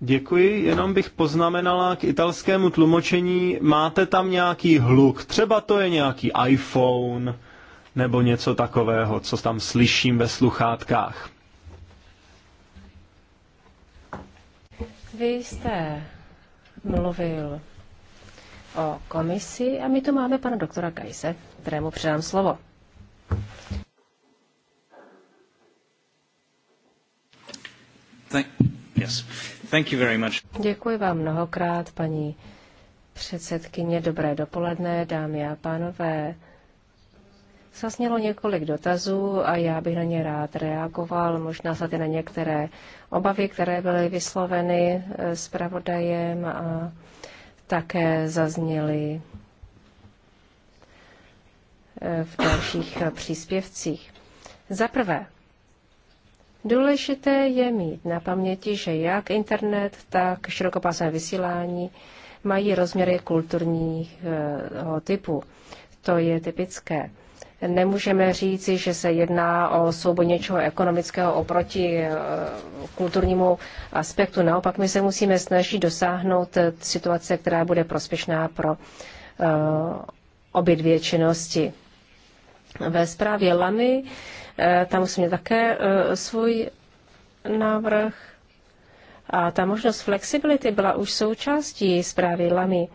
Děkuji, jenom bych poznamenala k italskému tlumočení, máte tam nějaký hluk, třeba to je nějaký iPhone nebo něco takového, co tam slyším ve sluchátkách. Vy jste mluvil o komisi a my tu máme pana doktora Kajse, kterému předám slovo. Thank- yes. Thank you very much. Děkuji vám mnohokrát, paní předsedkyně. Dobré dopoledne, dámy a pánové. Zasnělo několik dotazů a já bych na ně rád reagoval, možná se na některé obavy, které byly vysloveny s eh, pravodajem a také zazněly eh, v dalších příspěvcích. Za prvé, Důležité je mít na paměti, že jak internet, tak širokopásné vysílání mají rozměry kulturního typu. To je typické. Nemůžeme říci, že se jedná o souboj něčeho ekonomického oproti eh, kulturnímu aspektu. Naopak my se musíme snažit dosáhnout situace, která bude prospěšná pro eh, obě dvě činnosti. Ve zprávě Lamy Eh, tam musím mít také eh, svůj návrh. A ta možnost flexibility byla už součástí zprávy LAMI.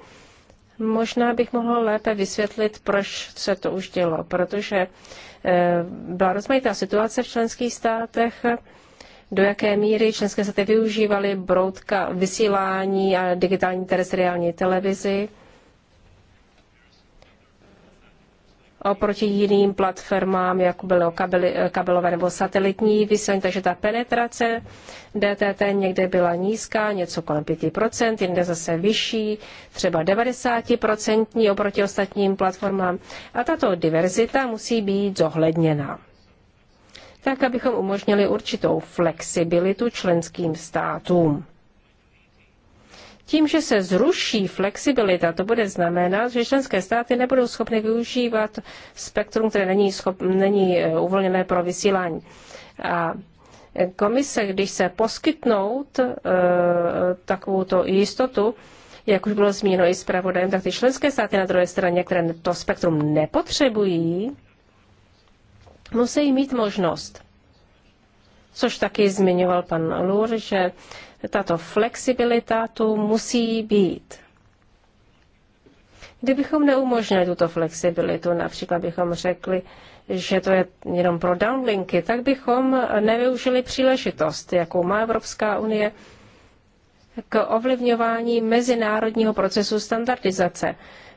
Možná bych mohla lépe vysvětlit, proč se to už dělo, protože eh, byla rozmanitá situace v členských státech, do jaké míry členské státy využívaly broudka vysílání a digitální terestriální televizi oproti jiným platformám, jako bylo kabel, kabelové nebo satelitní vysílání, takže ta penetrace DTT někde byla nízká, něco kolem 5%, jinde zase vyšší, třeba 90% oproti ostatním platformám. A tato diverzita musí být zohledněna tak abychom umožnili určitou flexibilitu členským státům. Tím, že se zruší flexibilita, to bude znamenat, že členské státy nebudou schopny využívat spektrum, které není, schop, není eh, uvolněné pro vysílání. A komise, když se poskytnout e, takovouto jistotu, jak už bylo zmíněno i zpravodajem, tak ty členské státy na druhé straně, které to spektrum nepotřebují, musí mít možnost. Což taky zmiňoval pan Lur, že tato flexibilita tu musí být. Kdybychom neumožnili tuto flexibilitu, například bychom řekli, že to je jenom pro downlinky, tak bychom nevyužili příležitost, jakou má Evropská unie k ovlivňování mezinárodního procesu standardizace,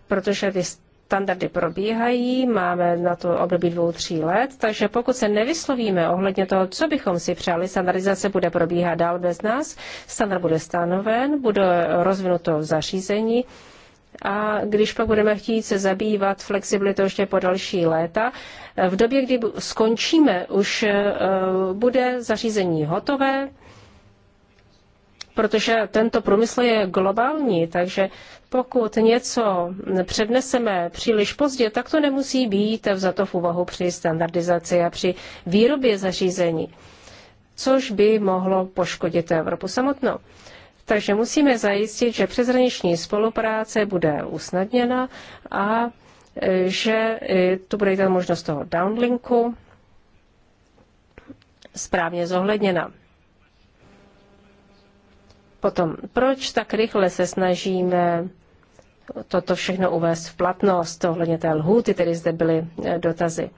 protože ty Standardy probíhají, máme na to období dvou, tří let, takže pokud se nevyslovíme ohledně toho, co bychom si přáli, standardizace bude probíhat dál bez nás, standard bude stanoven, bude rozvinuto zařízení, a když pak budeme chtít se zabývat flexibilitou ještě po další léta, v době, kdy skončíme, už eh, bude zařízení hotové, protože tento průmysl je globální, takže pokud něco předneseme příliš pozdě, tak to nemusí být vzato v úvahu při standardizaci a při výrobě zařízení, což by mohlo poškodit Evropu samotnou. Takže musíme zajistit, že přeshraniční spolupráce bude usnadněna a e, že e, tu bude i ta možnost toho downlinku správně zohledněna. Potom, proč tak rychle se snažíme toto všechno uvést v platnost, ohledně té lhůty, tedy zde byly e, dotazy.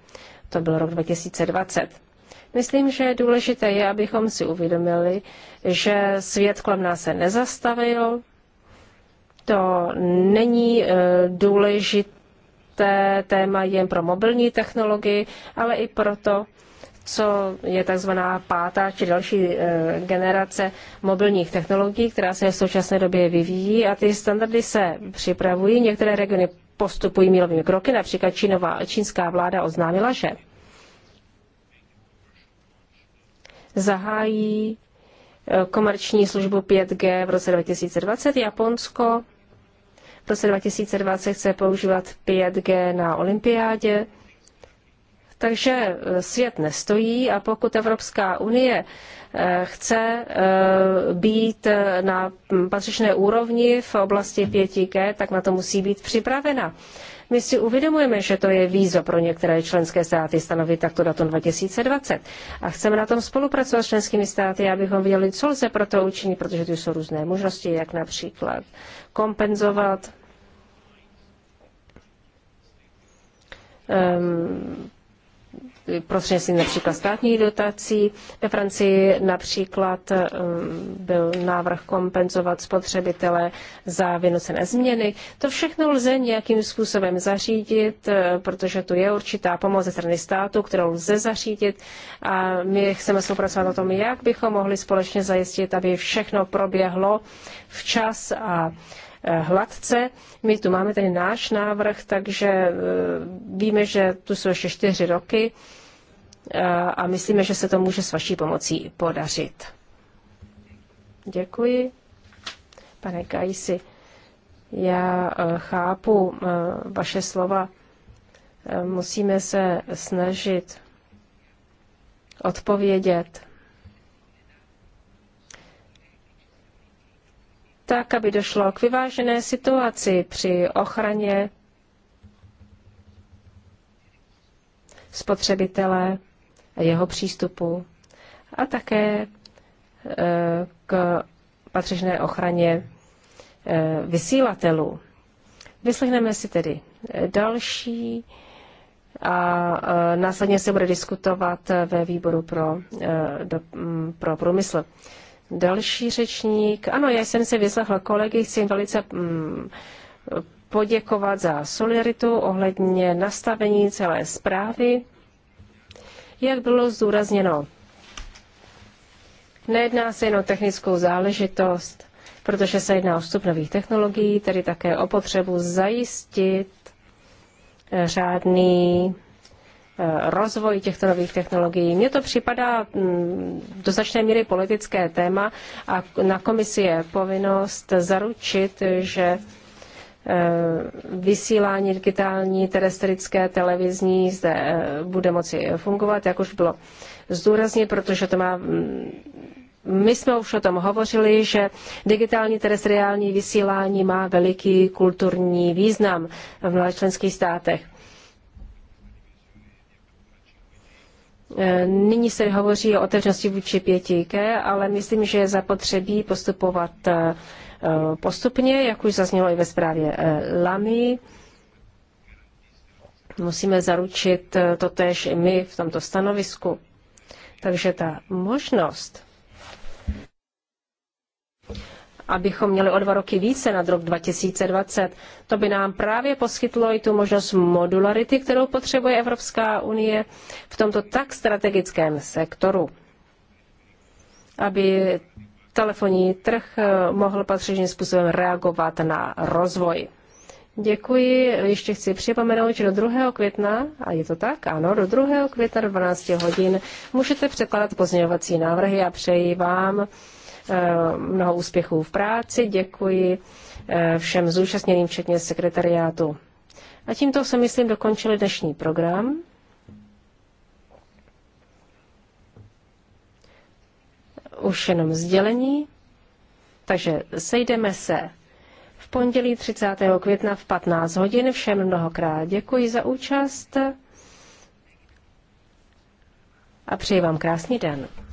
To byl rok 2020. Myslím, že důležité je, abychom si uvědomili, že svět kolem nás se nezastavil. To není e, důležité téma jen pro mobilní technologii, ale i proto, co je takzvaná pátá či další eh, generace mobilních technologií, která se v současné době vyvíjí a ty standardy se připravují. Některé regiony postupují mílovými kroky, například čínová, čínská vláda oznámila, že zahájí eh, komerční službu 5G v roce 2020. Japonsko v roce 2020 chce používat 5G na olympiádě. Takže e, svět nestojí a pokud Evropská unie e, chce e, být na patřičné úrovni v oblasti 5G, tak na to musí být připravena. My si uvědomujeme, že to je vízo pro některé členské státy stanovit takto datum 2020. A chceme na tom spolupracovat s členskými státy, abychom viděli, co lze pro to učinit, protože tu jsou různé možnosti, jak například kompenzovat um, prostřednictvím například státních dotací. Ve Francii například eh, byl návrh kompenzovat spotřebitele za vynucené změny. To všechno lze nějakým způsobem zařídit, eh, protože tu je určitá pomoc ze strany státu, kterou lze zařídit a my chceme spolupracovat na tom, jak bychom mohli společně zajistit, aby všechno proběhlo včas a Eh, hladce. My tu máme tedy náš návrh, takže eh, víme, že tu jsou ještě čtyři roky eh, a myslíme, že se to může s vaší pomocí podařit. Děkuji. Pane Kajsi, já chápu vaše slova. Musíme se snažit odpovědět tak aby došlo k vyvážené situaci při ochraně spotřebitele a jeho přístupu a také e, k patřičné ochraně e, vysílatelů. Vyslechneme si tedy e, další a následně se bude diskutovat ve výboru pro, pro průmysl. Další řečník. Ano, já jsem se vyslechla kolegy, chci jim velice mm, poděkovat za solidaritu ohledně nastavení celé zprávy. Jak bylo zdůrazněno, nejedná se jen o technickou záležitost, protože se jedná o vstup nových technologií, tedy také o potřebu zajistit eh, řádný rozvoj těchto nových technologií. Mně to připadá mm, do značné míry politické téma a na komisi je povinnost zaručit, že e, vysílání digitální, terestrické, televizní zde e, bude moci fungovat, jak už bylo zdůrazně, protože to má mm, my jsme už o tom hovořili, že digitální terestriální vysílání má veliký kulturní význam v mnoha členských státech. Eh, nyní se hovoří o otevřenosti vůči 5 ale myslím, že je zapotřebí postupovat eh, postupně, jak už zaznělo i ve zprávě eh, LAMI. Musíme zaručit to i my v tomto stanovisku. Takže ta možnost abychom měli o dva roky více nad rok 2020. To by nám právě poskytlo i tu možnost modularity, kterou potřebuje Evropská unie v tomto tak strategickém sektoru, aby telefonní trh eh, mohl patřičným způsobem reagovat na rozvoj. Děkuji. Ještě chci připomenout, že do 2. května, a je to tak, ano, do 2. května do 12 hodin můžete překládat pozměňovací návrhy a přeji vám Eh, mnoho úspěchů v práci, děkuji eh, všem zúčastněným, včetně sekretariátu. A tímto se, myslím, dokončili dnešní program. Už jenom sdělení. Takže sejdeme se v pondělí 30. května v 15 hodin. Všem mnohokrát děkuji za účast a přeji vám krásný den.